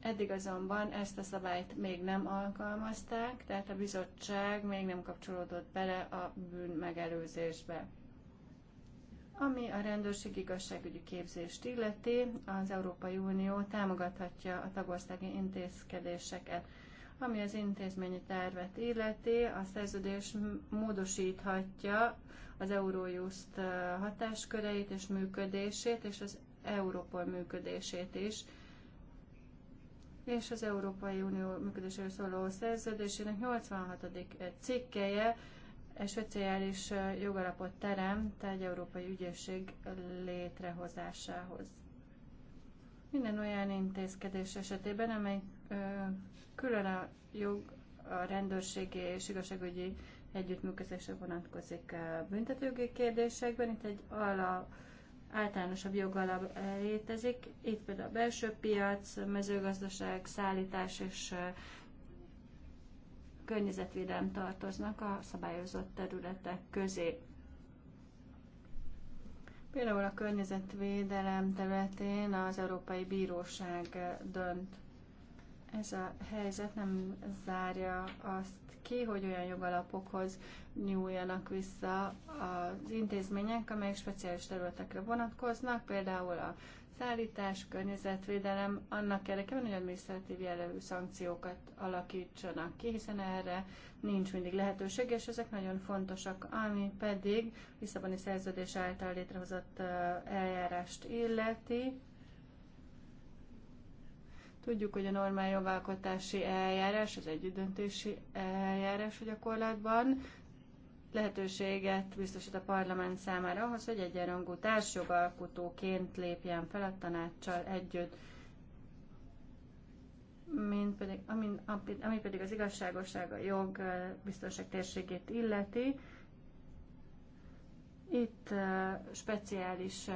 Eddig azonban ezt a szabályt még nem alkalmazták, tehát a bizottság még nem kapcsolódott bele a bűn megelőzésbe. Ami a rendőrség igazságügyi képzést illeti, az Európai Unió támogathatja a tagországi intézkedéseket. Ami az intézményi tervet illeti, a szerződés módosíthatja az Eurojust hatásköreit és működését, és az Európol működését is és az Európai Unió működéséről szóló szerződésének 86. cikkeje egy speciális jogalapot teremt egy európai ügyészség létrehozásához. Minden olyan intézkedés esetében, amely ö, külön a jog a rendőrségi és igazságügyi együttműködésre vonatkozik a büntetőgi kérdésekben, itt egy alap általánosabb jogalap eh, létezik, itt például a belső piac, mezőgazdaság, szállítás és eh, környezetvédelem tartoznak a szabályozott területek közé. Például a környezetvédelem területén az Európai Bíróság eh, dönt ez a helyzet nem zárja azt ki, hogy olyan jogalapokhoz nyúljanak vissza az intézmények, amelyek speciális területekre vonatkoznak, például a szállítás, környezetvédelem, annak érdekében, hogy adminisztratív jellegű szankciókat alakítsanak ki, hiszen erre nincs mindig lehetőség, és ezek nagyon fontosak, ami pedig Lisszaboni szerződés által létrehozott eljárást illeti, Tudjuk, hogy a normál jogalkotási eljárás, az együttdöntési eljárás a gyakorlatban lehetőséget biztosít a parlament számára ahhoz, hogy egyenrangú társjogalkotóként lépjen fel a tanácssal együtt. Mint pedig, ami, ami pedig az igazságosság, a jog biztonság térségét illeti, itt speciális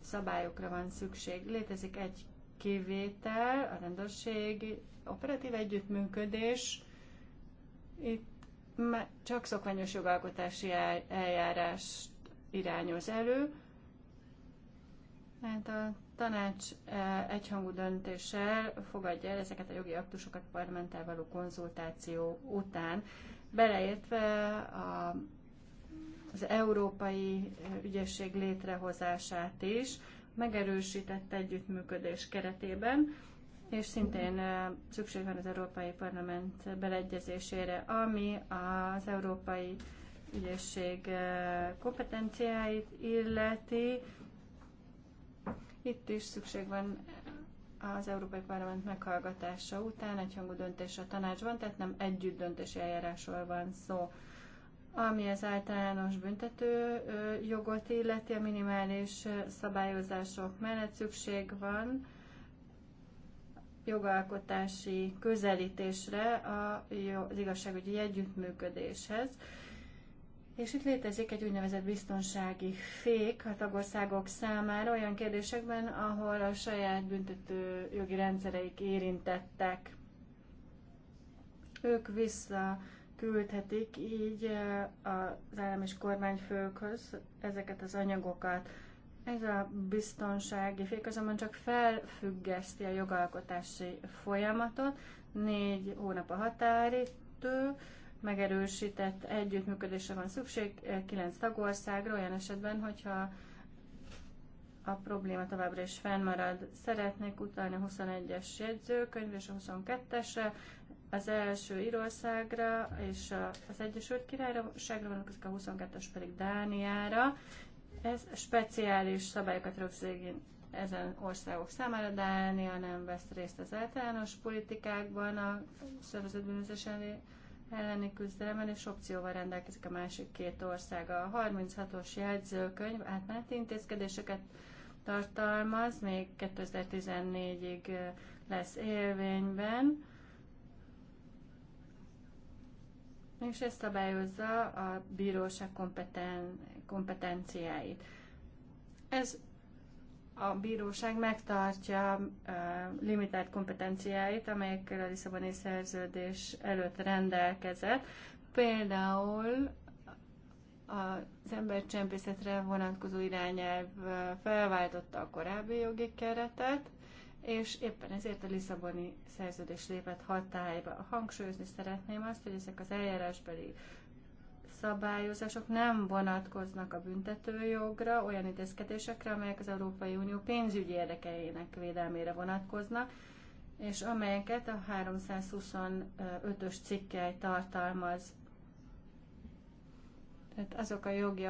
szabályokra van szükség. Létezik egy kivétel, a rendőrség operatív együttműködés, itt csak szokványos jogalkotási eljárást irányoz elő. Hát a tanács e, egyhangú döntéssel fogadja el ezeket a jogi aktusokat parlamentel való konzultáció után, beleértve a, az európai ügyesség létrehozását is, megerősített együttműködés keretében, és szintén szükség van az Európai Parlament beleegyezésére, ami az Európai ügyesség kompetenciáit illeti. Itt is szükség van az Európai Parlament meghallgatása után egyhangú döntés a tanácsban, tehát nem együtt döntési eljárásról van szó. Ami az általános büntető jogot illeti, a minimális szabályozások mellett szükség van jogalkotási közelítésre az igazságügyi együttműködéshez. És itt létezik egy úgynevezett biztonsági fék a tagországok számára olyan kérdésekben, ahol a saját büntető jogi rendszereik érintettek. Ők vissza küldhetik így az állam és kormányfőkhöz ezeket az anyagokat. Ez a biztonsági fék azonban csak felfüggeszti a jogalkotási folyamatot, négy hónap a határidő, megerősített együttműködésre van szükség kilenc tagországra, olyan esetben, hogyha a probléma továbbra is fennmarad. Szeretnék utalni a 21-es jegyzőkönyv és a 22-esre, az első Írországra és az Egyesült Királyságra a 22-es pedig Dániára. Ez speciális szabályokat rögzít ezen országok számára. Dánia nem vesz részt az általános politikákban, a szervezett bűnözés elleni küzdelemben, és opcióval rendelkezik a másik két ország. A 36-os jegyzőkönyv átmeneti intézkedéseket tartalmaz, még 2014-ig lesz élvényben, és ez szabályozza a bíróság kompeten, kompetenciáit. Ez a bíróság megtartja uh, limitált kompetenciáit, amelyekkel a Lisszaboni szerződés előtt rendelkezett, például az embercsempészetre vonatkozó irányelv felváltotta a korábbi jogi keretet, és éppen ezért a Lisszaboni szerződés lépett hatályba. Hangsúlyozni szeretném azt, hogy ezek az eljárásbeli szabályozások nem vonatkoznak a büntetőjogra, olyan intézkedésekre, amelyek az Európai Unió pénzügyi érdekeinek védelmére vonatkoznak, és amelyeket a 325-ös cikkely tartalmaz. Tehát azok a jogi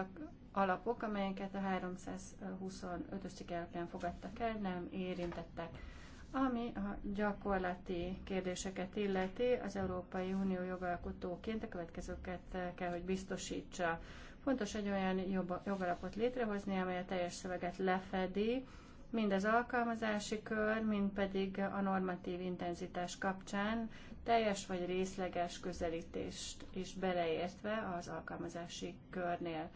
alapok, amelyeket a 325-ös cikk alapján fogadtak el, nem érintettek. Ami a gyakorlati kérdéseket illeti, az Európai Unió jogalkotóként a következőket kell, hogy biztosítsa. Fontos egy olyan jogalapot létrehozni, amely a teljes szöveget lefedi, mind az alkalmazási kör, mind pedig a normatív intenzitás kapcsán teljes vagy részleges közelítést is beleértve az alkalmazási körnél.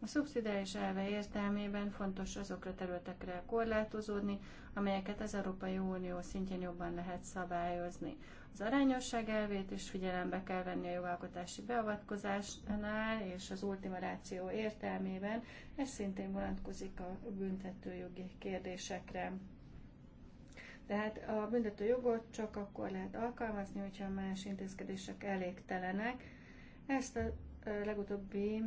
A szubszidiális elve értelmében fontos azokra területekre korlátozódni, amelyeket az Európai Unió szintjén jobban lehet szabályozni. Az arányosság elvét is figyelembe kell venni a jogalkotási beavatkozásnál, és az ultima ráció értelmében ez szintén vonatkozik a büntetőjogi kérdésekre. Tehát a büntető jogot csak akkor lehet alkalmazni, hogyha más intézkedések elégtelenek. Ezt a legutóbbi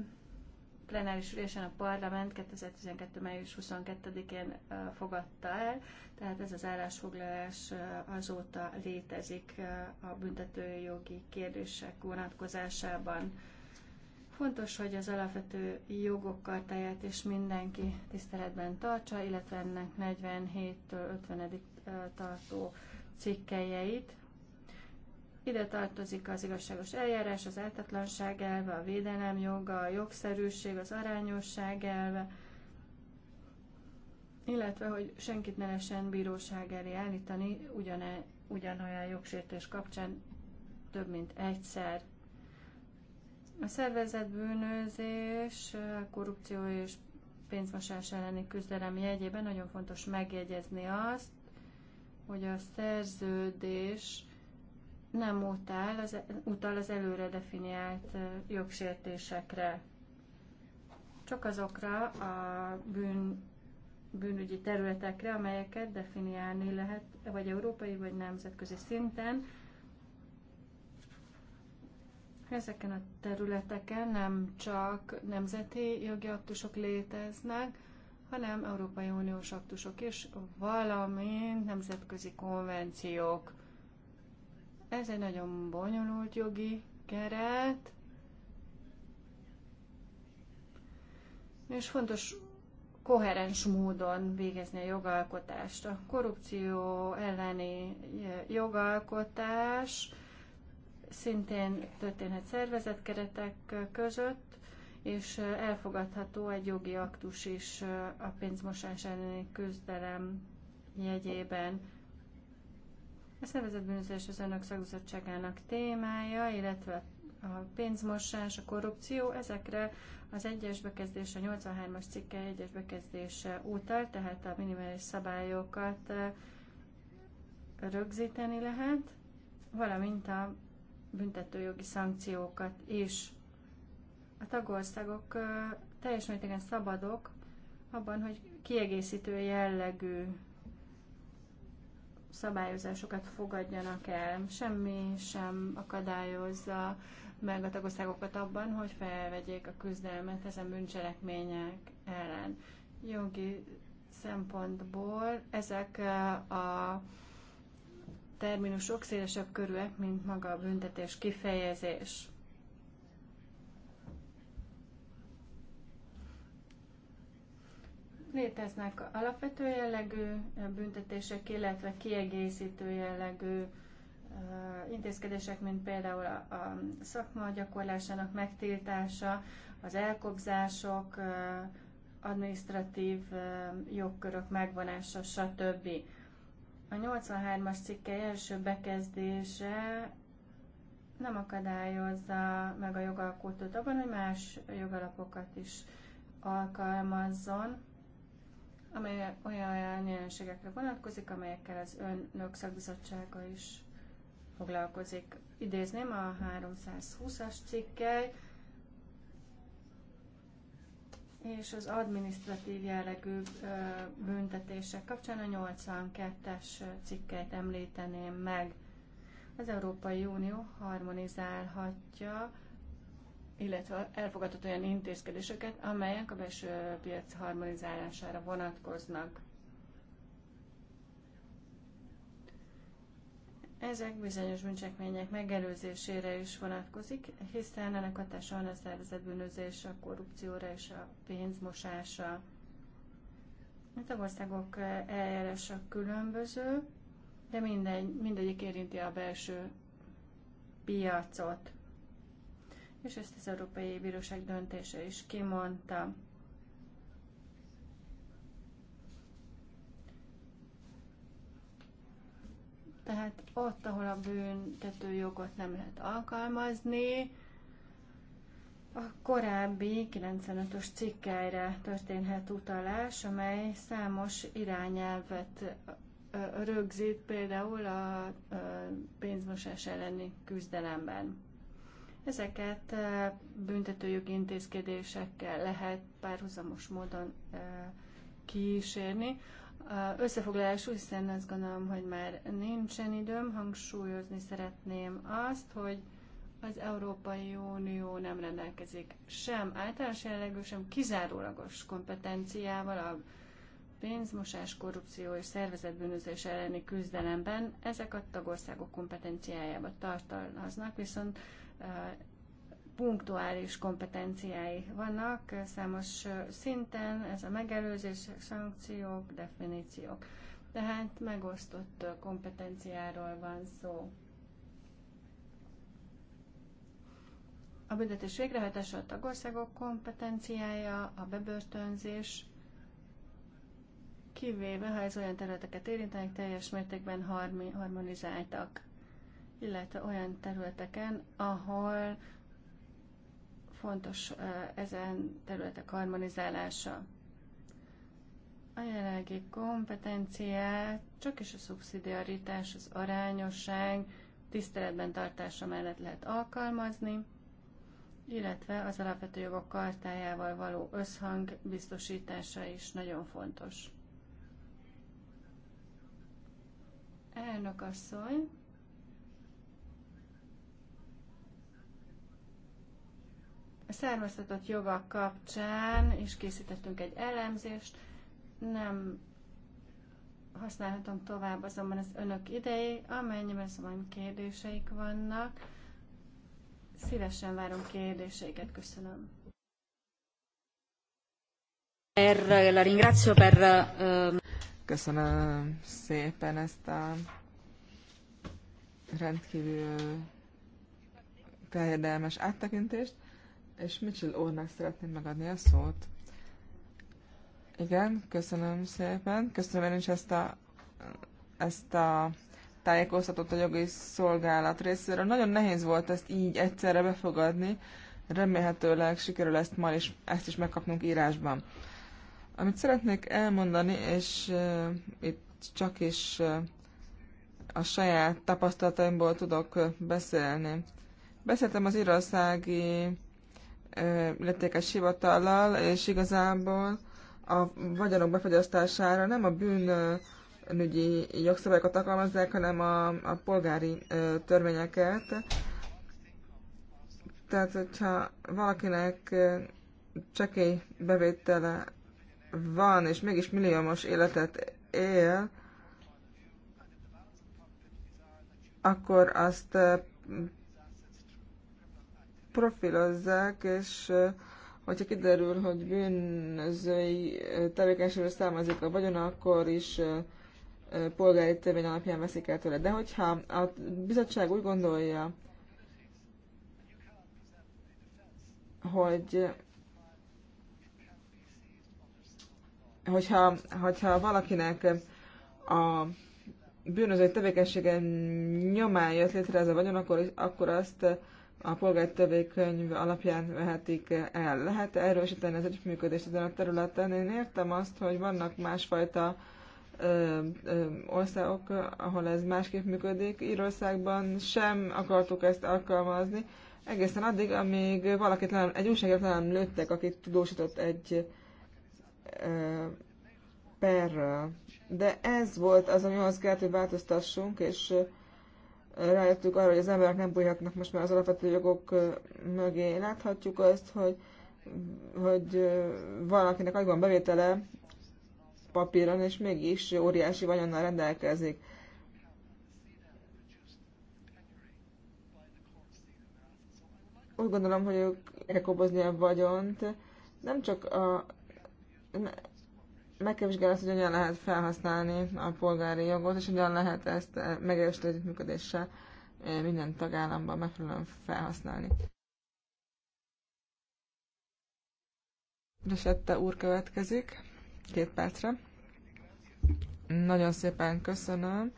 plenáris ülésen a parlament 2012. május 22-én fogadta el, tehát ez az állásfoglalás azóta létezik a büntetőjogi kérdések vonatkozásában. Fontos, hogy az alapvető jogok kartáját is mindenki tiszteletben tartsa, illetve ennek 47-től 50 tartó cikkeljeit. Ide tartozik az igazságos eljárás, az ártatlanság elve, a védelem joga, a jogszerűség, az arányosság elve, illetve hogy senkit ne lesen bíróság elé állítani ugyane, ugyanolyan jogsértés kapcsán több mint egyszer. A szervezett bűnözés, korrupció és pénzmosás elleni küzdelem jegyében nagyon fontos megjegyezni azt, hogy a szerződés nem utal az, utal az előre definiált jogsértésekre, csak azokra a bűn, bűnügyi területekre, amelyeket definiálni lehet, vagy európai, vagy nemzetközi szinten. Ezeken a területeken nem csak nemzeti jogi aktusok léteznek, hanem Európai Uniós aktusok és valamint nemzetközi konvenciók. Ez egy nagyon bonyolult jogi keret, és fontos koherens módon végezni a jogalkotást. A korrupció elleni e, jogalkotás szintén történhet szervezetkeretek között, és elfogadható egy jogi aktus is a pénzmosás elleni küzdelem jegyében. A szervezetbűnözés az önök szakbizottságának témája, illetve a pénzmosás, a korrupció, ezekre az egyes bekezdés, a 83-as cikke egyes bekezdése utal, tehát a minimális szabályokat rögzíteni lehet, valamint a büntetőjogi szankciókat is a tagországok teljes mértékben szabadok abban, hogy kiegészítő jellegű szabályozásokat fogadjanak el. Semmi sem akadályozza meg a tagországokat abban, hogy felvegyék a küzdelmet ezen bűncselekmények ellen. Jogi szempontból ezek a terminusok szélesebb körűek, mint maga a büntetés kifejezés. Léteznek alapvető jellegű büntetések, illetve kiegészítő jellegű intézkedések, mint például a, szakma gyakorlásának megtiltása, az elkobzások, administratív jogkörök megvonása, stb. A 83-as cikke első bekezdése nem akadályozza meg a jogalkotót abban, hogy más jogalapokat is alkalmazzon, amely olyan jelenségekre vonatkozik, amelyekkel az önök szakbizottsága is foglalkozik. Idézném a 320-as cikkely, és az adminisztratív jellegű büntetések kapcsán a 82-es cikkeit említeném meg. Az Európai Unió harmonizálhatja illetve elfogadott olyan intézkedéseket, amelyek a belső piac harmonizálására vonatkoznak. Ezek bizonyos bűncsekmények megelőzésére is vonatkozik, hiszen ennek hatása van a szervezett bűnözés, a korrupcióra és a pénzmosásra. A tagországok eljárása különböző, de mindegy, mindegyik érinti a belső piacot és ezt az Európai Bíróság döntése is kimondta. Tehát ott, ahol a büntető jogot nem lehet alkalmazni, a korábbi 95-ös cikkelyre történhet utalás, amely számos irányelvet rögzít, például a pénzmosás elleni küzdelemben. Ezeket eh, büntetőjogi intézkedésekkel lehet párhuzamos módon eh, kísérni. Összefoglalásul, hiszen azt gondolom, hogy már nincsen időm, hangsúlyozni szeretném azt, hogy az Európai Unió nem rendelkezik sem általános jellegű, sem kizárólagos kompetenciával a pénzmosás, korrupció és szervezetbűnözés elleni küzdelemben ezek a tagországok kompetenciájába tartalmaznak, viszont punktuális kompetenciái vannak számos szinten, ez a megelőzés, szankciók, definíciók. Tehát megosztott kompetenciáról van szó. A büntetés végrehajtása a tagországok kompetenciája, a bebörtönzés, kivéve ha ez olyan területeket érintenek, teljes mértékben harmonizáltak illetve olyan területeken, ahol fontos ezen területek harmonizálása. A jelenlegi kompetenciát csak is a szubszidiaritás, az arányosság, tiszteletben tartása mellett lehet alkalmazni, illetve az alapvető jogok kartájával való összhang biztosítása is nagyon fontos. Elnök asszony, A származtatott jogak kapcsán is készítettünk egy elemzést, nem használhatom tovább azonban az önök idejé, amennyiben szóval kérdéseik vannak. Szívesen várom kérdéseiket, köszönöm. Ehm, köszönöm szépen ezt a rendkívül teljedelmes áttekintést és Mitchell úrnak szeretném megadni a szót. Igen, köszönöm szépen. Köszönöm én is ezt a, ezt a tájékoztatott a jogi szolgálat részéről. Nagyon nehéz volt ezt így egyszerre befogadni. Remélhetőleg sikerül ezt ma is, ezt is megkapnunk írásban. Amit szeretnék elmondani, és uh, itt csak is uh, a saját tapasztalataimból tudok eh, beszélni. Beszéltem az írországi illetékes sivatallal, és igazából a vagyonok befogyasztására nem a bűnügyi jogszabályokat alkalmazzák, hanem a, a polgári törvényeket. Tehát, hogyha valakinek csekély bevétele van, és mégis milliómos életet él, akkor azt profilozzák, és hogyha kiderül, hogy bűnözői tevékenységről származik a vagyona, akkor is polgári törvény alapján veszik el tőle. De hogyha a bizottság úgy gondolja, hogy hogyha, hogyha valakinek a bűnözői tevékenysége nyomán jött létre ez a vagyon, akkor, akkor azt a polgári törvénykönyv alapján vehetik el. Lehet -e erősíteni az együttműködést ezen a területen? Én értem azt, hogy vannak másfajta ö, ö, országok, ahol ez másképp működik. Írországban sem akartuk ezt alkalmazni, egészen addig, amíg valakit nem, egy újságért nem lőttek, akit tudósított egy ö, perről. De ez volt az, ami ahhoz kellett, hogy változtassunk, és ö, rájöttük arra, hogy az emberek nem bújhatnak most már az alapvető jogok mögé. Láthatjuk azt, hogy, hogy valakinek agyban bevétele papíron, és mégis óriási vagyonnal rendelkezik. Úgy gondolom, hogy ők elkobozni a vagyont, nem csak a meg kell vizsgálni azt, hogy hogyan lehet felhasználni a polgári jogot, és hogyan lehet ezt eh, megerősítő együttműködéssel eh, minden tagállamban megfelelően felhasználni. Resette úr következik, két percre. Nagyon szépen köszönöm.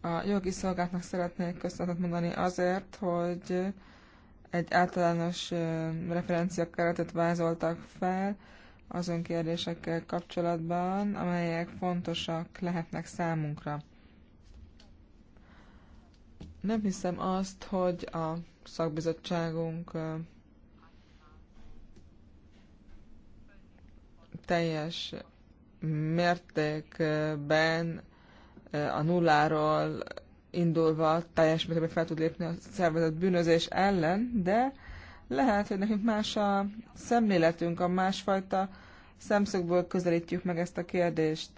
A jogi szolgálatnak szeretnék köszönetet mondani azért, hogy egy általános eh, referencia keretet vázoltak fel, azon kérdésekkel kapcsolatban, amelyek fontosak lehetnek számunkra. Nem hiszem azt, hogy a szakbizottságunk teljes mértékben a nulláról indulva teljes mértékben fel tud lépni a szervezet bűnözés ellen, de lehet, hogy nekünk más a szemléletünk, a másfajta szemszögből közelítjük meg ezt a kérdést.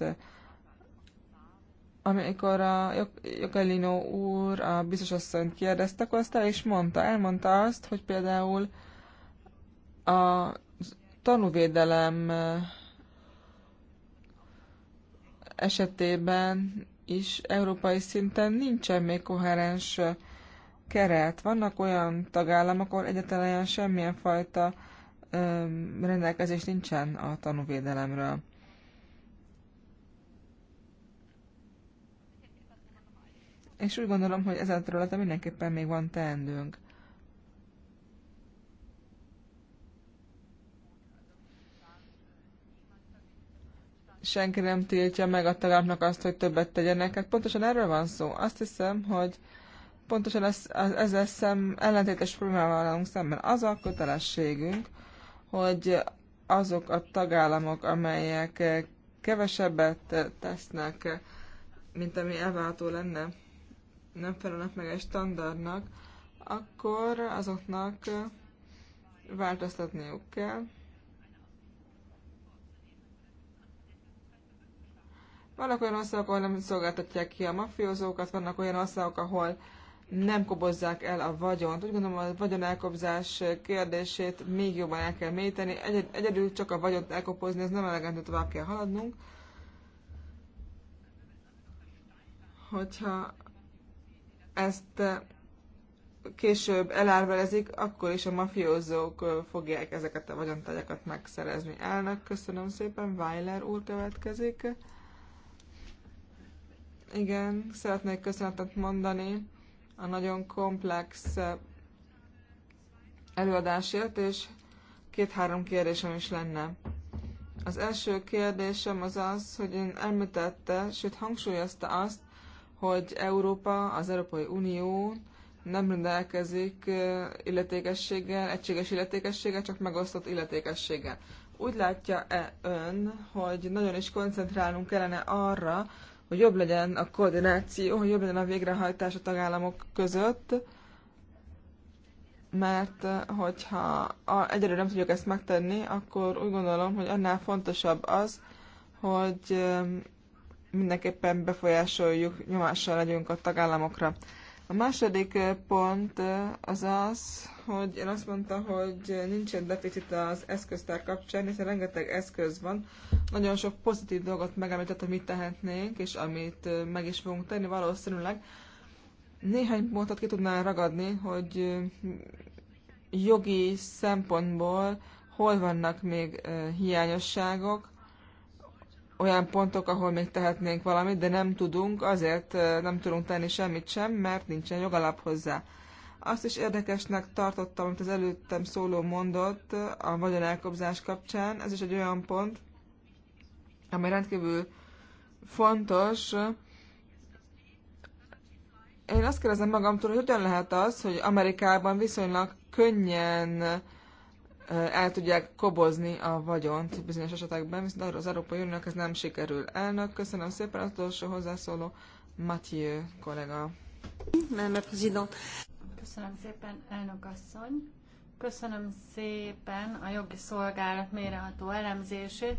Amikor a Jogelino úr a biztosasszonyt kérdezte, akkor azt el is mondta. Elmondta azt, hogy például a tanúvédelem esetében is európai szinten nincsen még koherens keret. Vannak olyan tagállamok, ahol egyetlen semmilyen fajta uh, rendelkezés nincsen a tanúvédelemről. És úgy gondolom, hogy ezen a területen mindenképpen még van teendőnk. senki nem tiltja meg a tagállamnak azt, hogy többet tegyenek. Hát pontosan erről van szó. Azt hiszem, hogy pontosan ez, ez, szem, ellentétes problémával állunk szemben. Az a kötelességünk, hogy azok a tagállamok, amelyek kevesebbet tesznek, mint ami elváltó lenne, nem felelnek meg egy standardnak, akkor azoknak változtatniuk kell. Vannak olyan országok, ahol nem szolgáltatják ki a mafiózókat, vannak olyan országok, ahol nem kobozzák el a vagyont. Úgy gondolom, a vagyon elkobzás kérdését még jobban el kell mélyíteni. egyedül csak a vagyont elkobozni, ez nem elegendő, tovább kell haladnunk. Hogyha ezt később elárverezik, akkor is a mafiózók fogják ezeket a vagyontagyakat megszerezni. Elnök, köszönöm szépen, Weiler úr következik. Igen, szeretnék köszönetet mondani a nagyon komplex eh, előadásért, és két-három kérdésem is lenne. Az első kérdésem az az, hogy ön említette, sőt hangsúlyozta azt, hogy Európa, az Európai Unió nem rendelkezik eh, illetékességgel, egységes illetékességgel, csak megosztott illetékességgel. Úgy látja-e ön, hogy nagyon is koncentrálnunk kellene arra, hogy jobb legyen a koordináció, hogy jobb legyen a végrehajtás a tagállamok között, mert eh, hogyha egyelőre nem tudjuk ezt megtenni, akkor úgy gondolom, hogy annál fontosabb az, hogy eh, mindenképpen befolyásoljuk, nyomással legyünk a tagállamokra. A második eh, pont eh, az az, hogy én azt mondta, hogy nincsen deficit az eszköztár kapcsán, hiszen rengeteg eszköz van. Nagyon sok pozitív dolgot megemlített, amit tehetnénk, és amit eh, meg is fogunk tenni valószínűleg. Néhány pontot ki tudnál ragadni, hogy jogi szempontból hol vannak még hiányosságok, olyan pontok, ahol még tehetnénk valamit, de nem tudunk, azért nem tudunk tenni semmit sem, mert nincsen jogalap hozzá. Azt is érdekesnek tartottam, amit az előttem szóló mondott a vagyonelkobzás kapcsán. Ez is egy olyan pont, amely rendkívül fontos. Én azt kérdezem magamtól, hogy hogyan lehet az, hogy Amerikában viszonylag könnyen el tudják kobozni a vagyont bizonyos esetekben, viszont arra az Európai Uniónak ez nem sikerül. Elnök, köszönöm szépen, az utolsó hozzászóló Mathieu kollega. Köszönöm szépen, elnök asszony. Köszönöm szépen a jogi szolgálat méreható elemzését,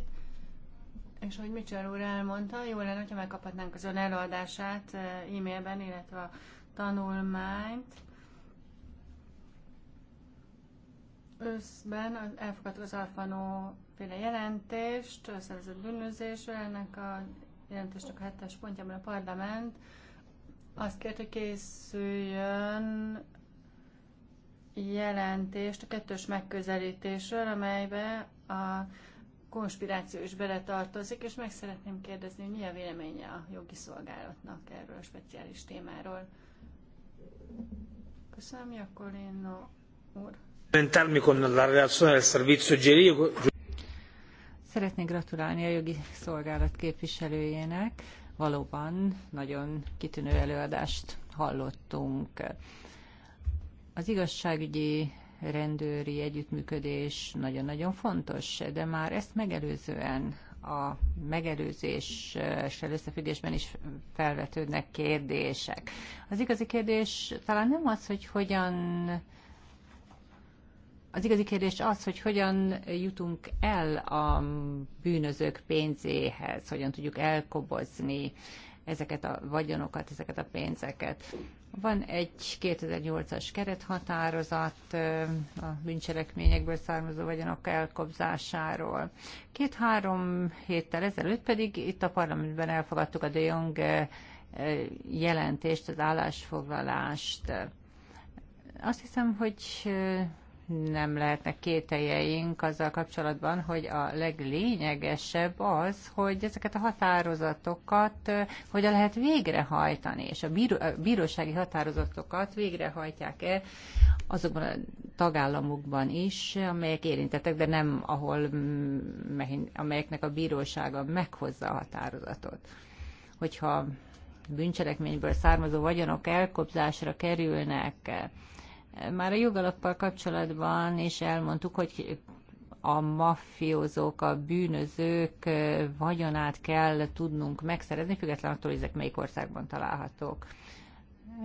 és hogy Mitchell úr elmondta, jó lenne, ha megkaphatnánk az ön előadását e-mailben, illetve a tanulmányt Összben elfogadtuk az alfano féle jelentést, a szervezett bűnözésről, ennek a jelentésnek a hetes pontjában a parlament azt kérte, hogy készüljön jelentést a kettős megközelítésről, amelybe a konspiráció is beletartozik, és meg szeretném kérdezni, hogy mi a véleménye a jogi szolgálatnak erről a speciális témáról. Köszönöm, Jakolino úr. Szeretnék gratulálni a jogi szolgálat képviselőjének. Valóban nagyon kitűnő előadást hallottunk. Az igazságügyi rendőri együttműködés nagyon-nagyon fontos, de már ezt megelőzően a megelőzéssel összefüggésben is felvetődnek kérdések. Az igazi kérdés talán nem az, hogy hogyan az igazi kérdés az, hogy hogyan jutunk el a bűnözők pénzéhez, hogyan tudjuk elkobozni ezeket a vagyonokat, ezeket a pénzeket. Van egy 2008-as kerethatározat a bűncselekményekből származó vagyonok elkobzásáról. Két-három héttel ezelőtt pedig itt a parlamentben elfogadtuk a De Jong jelentést, az állásfoglalást. Azt hiszem, hogy nem lehetnek kételjeink azzal kapcsolatban, hogy a leglényegesebb az, hogy ezeket a határozatokat hogyan lehet végrehajtani, és a, bíró, a bírósági határozatokat végrehajtják-e azokban a tagállamokban is, amelyek érintettek, de nem ahol, amelyeknek a bírósága meghozza a határozatot. Hogyha bűncselekményből származó vagyonok elkobzásra kerülnek, már a jogalappal kapcsolatban is elmondtuk, hogy a maffiózók, a bűnözők vagyonát kell tudnunk megszerezni, független attól, hogy ezek melyik országban találhatók.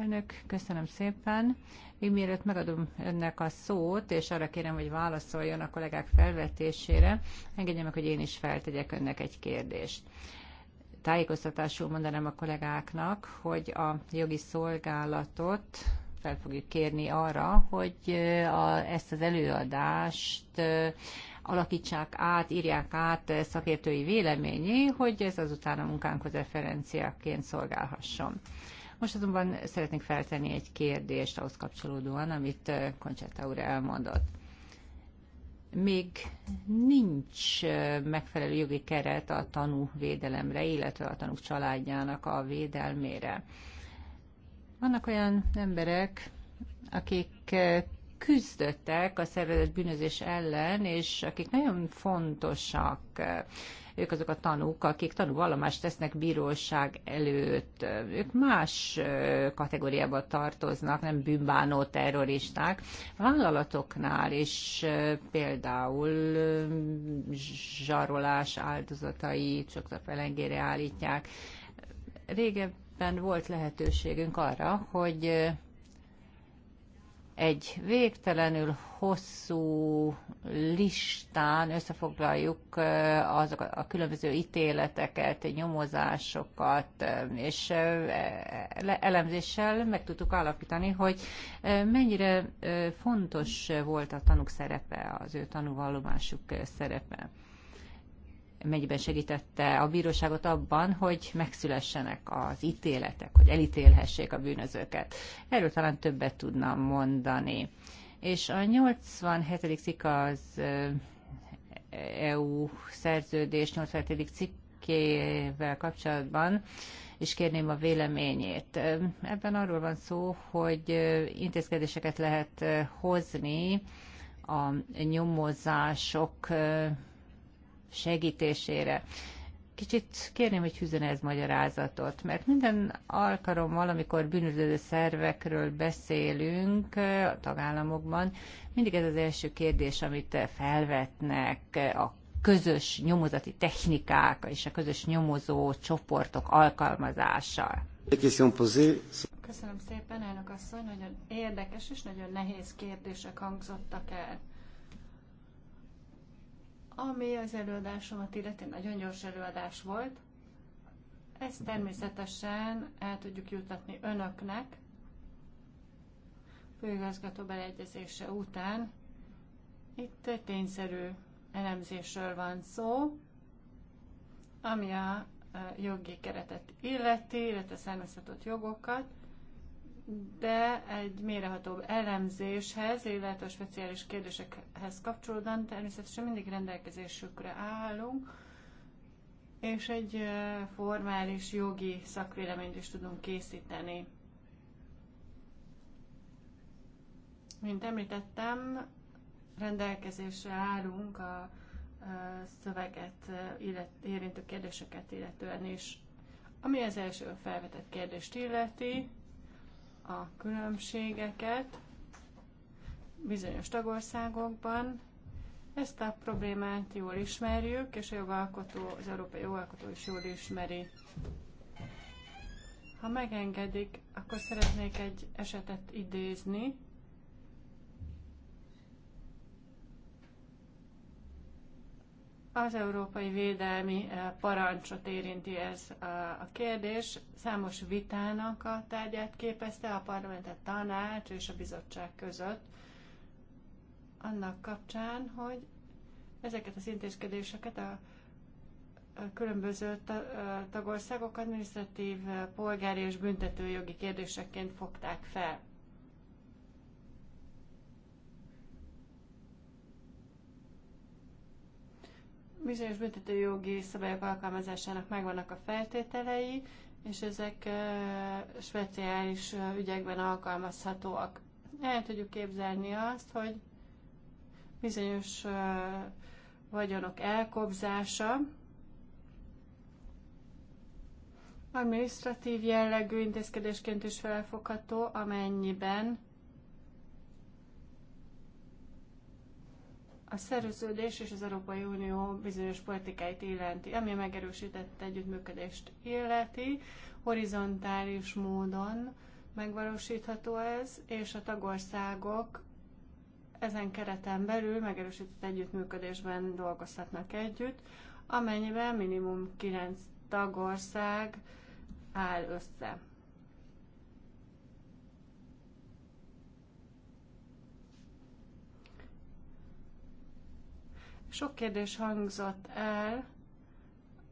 Önök, köszönöm szépen. Még mielőtt megadom önnek a szót, és arra kérem, hogy válaszoljon a kollégák felvetésére, engedje meg, hogy én is feltegyek önnek egy kérdést. Tájékoztatásul mondanám a kollégáknak, hogy a jogi szolgálatot fel fogjuk kérni arra, hogy a, ezt az előadást alakítsák át, írják át szakértői véleményé, hogy ez azután a munkánkhoz referenciaként szolgálhasson. Most azonban szeretnék feltenni egy kérdést ahhoz kapcsolódóan, amit Concerta úr elmondott. Még nincs megfelelő jogi keret a tanúvédelemre, illetve a tanúk családjának a védelmére. Vannak olyan emberek, akik eh, küzdöttek a szervezett bűnözés ellen, és akik nagyon fontosak, eh, ők azok a tanúk, akik tanúvallomást tesznek bíróság előtt. Ők más eh, kategóriába tartoznak, nem bűnbánó terroristák. Vállalatoknál is például zsarolás áldozatai sokszor felengére állítják. Régebb tulajdonképpen volt lehetőségünk arra, hogy egy végtelenül hosszú listán összefoglaljuk azok a különböző ítéleteket, nyomozásokat, és e, elemzéssel meg tudtuk alapítani, hogy mennyire fontos volt a tanúk szerepe, az ő tanúvallomásuk szerepe mennyiben segítette a bíróságot abban, hogy megszülessenek az ítéletek, hogy elítélhessék a bűnözőket. Erről talán többet tudna mondani. És a 87. cikk az EU szerződés 87. cikkével kapcsolatban és kérném a véleményét. Ebben arról van szó, hogy intézkedéseket lehet hozni a nyomozások segítésére. Kicsit kérném, hogy hűzön ez magyarázatot, mert minden alkalommal, amikor bűnöző szervekről beszélünk a tagállamokban, mindig ez az első kérdés, amit felvetnek a közös nyomozati technikák és a közös nyomozó csoportok alkalmazása. Köszönöm szépen, elnök asszony, nagyon érdekes és nagyon nehéz kérdések hangzottak el. Ami az előadásomat illeti, nagyon gyors előadás volt. Ezt természetesen el tudjuk jutatni önöknek, főigazgató beleegyezése után. Itt egy tényszerű elemzésről van szó, ami a jogi keretet illeti, illetve származhatott jogokat de egy mérehatóbb elemzéshez, illetve a speciális kérdésekhez kapcsolódóan természetesen mindig rendelkezésükre állunk, és egy formális jogi szakvéleményt is tudunk készíteni. Mint említettem, rendelkezésre állunk a szöveget illet, érintő kérdéseket illetően is. Ami az első felvetett kérdést illeti, a különbségeket bizonyos tagországokban. Ezt a problémát jól ismerjük, és a jogalkotó, az európai jogalkotó is jól ismeri. Ha megengedik, akkor szeretnék egy esetet idézni, Az európai védelmi eh, parancsot érinti ez eh, a kérdés. Számos vitának a tárgyát képezte a parlamentet tanács és a bizottság között annak kapcsán, hogy ezeket az intézkedéseket a különböző eh, tagországok adminisztratív, polgári és büntetőjogi kérdéseként fogták fel. Bizonyos büntetőjogi szabályok alkalmazásának megvannak a feltételei, és ezek speciális ügyekben alkalmazhatóak. El tudjuk képzelni azt, hogy bizonyos vagyonok elkobzása, administratív jellegű intézkedésként is felfogható, amennyiben a szerződés és az Európai Unió bizonyos politikáit illeti, ami a megerősített együttműködést illeti, horizontális módon megvalósítható ez, és a tagországok ezen kereten belül megerősített együttműködésben dolgozhatnak együtt, amennyiben minimum 9 tagország áll össze. Sok kérdés hangzott el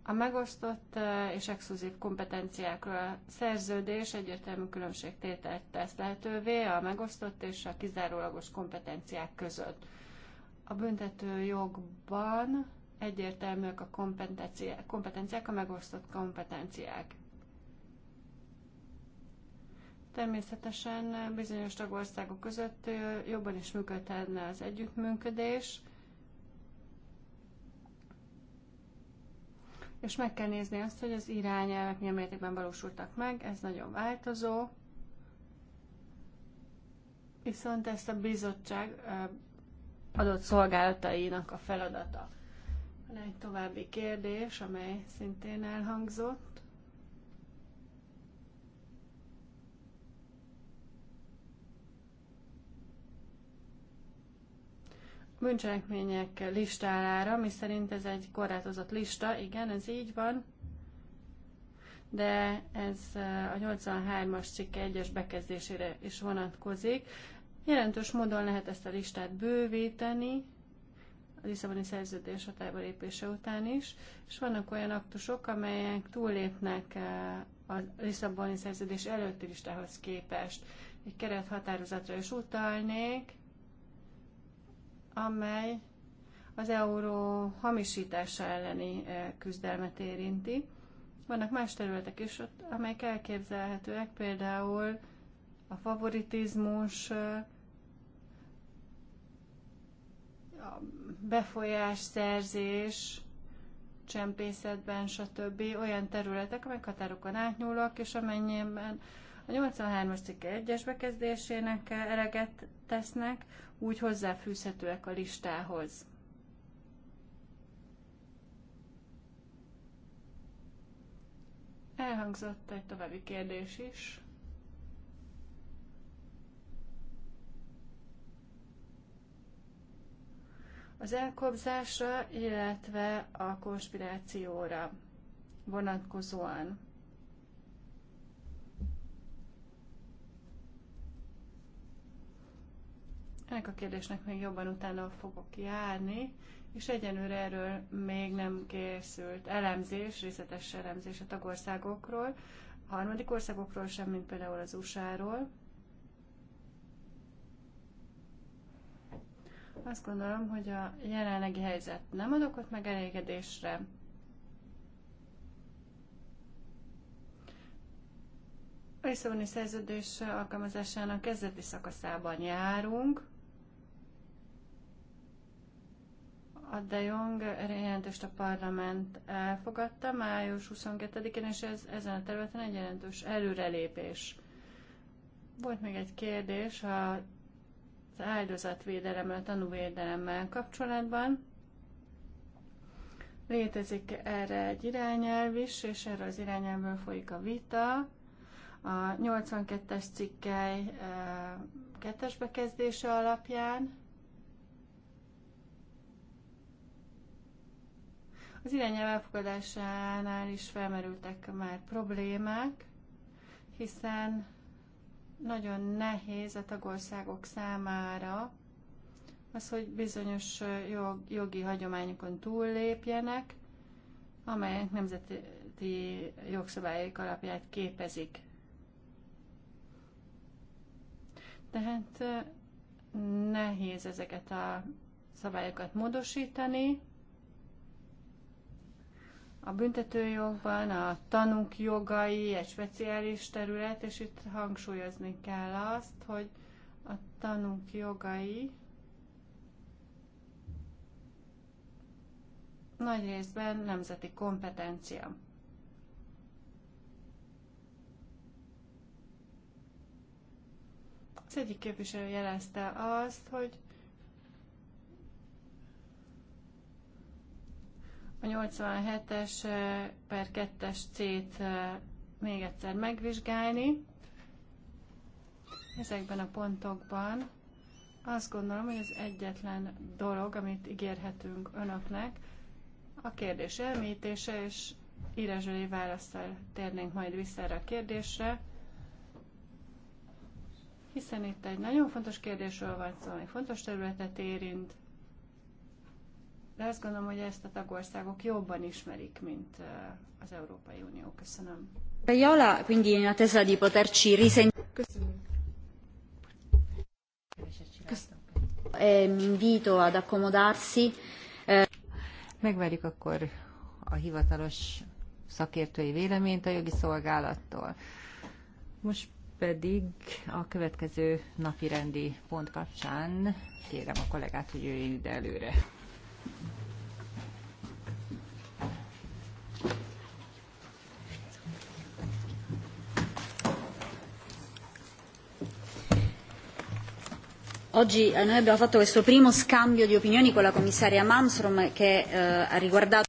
a megosztott eh, és exkluzív kompetenciákról. A szerződés egyértelmű különbségtételt tesz lehetővé a megosztott és a kizárólagos kompetenciák között. A büntető jogban egyértelműek a kompetenciák, kompetenciák a megosztott kompetenciák. Természetesen eh, bizonyos tagországok között eh, jobban is működhetne az együttműködés, és meg kell nézni azt, hogy az irányelvek milyen mértékben valósultak meg, ez nagyon változó. Viszont ezt a bizottság adott szolgálatainak a feladata. Van egy további kérdés, amely szintén elhangzott. bűncselekmények listájára, mi szerint ez egy korlátozott lista, igen, ez így van, de ez eh, a 83-as cikk 1-es bekezdésére is vonatkozik. Jelentős módon lehet ezt a listát bővíteni, a Lisszaboni szerződés hatályba lépése után is, és vannak olyan aktusok, amelyek túllépnek eh, a Lisszaboni szerződés előtti listához képest. Egy kerethatározatra is utalnék, amely az euró hamisítása elleni eh, küzdelmet érinti. Vannak más területek is, ott, amelyek elképzelhetőek, például a favoritizmus, eh, a szerzés, csempészetben, stb. olyan területek, amelyek határokon átnyúlnak, és amennyiben a 83-as cikke egyes bekezdésének eleget tesznek, úgy hozzáfűzhetőek a listához. Elhangzott egy további kérdés is. Az elkobzásra, illetve a konspirációra vonatkozóan. Ennek a kérdésnek még jobban utána fogok járni, és egyenőre erről még nem készült elemzés, részletes elemzés a tagországokról, a harmadik országokról sem, mint például az USA-ról. Azt gondolom, hogy a jelenlegi helyzet nem ad okot meg elégedésre. A Lisszaboni szerződés alkalmazásának kezdeti szakaszában járunk, A De Jong jelentést a parlament elfogadta május 22-én, és ez, ezen a területen egy jelentős előrelépés. Volt még egy kérdés a, az áldozatvédelemmel, a tanúvédelemmel kapcsolatban. Létezik erre egy irányelv is, és erről az irányelvből folyik a vita. A 82-es cikkely eh, kettes bekezdése alapján Az irányelv elfogadásánál is felmerültek már problémák, hiszen nagyon nehéz a tagországok számára az, hogy bizonyos jog, jogi hagyományokon túllépjenek, amelyek nemzeti jogszabályok alapját képezik. Tehát eh, nehéz ezeket a szabályokat módosítani, a büntetőjogban a tanúk jogai egy speciális terület, és itt hangsúlyozni kell azt, hogy a tanúk jogai nagy részben nemzeti kompetencia. Az egyik képviselő jelezte azt, hogy A 87-es eh, per 2-es C-t eh, még egyszer megvizsgálni. Ezekben a pontokban azt gondolom, hogy az egyetlen dolog, amit ígérhetünk önöknek, a kérdés elmítése és írásbeli válaszsal térnénk majd vissza erre a kérdésre, hiszen itt egy nagyon fontos kérdésről van szó, ami fontos területet érint, de azt gondolom, hogy ezt a tagországok jobban ismerik, mint az Európai Unió. Köszönöm. Jala, quindi in attesa di poterci Köszönöm. Eh, invito ad accomodarsi. Eh, Megvárjuk akkor a hivatalos szakértői véleményt a jogi szolgálattól. Most pedig a következő napi rendi pont kapcsán kérem a kollégát, hogy jöjjön ide előre. Oggi eh, noi abbiamo fatto questo primo scambio di opinioni con la commissaria Malmström che eh, ha riguardato.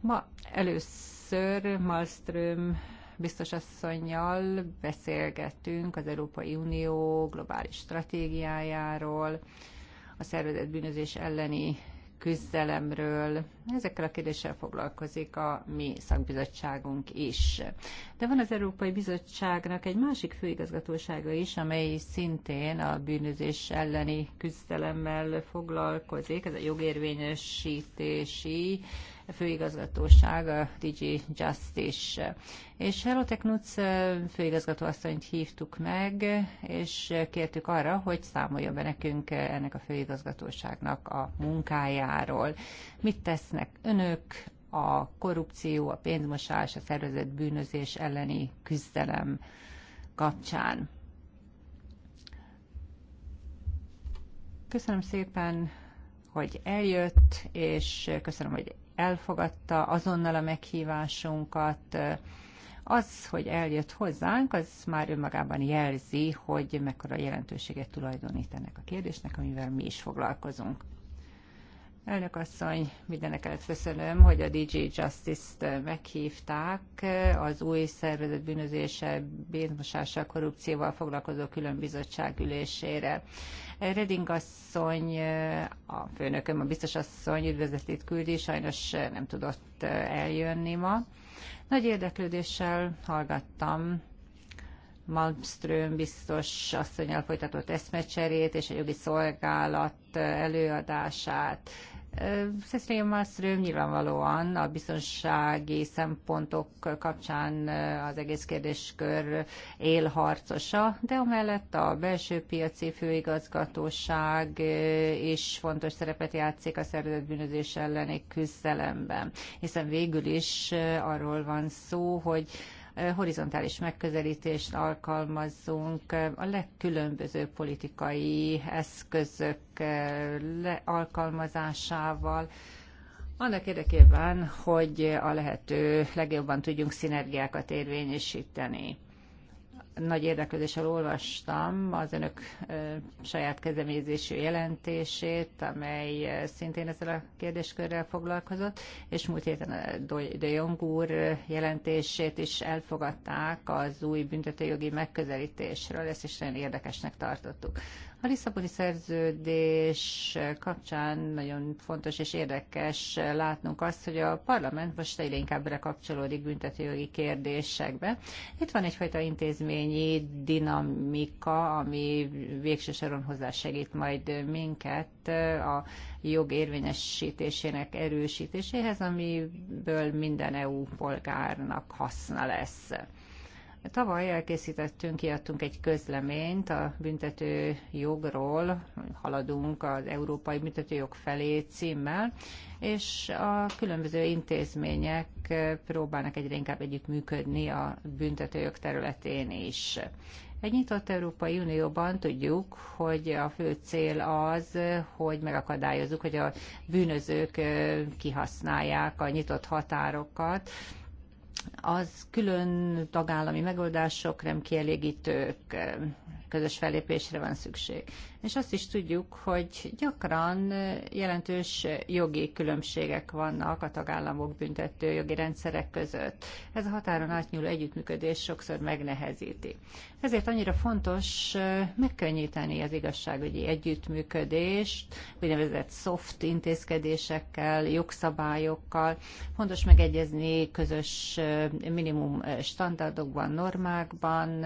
Ma először Malmström biztos asszonynal beszélgettünk az Európai Unió globális stratégiájáról, a szervezett bűnözés elleni küzdelemről. Ezekkel a kérdéssel foglalkozik a mi szakbizottságunk is. De van az Európai Bizottságnak egy másik főigazgatósága is, amely szintén a bűnözés elleni küzdelemmel foglalkozik. Ez a jogérvényesítési főigazgatóság, a DG Justice. És Charlotte főigazgató asszonyt hívtuk meg, és kértük arra, hogy számolja be nekünk ennek a főigazgatóságnak a munkájáról. Mit tesznek önök, a korrupció, a pénzmosás, a szervezett bűnözés elleni küzdelem kapcsán. Köszönöm szépen, hogy eljött, és köszönöm, hogy elfogadta azonnal a meghívásunkat. Az, hogy eljött hozzánk, az már önmagában jelzi, hogy mekkora jelentőséget tulajdonít ennek a kérdésnek, amivel mi is foglalkozunk. Elnök asszony, mindenek előtt köszönöm, hogy a DJ Justice-t meghívták, az új szervezet bűnözése, pénzmosással, korrupcióval foglalkozó külön bizottság ülésére. Reding asszony, a főnököm, a biztos asszony üdvözletét küldi, sajnos nem tudott eljönni ma. Nagy érdeklődéssel hallgattam Malmström biztos asszonyjal folytatott eszmecserét és a jogi szolgálat előadását. Cecilia Malmström nyilvánvalóan a biztonsági szempontok kapcsán az egész kérdéskör élharcosa, de amellett a belső piaci főigazgatóság is fontos szerepet játszik a szervezett bűnözés elleni küzdelemben, hiszen végül is arról van szó, hogy horizontális megközelítést alkalmazzunk, a legkülönbözőbb politikai eszközök eh, alkalmazásával, annak érdekében, hogy a lehető legjobban tudjunk szinergiákat érvényesíteni nagy érdeklődéssel olvastam az önök saját kezdeményezésű jelentését, amely szintén ezzel a kérdéskörrel foglalkozott, és múlt héten De Jong úr jelentését is elfogadták az új büntetőjogi megközelítésről, ezt is nagyon érdekesnek tartottuk. A Lisszaboni szerződés kapcsán nagyon fontos és érdekes látnunk azt, hogy a parlament most egyre inkább kapcsolódik büntetőjogi kérdésekbe. Itt van egyfajta intézményi dinamika, ami végső soron hozzásegít majd minket a jog érvényesítésének erősítéséhez, amiből minden EU polgárnak haszna lesz. Tavaly elkészítettünk, kiadtunk egy közleményt a büntető jogról, haladunk az Európai Büntető Jog felé címmel, és a különböző intézmények próbálnak egyre inkább együttműködni a jog területén is. Egy nyitott Európai Unióban tudjuk, hogy a fő cél az, hogy megakadályozzuk, hogy a bűnözők kihasználják a nyitott határokat, az külön tagállami megoldások nem kielégítők közös fellépésre van szükség. És azt is tudjuk, hogy gyakran jelentős jogi különbségek vannak a tagállamok büntető jogi rendszerek között. Ez a határon átnyúló együttműködés sokszor megnehezíti. Ezért annyira fontos megkönnyíteni az igazságügyi együttműködést, úgynevezett soft intézkedésekkel, jogszabályokkal. Fontos megegyezni közös minimum standardokban, normákban,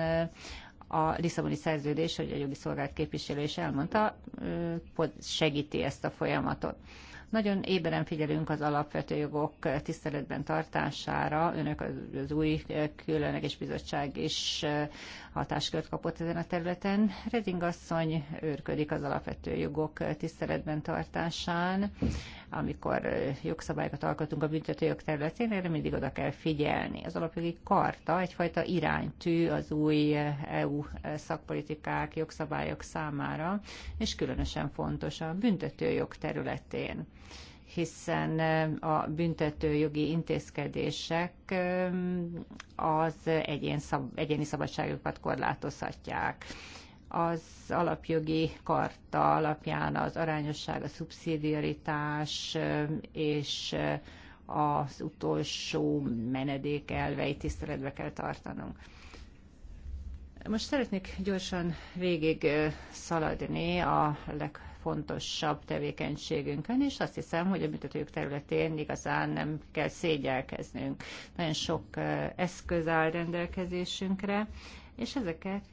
a Lisszaboni szerződés, hogy a jogi szolgált képviselő is elmondta, segíti ezt a folyamatot. Nagyon éberen figyelünk az alapvető jogok tiszteletben tartására. Önök az új különleges bizottság is hatáskört kapott ezen a területen. Reding asszony őrködik az alapvető jogok tiszteletben tartásán amikor jogszabályokat alkotunk a büntetőjog területén, erre mindig oda kell figyelni. Az alapjogi karta egyfajta iránytű az új EU szakpolitikák, jogszabályok számára, és különösen fontos a büntetőjog területén hiszen a büntetőjogi intézkedések az egyén szab, egyéni szabadságokat korlátozhatják az alapjogi karta alapján az arányosság, a szubszidiaritás és az utolsó menedék elveit tiszteletbe kell tartanunk. Most szeretnék gyorsan végig szaladni a legfontosabb tevékenységünkön, és azt hiszem, hogy a büntetőjog területén igazán nem kell szégyelkeznünk. Nagyon sok eszköz áll rendelkezésünkre, és ezeket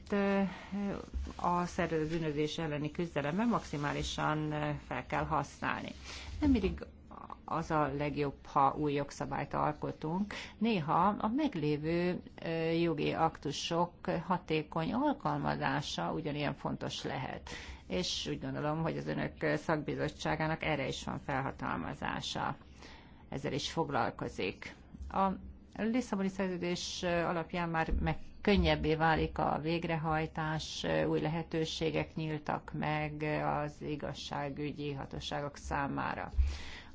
a szervezett elleni küzdelemben maximálisan fel kell használni. Nem mindig az a legjobb, ha új jogszabályt alkotunk. Néha a meglévő jogi aktusok hatékony alkalmazása ugyanilyen fontos lehet. És úgy gondolom, hogy az önök szakbizottságának erre is van felhatalmazása. Ezzel is foglalkozik. A Lisszaboni szerződés alapján már meg könnyebbé válik a végrehajtás, új lehetőségek nyíltak meg az igazságügyi hatóságok számára.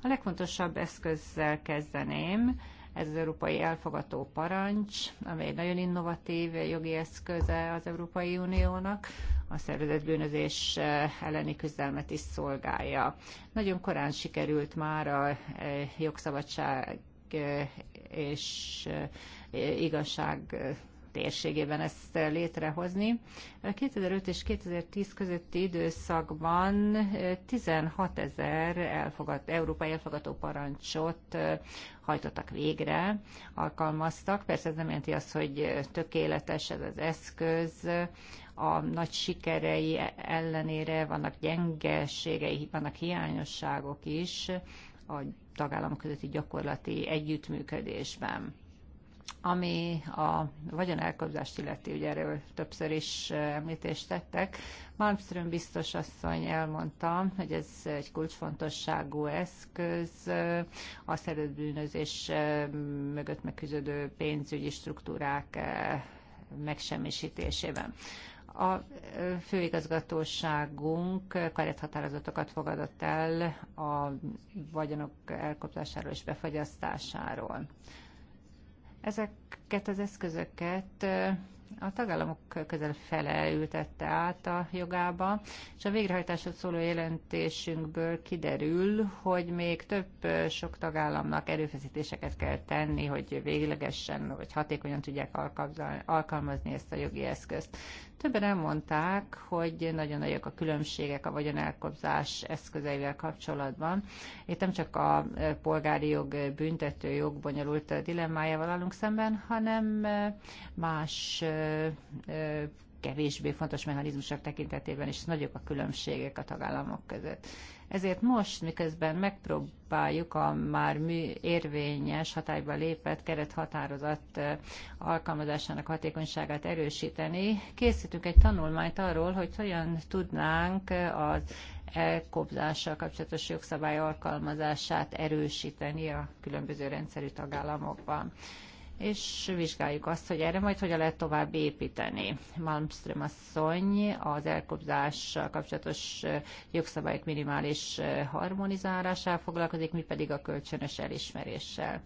A legfontosabb eszközzel kezdeném, ez az európai elfogató parancs, amely egy nagyon innovatív jogi eszköze az Európai Uniónak, a szervezetbűnözés elleni küzdelmet is szolgálja. Nagyon korán sikerült már a eh, jogszabadság eh, és e, igazság térségében ezt létrehozni. 2005 és 2010 közötti időszakban 16 e, ezer elfogad, európai elfogadó parancsot e, hajtottak végre, alkalmaztak. Persze ez nem jelenti azt, hogy tökéletes ez az eszköz, a nagy sikerei ellenére vannak gyengeségei, vannak hiányosságok is, a tagállamok közötti gyakorlati együttműködésben. Ami a vagyonelkobzást illeti, ugye erről többször is említést tettek, Malmström biztos asszony elmondta, hogy ez egy kulcsfontosságú eszköz a szervezbűnözés mögött megküzdő pénzügyi struktúrák megsemmisítésében. A főigazgatóságunk karethatározatokat fogadott el a vagyonok elkoptásáról és befagyasztásáról. Ezeket az eszközöket a tagállamok közel fele ültette át a jogába, és a végrehajtásot szóló jelentésünkből kiderül, hogy még több sok tagállamnak erőfeszítéseket kell tenni, hogy véglegesen vagy hatékonyan tudják alkalmazni ezt a jogi eszközt. Többen elmondták, hogy nagyon nagyok a különbségek a vagyonelkobzás eszközeivel kapcsolatban. Itt nem csak a polgári jog, büntető jog bonyolult dilemmájával állunk szemben, hanem más kevésbé fontos mechanizmusok tekintetében is nagyok a különbségek a tagállamok között. Ezért most, miközben megpróbáljuk a már mű érvényes hatályba lépett kerethatározat alkalmazásának hatékonyságát erősíteni, készítünk egy tanulmányt arról, hogy hogyan tudnánk az elkobzással kapcsolatos jogszabály alkalmazását erősíteni a különböző rendszerű tagállamokban és vizsgáljuk azt, hogy erre majd hogyan lehet tovább építeni. Malmström asszony az elkobzással kapcsolatos jogszabályok minimális harmonizálásával foglalkozik, mi pedig a kölcsönös elismeréssel.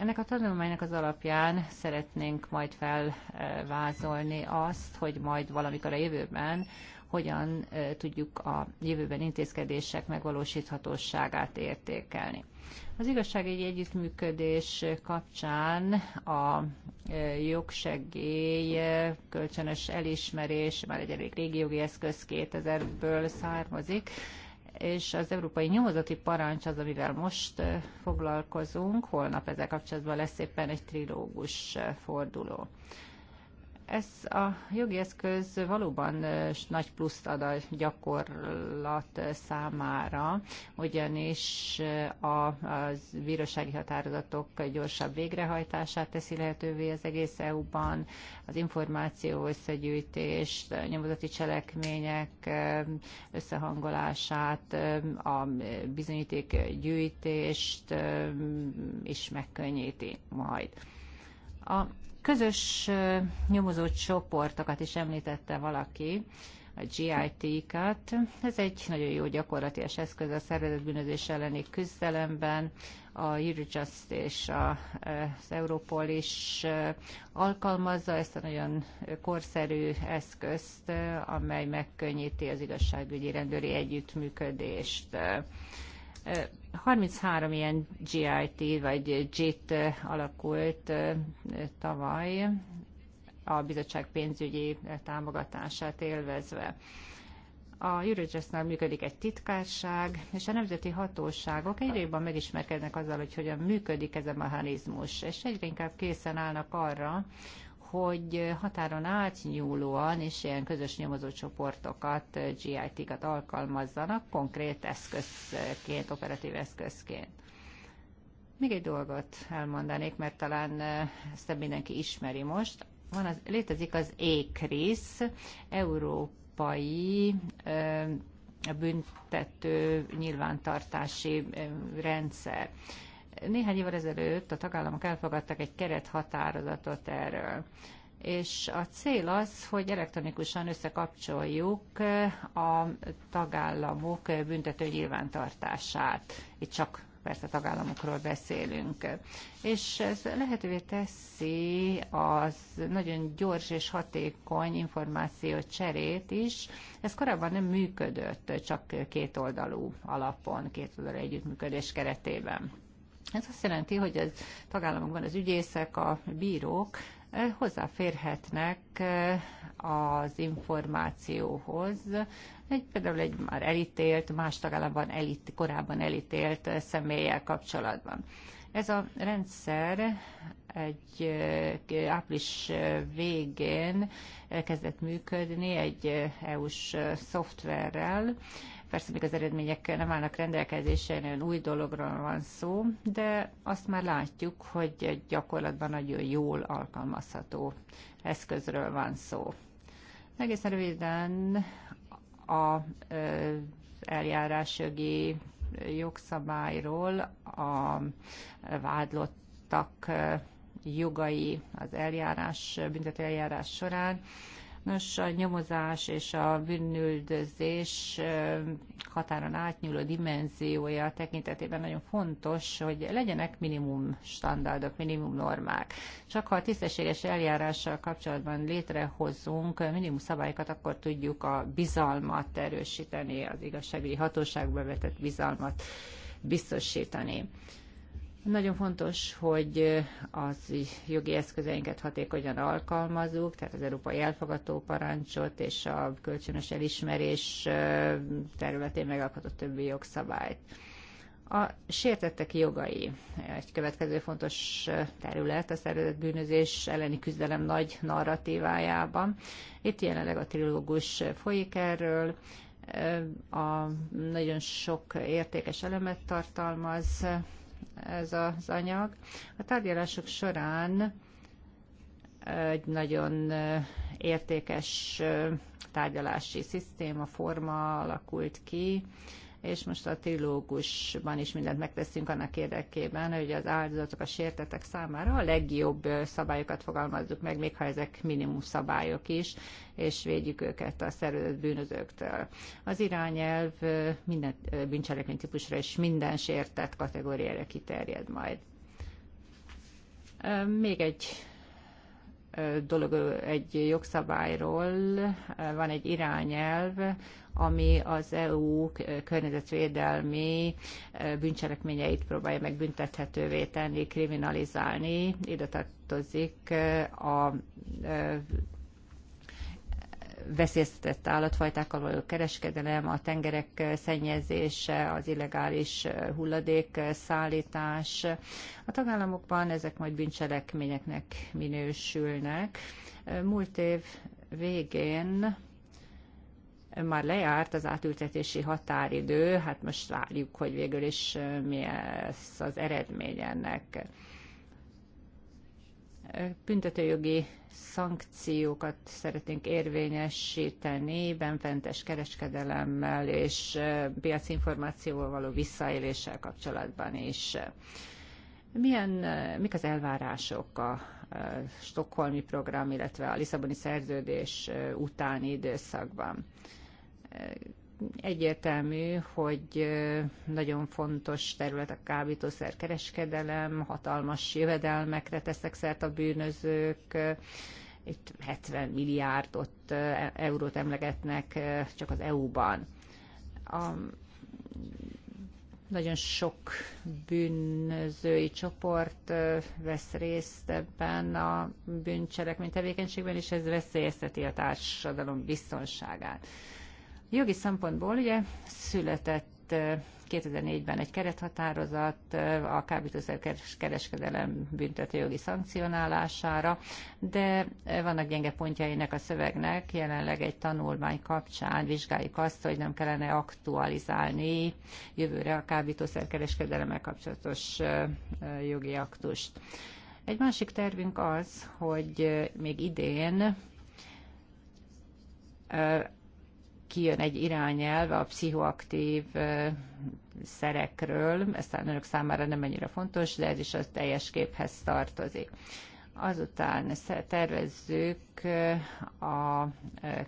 Ennek a tanulmánynak az alapján szeretnénk majd felvázolni azt, hogy majd valamikor a jövőben hogyan tudjuk a jövőben intézkedések megvalósíthatóságát értékelni. Az igazságügyi együttműködés kapcsán a e, jogsegély e, kölcsönös elismerés, már egy elég régi jogi eszköz 2000-ből származik, és az európai nyomozati parancs az, amivel most e, foglalkozunk, holnap ezzel kapcsolatban lesz éppen egy trilógus forduló. Ez a jogi eszköz valóban nagy pluszt ad a gyakorlat számára, ugyanis a, az bírósági határozatok gyorsabb végrehajtását teszi lehetővé az egész EU-ban, az információ összegyűjtés, nyomozati cselekmények összehangolását, a bizonyíték gyűjtést is megkönnyíti majd. A közös nyomozó csoportokat is említette valaki, a GIT-kat. Ez egy nagyon jó gyakorlatias eszköz a szervezetbűnözés elleni küzdelemben. A Eurojust és a, az Europol is alkalmazza ezt a nagyon korszerű eszközt, amely megkönnyíti az igazságügyi rendőri együttműködést 33 ilyen GIT vagy JIT alakult tavaly a bizottság pénzügyi támogatását élvezve. A Eurojustnál működik egy titkárság, és a nemzeti hatóságok egyre jobban megismerkednek azzal, hogy hogyan működik ez a mechanizmus, és egyre inkább készen állnak arra, hogy határon átnyúlóan és ilyen közös csoportokat GIT-kat alkalmazzanak konkrét eszközként, operatív eszközként. Még egy dolgot elmondanék, mert talán eh, ezt mindenki ismeri most. Van az, létezik az ECRIS, Európai eh, Büntető Nyilvántartási eh, Rendszer. Néhány évvel ezelőtt a tagállamok elfogadtak egy kerethatározatot erről és a cél az, hogy elektronikusan összekapcsoljuk a tagállamok büntető nyilvántartását. Itt csak persze tagállamokról beszélünk. És ez lehetővé teszi az nagyon gyors és hatékony információ cserét is. Ez korábban nem működött, csak kétoldalú alapon, oldalú együttműködés keretében. Ez azt jelenti, hogy a tagállamokban az ügyészek, a bírók eh, hozzáférhetnek eh, az információhoz. Egy, például egy már elítélt, más tagállamban elít, korábban elítélt eh, személlyel kapcsolatban. Ez a rendszer egy április végén kezdett működni egy EU-s szoftverrel, Persze még az eredményekkel nem állnak rendelkezésre, nagyon új dologról van szó, de azt már látjuk, hogy gyakorlatban nagyon jól alkalmazható eszközről van szó. Egészen röviden a eljárásjogi jogszabályról a vádlottak jogai az eljárás, büntető eljárás során. Nos, a nyomozás és a bűnüldözés határon átnyúló dimenziója tekintetében nagyon fontos, hogy legyenek minimum standardok, minimum normák. Csak ha a tisztességes eljárással kapcsolatban létrehozunk minimum szabályokat, akkor tudjuk a bizalmat erősíteni, az igazságügyi hatóságba vetett bizalmat biztosítani. Nagyon fontos, hogy eh, az jogi eszközeinket hatékonyan alkalmazzuk, tehát az európai elfogató parancsot és a kölcsönös elismerés eh, területén megalkotott többi jogszabályt. A sértettek jogai egy következő fontos eh, terület a szervezett bűnözés elleni küzdelem nagy narratívájában. Itt jelenleg a trilógus folyik erről, a nagyon sok értékes elemet tartalmaz, ez az anyag. A tárgyalások során egy nagyon értékes tárgyalási szisztéma, forma alakult ki, és most a trilógusban is mindent megteszünk annak érdekében, hogy az áldozatok, a sértetek számára a legjobb szabályokat fogalmazzuk meg, még ha ezek minimum szabályok is, és védjük őket a szervezett bűnözőktől. Az irányelv minden bűncselekmény típusra és minden sértett kategóriára kiterjed majd. Még egy dolog, egy jogszabályról, van egy irányelv, ami az EU környezetvédelmi bűncselekményeit próbálja meg tenni, kriminalizálni. Ide tartozik a veszélyeztetett állatfajtákkal való kereskedelem, a tengerek szennyezése, az illegális hulladék szállítás. A tagállamokban ezek majd bűncselekményeknek minősülnek. Múlt év végén már lejárt az átültetési határidő, hát most várjuk, hogy végül is mi lesz az eredmény ennek büntetőjogi szankciókat szeretnénk érvényesíteni benfentes kereskedelemmel és piaci információval való visszaéléssel kapcsolatban is. Milyen, mik az elvárások a Stockholmi program, illetve a Lisszaboni szerződés utáni időszakban? Egyértelmű, hogy nagyon fontos terület a kábítószer kereskedelem, hatalmas jövedelmekre teszek szert a bűnözők, itt 70 milliárdot e, eurót emlegetnek csak az EU-ban. A nagyon sok bűnözői csoport vesz részt ebben a bűncselekmény tevékenységben, és ez veszélyezteti a társadalom biztonságát. Jogi szempontból ugye született 2004-ben egy kerethatározat a kábítószer kereskedelem büntető jogi szankcionálására, de vannak gyenge pontjainak a szövegnek, jelenleg egy tanulmány kapcsán vizsgáljuk azt, hogy nem kellene aktualizálni jövőre a kábítószer kereskedelemmel kapcsolatos jogi aktust. Egy másik tervünk az, hogy még idén kijön egy irányelv a pszichoaktív szerekről, ezt a önök számára nem annyira fontos, de ez is a teljes képhez tartozik. Azután tervezzük a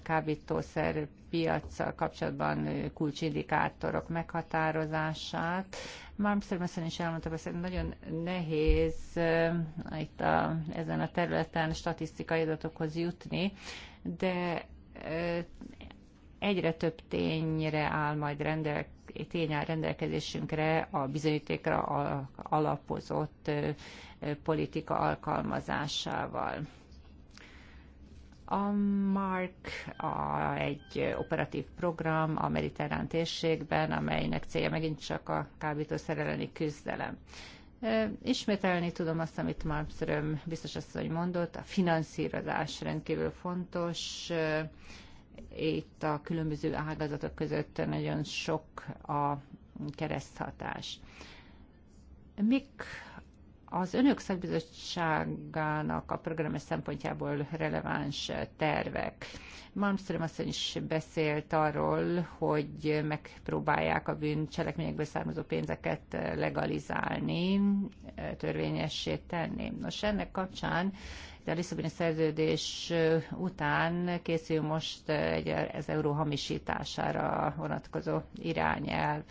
kábítószer piacsal kapcsolatban kulcsindikátorok meghatározását. Már szerintem is elmondtam, hogy nagyon nehéz itt a, ezen a területen statisztikai adatokhoz jutni, de egyre több tényre áll majd rendelkezésre tény áll rendelkezésünkre a bizonyítékra alapozott politika alkalmazásával. A MARC a, egy operatív program a mediterrán térségben, amelynek célja megint csak a kábítószer elleni küzdelem. Ismételni tudom azt, amit Malmström biztos asszony mondott, a finanszírozás rendkívül fontos itt a különböző ágazatok között nagyon sok a kereszthatás. Mik az önök szakbizottságának a programes szempontjából releváns tervek. Malmström asszony is beszélt arról, hogy megpróbálják a bűncselekményekből származó pénzeket legalizálni, törvényessé tenni. Nos, ennek kapcsán de a Lisszaboni szerződés után készül most egy, az euró hamisítására vonatkozó irányelv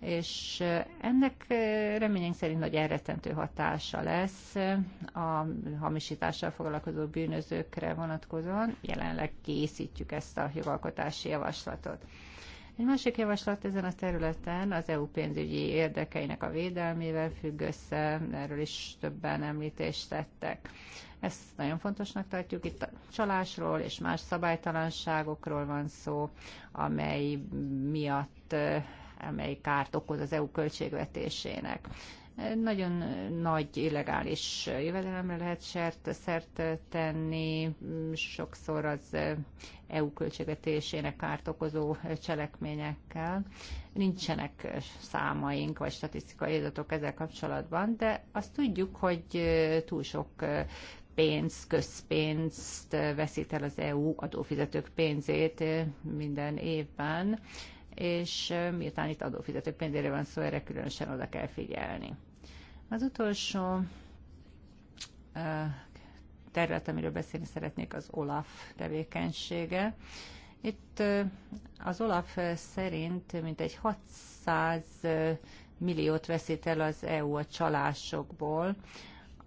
és ennek reményénk szerint nagy elrettentő hatása lesz a hamisítással foglalkozó bűnözőkre vonatkozóan. Jelenleg készítjük ezt a jogalkotási javaslatot. Egy másik javaslat ezen a területen az EU pénzügyi érdekeinek a védelmével függ össze, erről is többen említést tettek. Ezt nagyon fontosnak tartjuk. Itt a csalásról és más szabálytalanságokról van szó, amely miatt amely kárt okoz az EU költségvetésének nagyon nagy illegális jövedelemre lehet sert, szert tenni, sokszor az EU költségvetésének kárt okozó cselekményekkel. Nincsenek számaink vagy statisztikai adatok ezzel kapcsolatban, de azt tudjuk, hogy túl sok pénz közpénzt eh, veszít el az EU adófizetők pénzét eh, minden évben, és eh, miután itt adófizetők pénzére van szó, erre különösen oda kell figyelni. Az utolsó terület, amiről beszélni szeretnék, az OLAF tevékenysége. Itt az OLAF szerint mintegy 600 milliót veszít el az EU a csalásokból,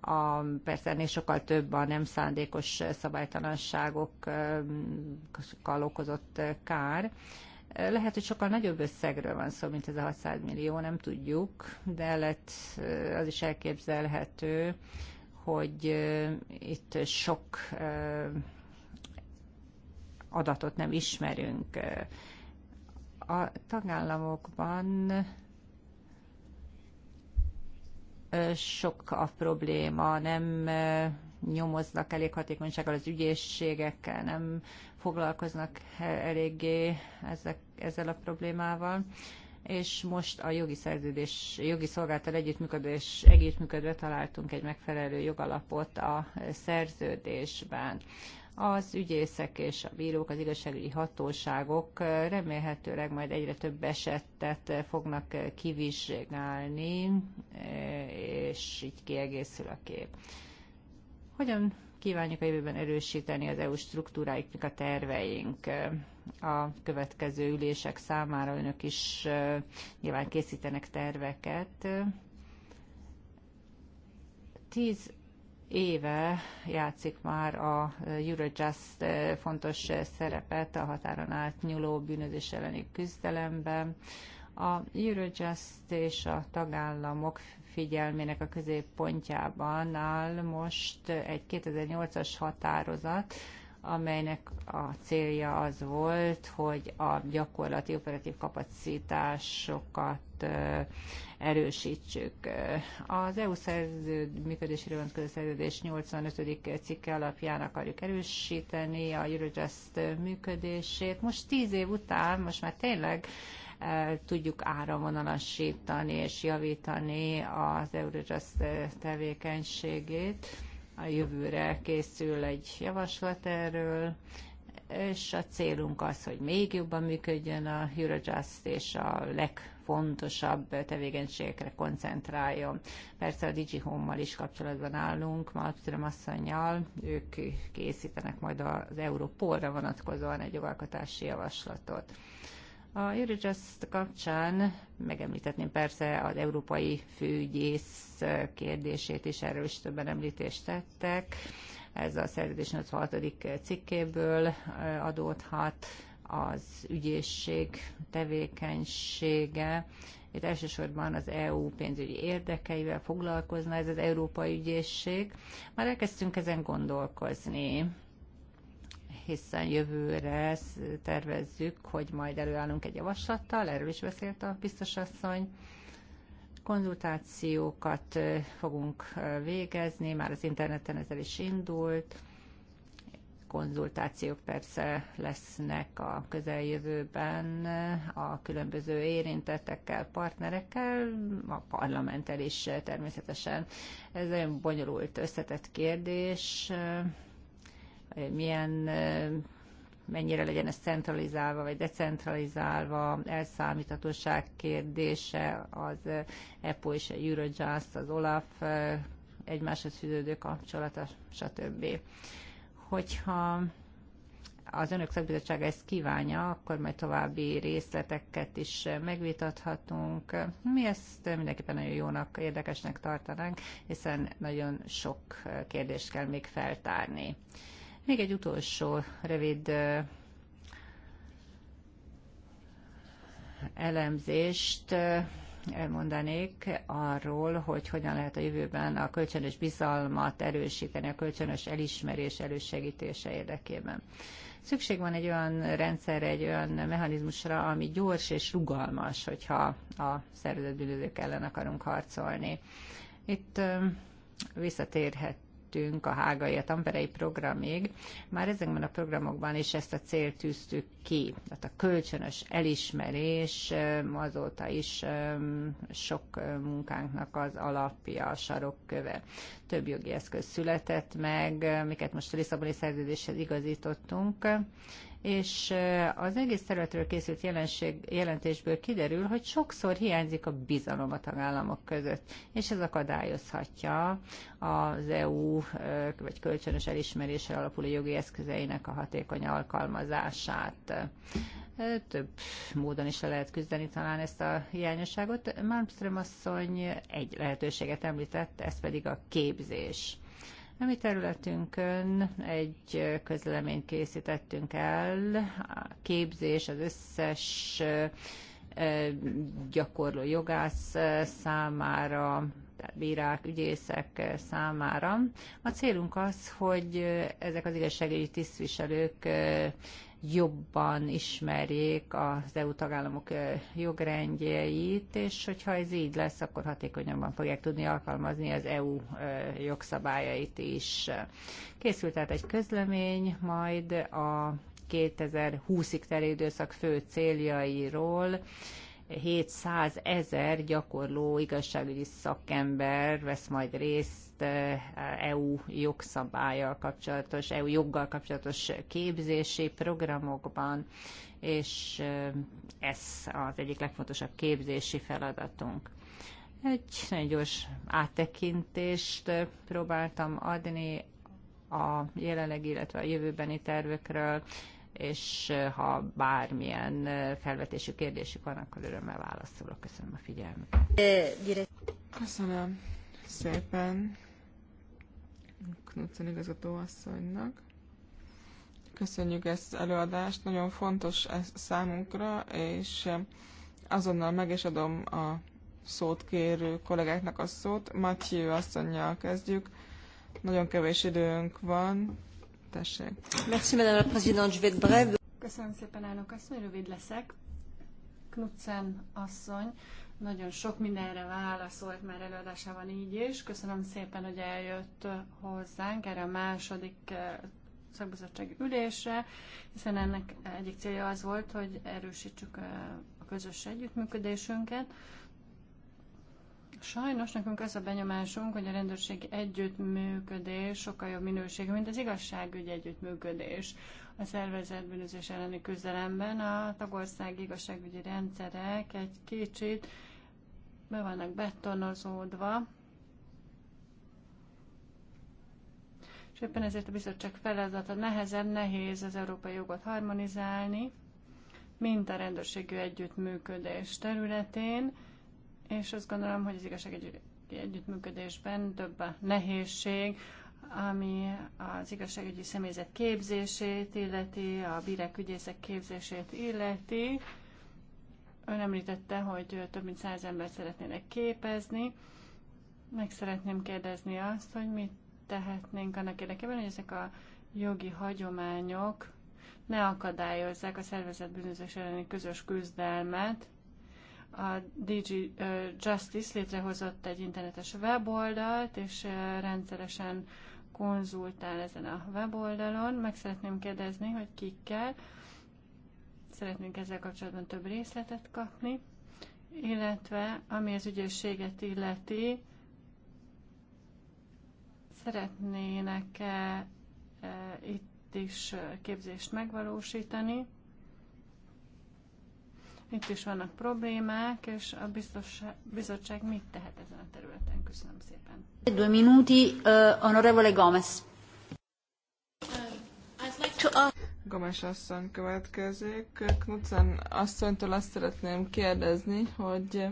a, persze ennél sokkal több a nem szándékos szabálytalanságokkal okozott kár. Lehet, hogy sokkal nagyobb összegről van szó, mint ez a 600 millió, nem tudjuk, de lett, az is elképzelhető, hogy itt sok adatot nem ismerünk. A tagállamokban sok a probléma, nem nyomoznak elég hatékonysággal az ügyészségekkel, nem foglalkoznak eléggé ezek, ezzel a problémával és most a jogi szerződés, jogi szolgáltal együttműködés, együttműködve találtunk egy megfelelő jogalapot a szerződésben az ügyészek és a bírók, az igazságügyi hatóságok remélhetőleg majd egyre több esetet fognak kivizsgálni, és így kiegészül a kép. Hogyan kívánjuk a jövőben erősíteni az EU struktúráiknak a terveink a következő ülések számára? Önök is nyilván készítenek terveket. Tíz éve játszik már a Eurojust eh, fontos eh, szerepet a határon átnyúló bűnözés elleni küzdelemben. A Eurojust és a tagállamok figyelmének a középpontjában áll most egy 2008-as határozat, amelynek a célja az volt, hogy a gyakorlati operatív kapacitásokat erősítsük. Az EU szerződ, működésére vonatkozó szerződés 85. cikke alapján akarjuk erősíteni a Eurojust működését. Most tíz év után, most már tényleg tudjuk áramvonalasítani és javítani az Eurojust tevékenységét a jövőre készül egy javaslat erről, és a célunk az, hogy még jobban működjön a Eurojust, és a legfontosabb tevékenységekre koncentráljon. Persze a DigiHome-mal is kapcsolatban állunk, Malmström asszonynal, ők készítenek majd az Európolra vonatkozóan egy jogalkotási javaslatot. A Eurojust kapcsán megemlítetném persze az európai főügyész kérdését is, erről is többen említést tettek. Ez a szerződés 86. cikkéből eh, adódhat az ügyészség tevékenysége. Itt elsősorban az EU pénzügyi érdekeivel foglalkozna ez az európai ügyészség. Már elkezdtünk ezen gondolkozni hiszen jövőre tervezzük, hogy majd előállunk egy javaslattal, erről is beszélt a biztosasszony. Konzultációkat fogunk végezni, már az interneten ezzel is indult. Konzultációk persze lesznek a közeljövőben a különböző érintettekkel, partnerekkel, a parlamenttel is természetesen. Ez egy bonyolult, összetett kérdés milyen mennyire legyen ez centralizálva vagy decentralizálva, elszámíthatóság kérdése, az EPO és a Eurojust, az OLAF egymáshoz fűződő kapcsolata, stb. Hogyha az önök szakbizottsága ezt kívánja, akkor majd további részleteket is megvitathatunk. Mi ezt mindenképpen nagyon jónak, érdekesnek tartanánk, hiszen nagyon sok kérdést kell még feltárni. Még egy utolsó rövid elemzést elmondanék arról, hogy hogyan lehet a jövőben a kölcsönös bizalmat erősíteni, a kölcsönös elismerés elősegítése érdekében. Szükség van egy olyan rendszerre, egy olyan mechanizmusra, ami gyors és rugalmas, hogyha a szervezetbűnözők ellen akarunk harcolni. Itt visszatérhet elértünk a hágai, a tamperei programig, már ezekben a programokban is ezt a célt tűztük ki. Tehát a kölcsönös elismerés azóta is sok munkánknak az alapja, a sarokköve. Több jogi eszköz született meg, amiket most a Lisszaboni szerződéshez igazítottunk, és az egész területről készült jelenség, jelentésből kiderül, hogy sokszor hiányzik a bizalom a tagállamok között, és ez akadályozhatja az EU vagy kölcsönös elismerésre alapuló jogi eszközeinek a hatékony alkalmazását több módon is le lehet küzdeni talán ezt a hiányosságot. Malmström asszony egy lehetőséget említett, ez pedig a képzés. A mi területünkön egy közleményt készítettünk el, a képzés az összes gyakorló jogász számára, tehát bírák, ügyészek számára. A célunk az, hogy ezek az igazságügyi tisztviselők jobban ismerjék az EU tagállamok jogrendjeit, és hogyha ez így lesz, akkor hatékonyabban fogják tudni alkalmazni az EU jogszabályait is. Készült tehát egy közlemény, majd a 2020-ig terjedő időszak fő céljairól, 700 ezer gyakorló igazságügyi szakember vesz majd részt eh, EU jogszabályal kapcsolatos, EU joggal kapcsolatos képzési programokban, és eh, ez az egyik legfontosabb képzési feladatunk. Egy nagyon gyors áttekintést eh, próbáltam adni a jelenlegi, illetve a jövőbeni tervekről és ha bármilyen felvetésű kérdésük van, akkor örömmel válaszolok. Köszönöm a figyelmet. Köszönöm szépen Knudsen igazgatóasszonynak. Köszönjük ezt az előadást, nagyon fontos ez számunkra, és azonnal meg is adom a szót kérő kollégáknak a szót. Matyi asszonynal kezdjük. Nagyon kevés időnk van tessék. Merci, Madame la Présidente, je vais brève. Köszönöm szépen, elnök asszony, rövid leszek. Knudsen asszony nagyon sok mindenre válaszolt már előadásában így is. Köszönöm szépen, hogy eljött hozzánk erre a második eh, szakbizottsági ülésre, hiszen ennek egyik célja az volt, hogy erősítsük eh, a közös együttműködésünket. Sajnos nekünk az a benyomásunk, hogy a rendőrség együttműködés sokkal jobb minőségű, mint az igazságügyi együttműködés. A szervezetbűnözés elleni küzdelemben a tagország igazságügyi rendszerek egy kicsit be vannak betonozódva, és éppen ezért a bizottság feladata nehezebb, nehéz az európai jogot harmonizálni, mint a rendőrségű együttműködés területén és azt gondolom, hogy az egy együttműködésben több a nehézség, ami az igazságügyi személyzet képzését illeti, a bírek ügyészek képzését illeti. Ön említette, hogy több mint száz ember szeretnének képezni. Meg szeretném kérdezni azt, hogy mit tehetnénk annak érdekében, hogy ezek a jogi hagyományok ne akadályozzák a szervezet bűnözés elleni közös küzdelmet, a DG Justice létrehozott egy internetes weboldalt, és rendszeresen konzultál ezen a weboldalon. Meg szeretném kérdezni, hogy kikkel. Szeretnénk ezzel kapcsolatban több részletet kapni, illetve ami az ügyességet illeti, szeretnének-e itt is képzést megvalósítani. Itt is vannak problémák, és a biztos, bizottság mit tehet ezen a területen? Köszönöm szépen. Due minuti, uh, onorevole Gomez. Gomes asszony következik. Knudsen asszonytól azt szeretném kérdezni, hogy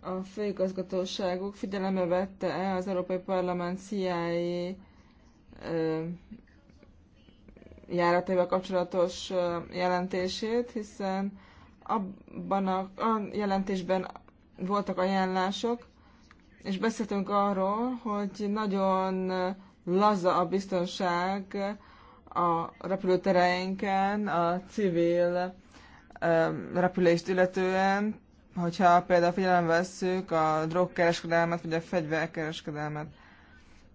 a főigazgatóságuk figyelembe vette-e az Európai Parlament CIA eh, járatével kapcsolatos eh, jelentését, hiszen abban a, a jelentésben voltak ajánlások, és beszéltünk arról, hogy nagyon laza a biztonság a repülőtereinken, a civil repülést illetően, hogyha például figyelembe vesszük a drogkereskedelmet, vagy a fegyverkereskedelmet.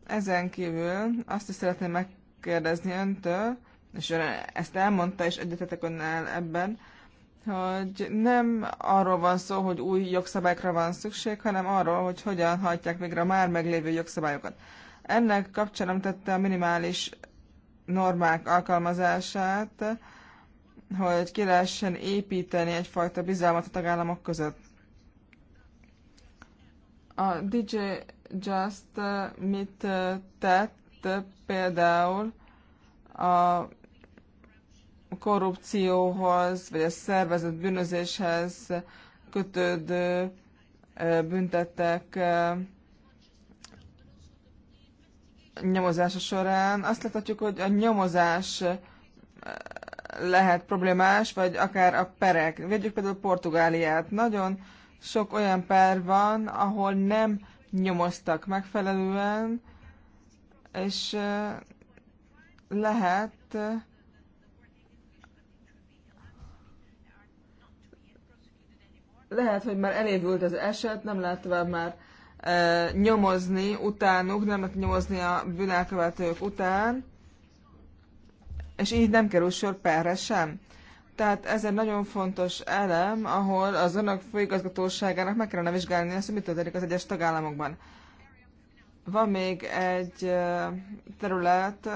Ezen kívül azt is szeretném megkérdezni öntől, és ön ezt elmondta, és egyetetek önnel ebben, hogy nem arról van szó, hogy új jogszabályokra van szükség, hanem arról, hogy hogyan hajtják végre a már meglévő jogszabályokat. Ennek kapcsán tette a minimális normák alkalmazását, hogy ki lehessen építeni egyfajta bizalmat a tagállamok között. A DJ Just mit tett például a korrupcióhoz, vagy a szervezett bűnözéshez kötődő büntettek nyomozása során azt láthatjuk, hogy a nyomozás lehet problémás, vagy akár a perek. Vegyük például Portugáliát. Nagyon sok olyan per van, ahol nem nyomoztak megfelelően, és lehet Lehet, hogy már elévült az eset, nem lehet tovább már e, nyomozni utánuk, nem lehet nyomozni a bűnelkövetők után, és így nem kerül sor perre sem. Tehát ez egy nagyon fontos elem, ahol az önök főigazgatóságának meg kellene vizsgálni azt, hogy mit történik az egyes tagállamokban. Van még egy e, terület,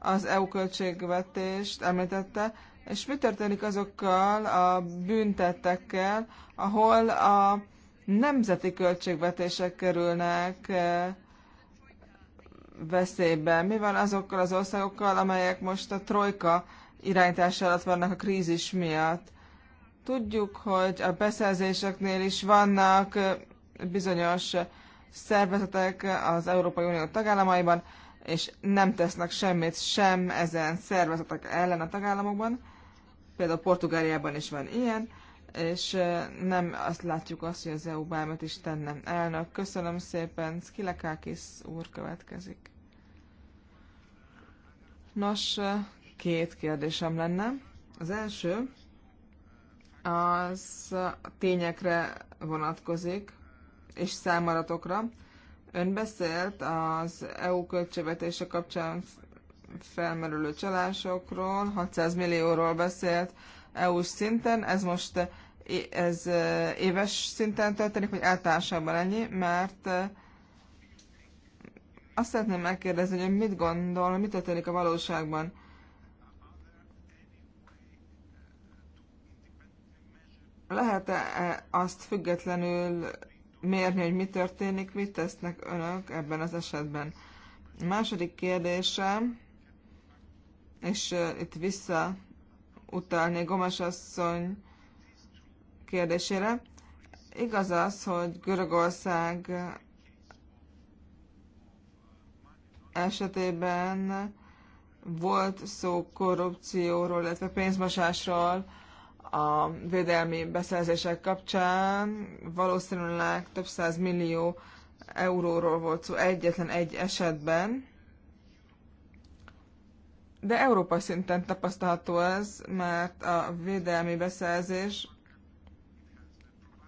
az EU költségvetést említette, és mi történik azokkal a büntettekkel, ahol a nemzeti költségvetések kerülnek eh, veszélybe? Mi van azokkal az országokkal, amelyek most a trojka irányítása alatt vannak a krízis miatt? Tudjuk, hogy a beszerzéseknél is vannak eh, bizonyos szervezetek az Európai Unió tagállamaiban, és nem tesznek semmit sem ezen szervezetek ellen a tagállamokban például Portugáliában is van ilyen, és nem azt látjuk azt, hogy az EU bármit is tenne. Elnök, köszönöm szépen, Skilekákis úr következik. Nos, két kérdésem lenne. Az első az tényekre vonatkozik, és számaratokra. Ön beszélt az EU költségvetése kapcsán felmerülő csalásokról, 600 millióról beszélt EU-s szinten, ez most ez e, éves szinten történik, vagy általánosabban ennyi, mert e, azt szeretném megkérdezni, hogy mit gondol, mit történik a valóságban. Lehet-e e, azt függetlenül mérni, hogy mi történik, mit tesznek önök ebben az esetben? A második kérdésem, és itt vissza utalni Gomas asszony kérdésére. Igaz az, hogy Görögország esetében volt szó korrupcióról, illetve pénzmosásról a védelmi beszerzések kapcsán. Valószínűleg több száz millió euróról volt szó egyetlen egy esetben. De Európa szinten tapasztalható ez, mert a védelmi beszerzés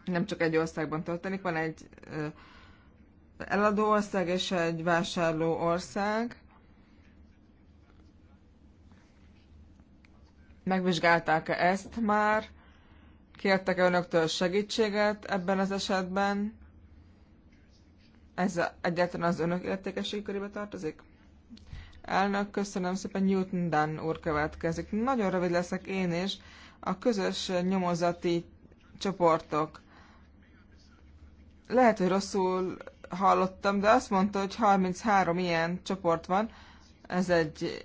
nem csak egy országban történik, van egy eladó ország és egy vásárló ország. Megvizsgálták-e ezt már? Kértek-e önöktől segítséget ebben az esetben? Ez egyáltalán az önök értékesség körébe tartozik? Elnök, köszönöm szépen, Newton Dan úr következik. Nagyon rövid leszek én is. A közös nyomozati csoportok. Lehet, hogy rosszul hallottam, de azt mondta, hogy 33 ilyen csoport van. Ez egy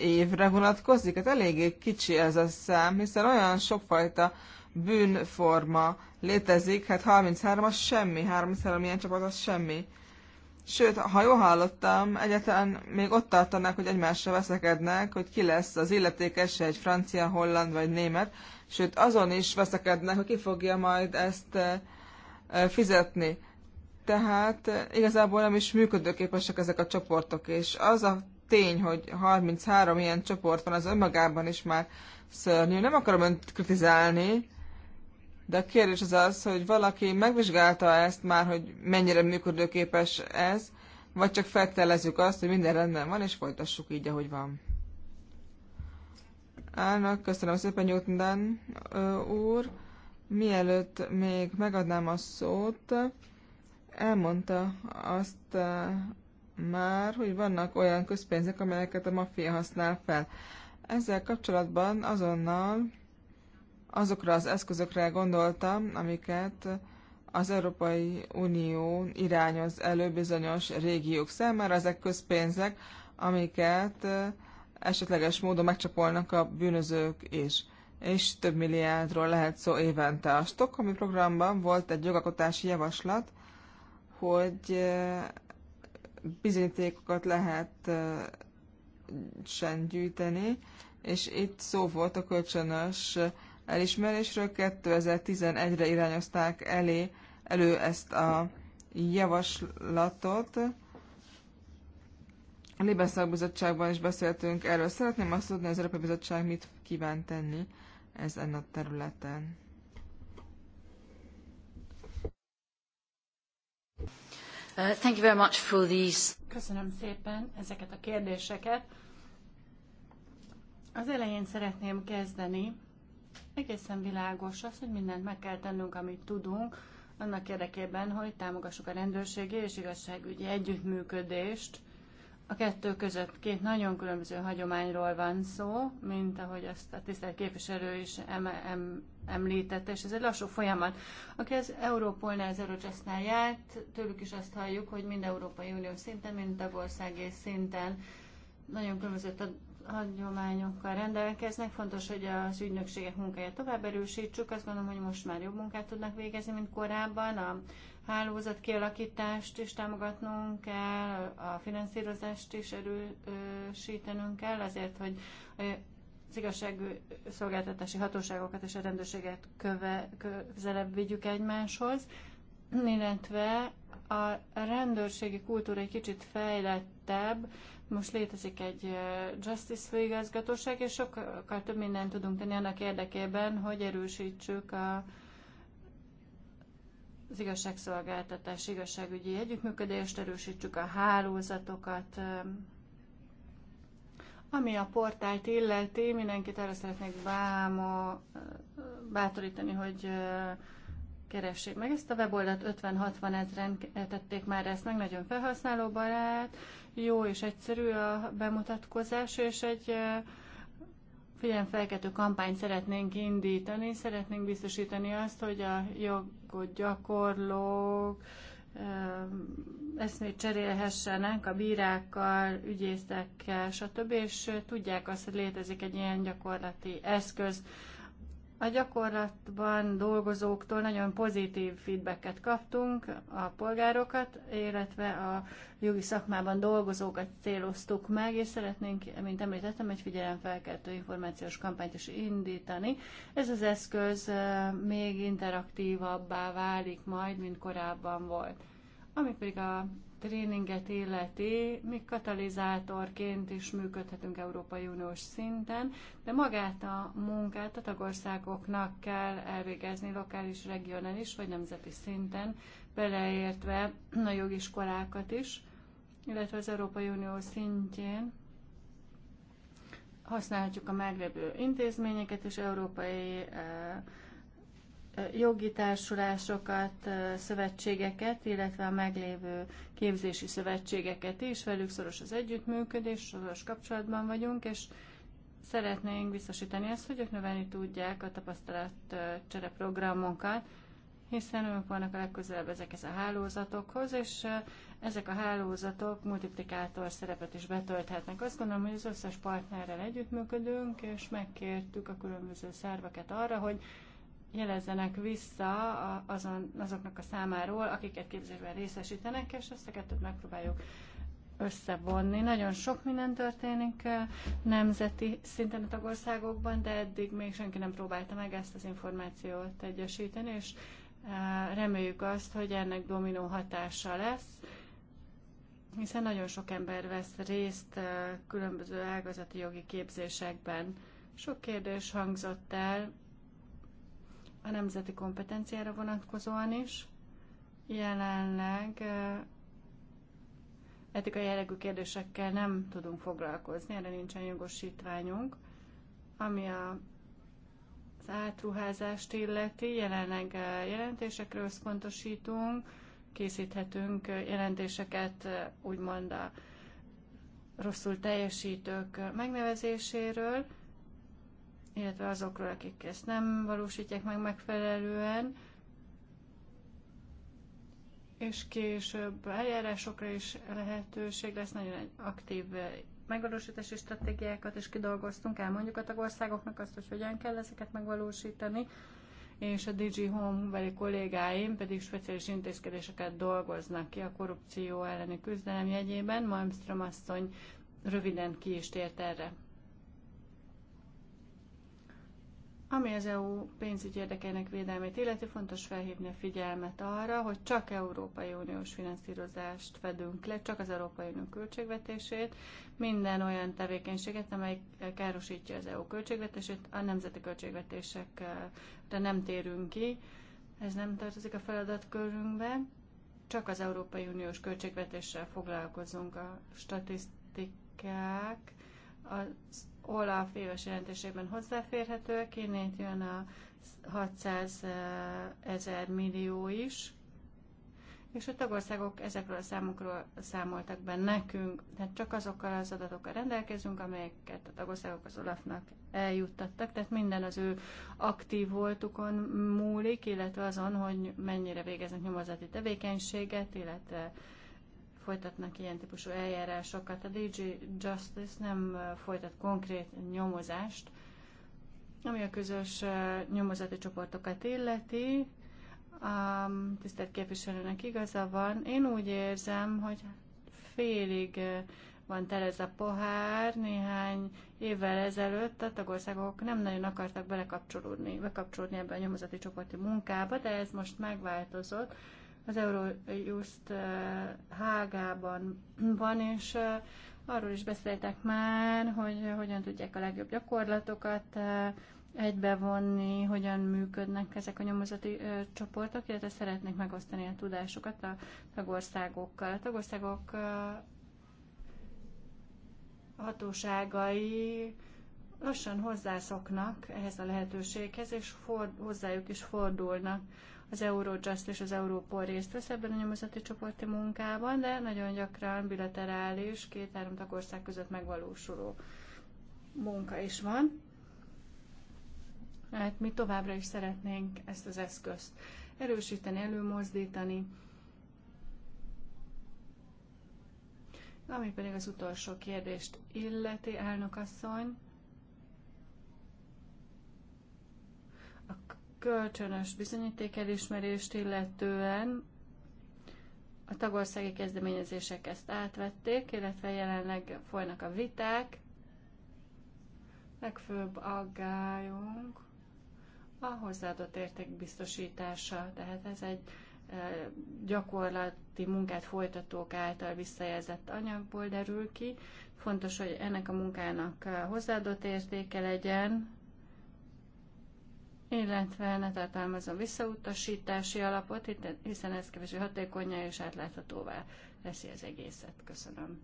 évre vonatkozik? Hát eléggé kicsi ez a szám, hiszen olyan sokfajta bűnforma létezik, hát 33 az semmi, 33 ilyen csoport az semmi. Sőt, ha jól hallottam, egyetlen még ott tartanak, hogy egymásra veszekednek, hogy ki lesz az illetékes, egy francia, holland vagy német, sőt azon is veszekednek, hogy ki fogja majd ezt eh, eh, fizetni. Tehát eh, igazából nem is működőképesek ezek a csoportok, és az a tény, hogy 33 ilyen csoport van, az önmagában is már szörnyű. Nem akarom önt kritizálni, de a kérdés az az, hogy valaki megvizsgálta ezt már, hogy mennyire működőképes ez, vagy csak feltelezzük azt, hogy minden rendben van, és folytassuk így, ahogy van. Állnak, köszönöm szépen Newton úr. Mielőtt még megadnám a szót, elmondta azt már, hogy vannak olyan közpénzek, amelyeket a maffia használ fel. Ezzel kapcsolatban azonnal azokra az eszközökre gondoltam, amiket az Európai Unió irányoz elő bizonyos régiók számára. Ezek közpénzek, amiket esetleges módon megcsapolnak a bűnözők is és több milliárdról lehet szó évente. A Stockholmi programban volt egy jogakotási javaslat, hogy bizonyítékokat lehet sen gyűjteni, és itt szó volt a kölcsönös elismerésről 2011-re irányozták elé, elő ezt a javaslatot. A Libeszak Bizottságban is beszéltünk erről. Szeretném azt tudni, az Európai Bizottság mit kíván tenni ezen a területen. Uh, thank you very much for these. Köszönöm szépen ezeket a kérdéseket. Az elején szeretném kezdeni Egészen világos az, hogy mindent meg kell tennünk, amit tudunk, annak érdekében, hogy támogassuk a rendőrségi és igazságügyi együttműködést. A kettő között két nagyon különböző hagyományról van szó, mint ahogy azt a tisztelt képviselő is em- em- említette, és ez egy lassú folyamat. Aki az Európolnál, az Eurojustnál járt, tőlük is azt halljuk, hogy mind Európai Unió szinten, mind tagországi szinten nagyon különböző hagyományokkal rendelkeznek. Fontos, hogy az ügynökségek munkáját tovább erősítsük. Azt gondolom, hogy most már jobb munkát tudnak végezni, mint korábban. A hálózat kialakítást is támogatnunk kell, a finanszírozást is erősítenünk kell, azért, hogy az igazságszolgáltatási hatóságokat és a rendőrséget köve, közelebb vigyük egymáshoz, illetve a rendőrségi kultúra egy kicsit fejlettebb, most létezik egy Justice főigazgatóság, és sokkal több mindent tudunk tenni annak érdekében, hogy erősítsük a, az igazságszolgáltatás, igazságügyi együttműködést, erősítsük a hálózatokat, ami a portált illeti, mindenkit arra szeretnék bámo, bátorítani, hogy keressék meg ezt a weboldalt, 50-60 ezeren tették már ezt meg, nagyon felhasználóbarát, jó és egyszerű a bemutatkozás, és egy figyelmfelkető kampányt szeretnénk indítani, szeretnénk biztosítani azt, hogy a jogot gyakorlók eszmét cserélhessenek a bírákkal, ügyészekkel, stb., és tudják azt, hogy létezik egy ilyen gyakorlati eszköz, a gyakorlatban dolgozóktól nagyon pozitív feedbacket kaptunk, a polgárokat, illetve a jogi szakmában dolgozókat céloztuk meg, és szeretnénk, mint említettem, egy figyelemfelkeltő információs kampányt is indítani. Ez az eszköz még interaktívabbá válik majd, mint korábban volt. Ami pedig a tréninget életi, mi katalizátorként is működhetünk Európai Uniós szinten, de magát a munkát a tagországoknak kell elvégezni lokális, regionális vagy nemzeti szinten, beleértve a jogiskolákat is, illetve az Európai Unió szintjén használhatjuk a meglevő intézményeket és európai eh, jogi társulásokat, szövetségeket, illetve a meglévő képzési szövetségeket is. Velük szoros az együttműködés, szoros kapcsolatban vagyunk, és szeretnénk biztosítani azt, hogy ők növelni tudják a tapasztalat csere programokat, hiszen ők vannak a legközelebb ezekhez a hálózatokhoz, és ezek a hálózatok multiplikátor szerepet is betölthetnek. Azt gondolom, hogy az összes partnerrel együttműködünk, és megkértük a különböző szerveket arra, hogy jelezzenek vissza azon, azoknak a számáról, akiket képzésben részesítenek, és ezt a megpróbáljuk összevonni. Nagyon sok minden történik eh, nemzeti szinten a tagországokban, de eddig még senki nem próbálta meg ezt az információt egyesíteni, és eh, reméljük azt, hogy ennek dominó hatása lesz, hiszen nagyon sok ember vesz részt eh, különböző ágazati jogi képzésekben. Sok kérdés hangzott el, a nemzeti kompetenciára vonatkozóan is. Jelenleg etikai jellegű kérdésekkel nem tudunk foglalkozni, erre nincsen jogosítványunk. Ami a az átruházást illeti, jelenleg jelentésekre összpontosítunk, készíthetünk jelentéseket úgymond a rosszul teljesítők megnevezéséről, illetve azokról, akik ezt nem valósítják meg megfelelően, és később eljárásokra is lehetőség lesz, nagyon egy aktív megvalósítási stratégiákat is kidolgoztunk, elmondjuk a tagországoknak azt, hogy hogyan kell ezeket megvalósítani, és a DG Home beli kollégáim pedig speciális intézkedéseket dolgoznak ki a korrupció elleni küzdelem jegyében. Malmström asszony röviden ki is tért erre. Ami az EU pénzügyi érdekeinek védelmét illeti, fontos felhívni a figyelmet arra, hogy csak Európai Uniós finanszírozást fedünk le, csak az Európai Unió költségvetését, minden olyan tevékenységet, amely károsítja az EU költségvetését, a nemzeti költségvetésekre nem térünk ki, ez nem tartozik a feladatkörünkbe, csak az Európai Uniós költségvetéssel foglalkozunk a statisztikák, az Olaf éves jelentésében hozzáférhetőek, innét jön a 600 ezer millió is, és a tagországok ezekről a számokról számoltak be nekünk, tehát csak azokkal az adatokkal rendelkezünk, amelyeket a tagországok az Olafnak eljuttattak, tehát minden az ő aktív voltukon múlik, illetve azon, hogy mennyire végeznek nyomozati tevékenységet, illetve folytatnak ilyen típusú eljárásokat. A DJ Justice nem folytat konkrét nyomozást, ami a közös nyomozati csoportokat illeti. A tisztelt képviselőnek igaza van. Én úgy érzem, hogy félig van tele ez a pohár. Néhány évvel ezelőtt a tagországok nem nagyon akartak belekapcsolódni, bekapcsolódni ebbe a nyomozati csoporti munkába, de ez most megváltozott az Eurojust Hágában van, és arról is beszéltek már, hogy hogyan tudják a legjobb gyakorlatokat egybevonni, hogyan működnek ezek a nyomozati ö, csoportok, illetve szeretnék megosztani a tudásukat a tagországokkal. A tagországok ö, hatóságai lassan hozzászoknak ehhez a lehetőséghez, és for, hozzájuk is fordulnak az Eurojust és az Europol részt vesz ebben a nyomozati csoporti munkában, de nagyon gyakran bilaterális, két-három tagország között megvalósuló munka is van. Hát mi továbbra is szeretnénk ezt az eszközt erősíteni, előmozdítani. Ami pedig az utolsó kérdést illeti, elnök asszony, kölcsönös bizonyíték elismerést illetően a tagországi kezdeményezések ezt átvették, illetve jelenleg folynak a viták. Legfőbb aggályunk a hozzáadott érték biztosítása, tehát ez egy e, gyakorlati munkát folytatók által visszajelzett anyagból derül ki. Fontos, hogy ennek a munkának e, hozzáadott értéke legyen, illetve ne tartalmazom visszautasítási alapot, hiszen ez kevésbé hatékonyá és átláthatóvá teszi az egészet. Köszönöm.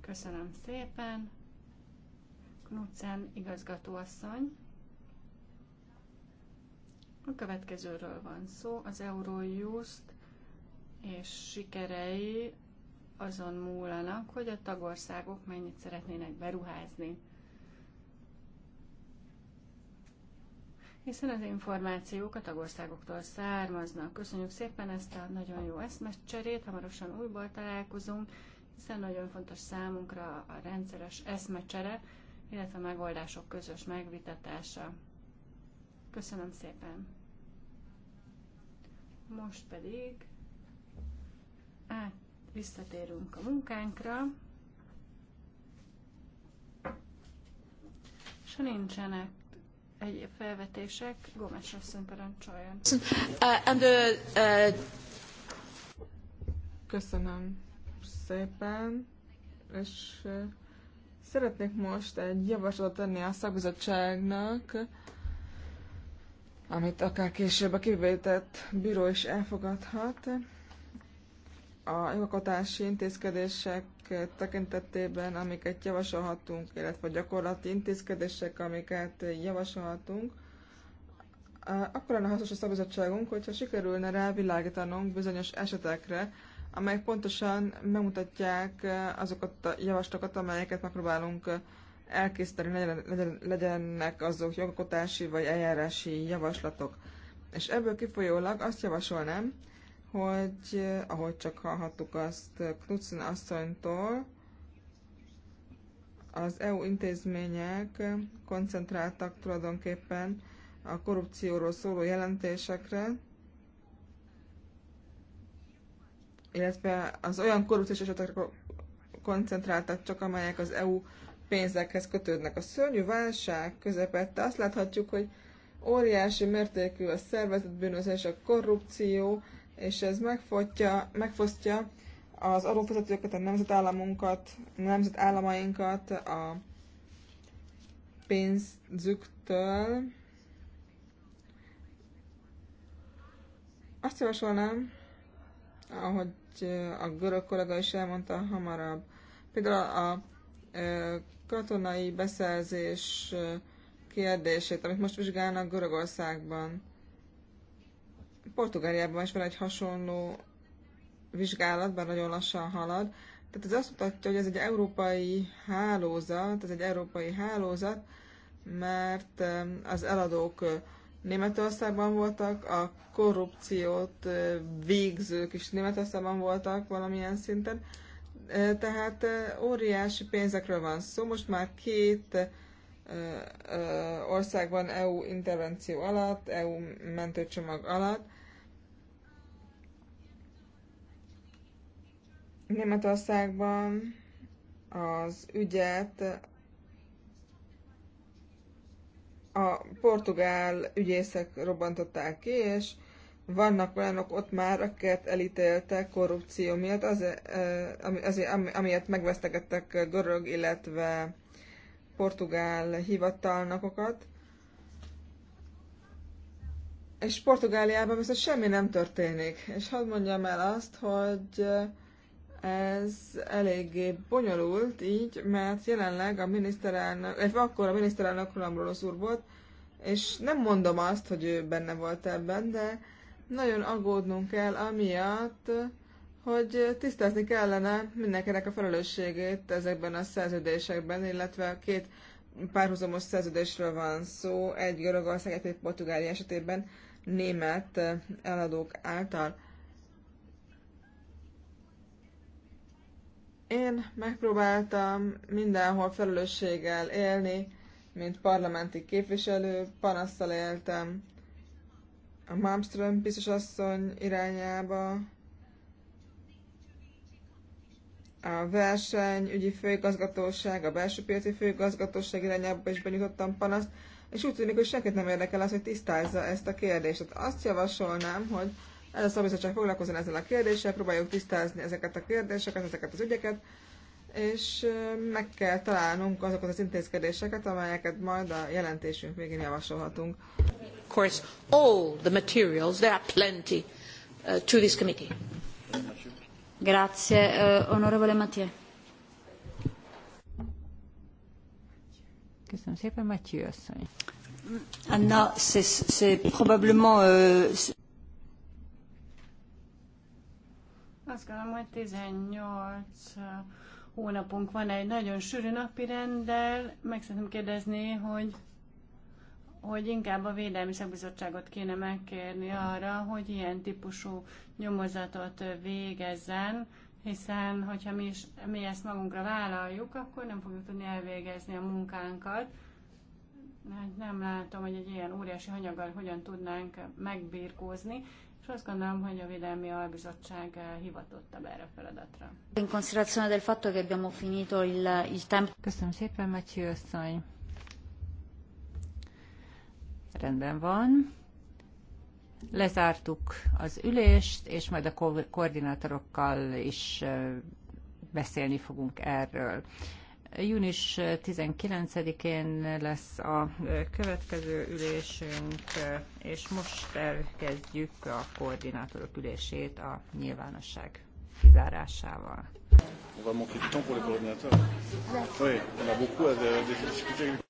Köszönöm szépen. Knudsen igazgatóasszony. A következőről van szó, az Eurojust és sikerei azon múlanak, hogy a tagországok mennyit szeretnének beruházni. hiszen az információk a tagországoktól származnak. Köszönjük szépen ezt a nagyon jó eszmecserét, hamarosan újból találkozunk, hiszen nagyon fontos számunkra a rendszeres eszmecsere, illetve a megoldások közös megvitatása. Köszönöm szépen! Most pedig át visszatérünk a munkánkra. és ha nincsenek egyéb felvetések. Gomes asszony parancsoljon. Uh, and, uh, Köszönöm szépen, és uh, szeretnék most egy javaslatot tenni a szakbizottságnak, amit akár később a kivételt bíró is elfogadhat. A jogalkotási intézkedések Eh, tekintetében, amiket javasolhatunk, illetve gyakorlati intézkedések, amiket javasolhatunk, eh, akkor lenne hasznos a szabadságunk, hogyha sikerülne rávilágítanunk bizonyos esetekre, amelyek pontosan megmutatják eh, azokat a javaslatokat, amelyeket megpróbálunk elkészíteni, legyen, legyen, legyenek azok jogokotási vagy eljárási javaslatok. És ebből kifolyólag azt javasolnám, hogy eh, ahogy csak hallhattuk azt eh, Knudsen asszonytól, az EU intézmények koncentráltak tulajdonképpen a korrupcióról szóló jelentésekre, illetve az olyan korrupciós esetekre koncentráltak csak, amelyek az EU pénzekhez kötődnek. A szörnyű válság közepette azt láthatjuk, hogy óriási mértékű a szervezett bűnözés, a korrupció, és ez megfotja, megfosztja az adófizetőket, a nemzetállamunkat, a nemzetállamainkat a pénzüktől. Azt javasolnám, ahogy eh, a görög kollega is elmondta hamarabb, például a, a eh, katonai beszerzés eh, kérdését, amit most vizsgálnak Görögországban. Portugáliában is van egy hasonló bár nagyon lassan halad. Tehát ez azt mutatja, hogy ez egy európai hálózat, ez egy európai hálózat, mert az eladók Németországban voltak, a korrupciót végzők is Németországban voltak valamilyen szinten. Tehát óriási pénzekről van szó. Most már két országban EU intervenció alatt, EU mentőcsomag alatt, Németországban az ügyet a portugál ügyészek robbantották ki, és vannak olyanok ott már, akiket elítéltek korrupció miatt, az eh, az, ami amiért megvesztegettek görög, illetve portugál hivatalnokokat. És Portugáliában viszont semmi nem történik. És hadd mondjam el azt, hogy eh, ez eléggé bonyolult így, mert jelenleg a miniszterelnök, illetve eh, akkor a miniszterelnök Roland úr volt, és nem mondom azt, hogy ő benne volt ebben, de nagyon aggódnunk kell amiatt, hogy tisztázni kellene mindenkinek a felelősségét ezekben a szerződésekben, illetve két párhuzamos szerződésről van szó, egy Görögország, egy Portugália esetében német eladók által. Én megpróbáltam mindenhol felelősséggel élni, mint parlamenti képviselő, panasztal éltem a Malmström biztos asszony irányába, a versenyügyi főigazgatóság, a belső piaci főigazgatóság irányába is benyújtottam panaszt, és úgy tűnik, hogy senkit nem érdekel az, hogy tisztázza ezt a kérdést. Tehát azt javasolnám, hogy ez a csak foglalkozzon ezzel a kérdéssel, próbáljuk tisztázni ezeket a kérdéseket, ezeket az ügyeket, és meg kell találnunk azokat az intézkedéseket, amelyeket majd a jelentésünk végén javasolhatunk. Of course, all the materials, there are plenty uh, to this committee. Grazie, uh, onorevole Mathieu. Köszönöm szépen, Mathieu asszony. Anna, uh, c'est probablement... Uh, Azt gondolom, hogy 18 uh, hónapunk van egy nagyon sűrű napi renddel. Meg szeretném kérdezni, hogy hogy inkább a Védelmi Szakbizottságot kéne megkérni arra, hogy ilyen típusú nyomozatot uh, végezzen, hiszen hogyha mi, is, mi ezt magunkra vállaljuk, akkor nem fogjuk tudni elvégezni a munkánkat. Hát nem látom, hogy egy ilyen óriási hanyaggal hogyan tudnánk megbírkózni és azt gondolom, hogy a Védelmi Albizottság eh, hivatottabb erre a feladatra. Köszönöm szépen, Matyi Összony. Rendben van. Lezártuk az ülést, és majd a ko koordinátorokkal is eh, beszélni fogunk erről. Június 19-én lesz a következő ülésünk, és most elkezdjük a koordinátorok ülését a nyilvánosság kizárásával. On va manquer de temps pour les coordinateurs. Oui, on a beaucoup à discuter.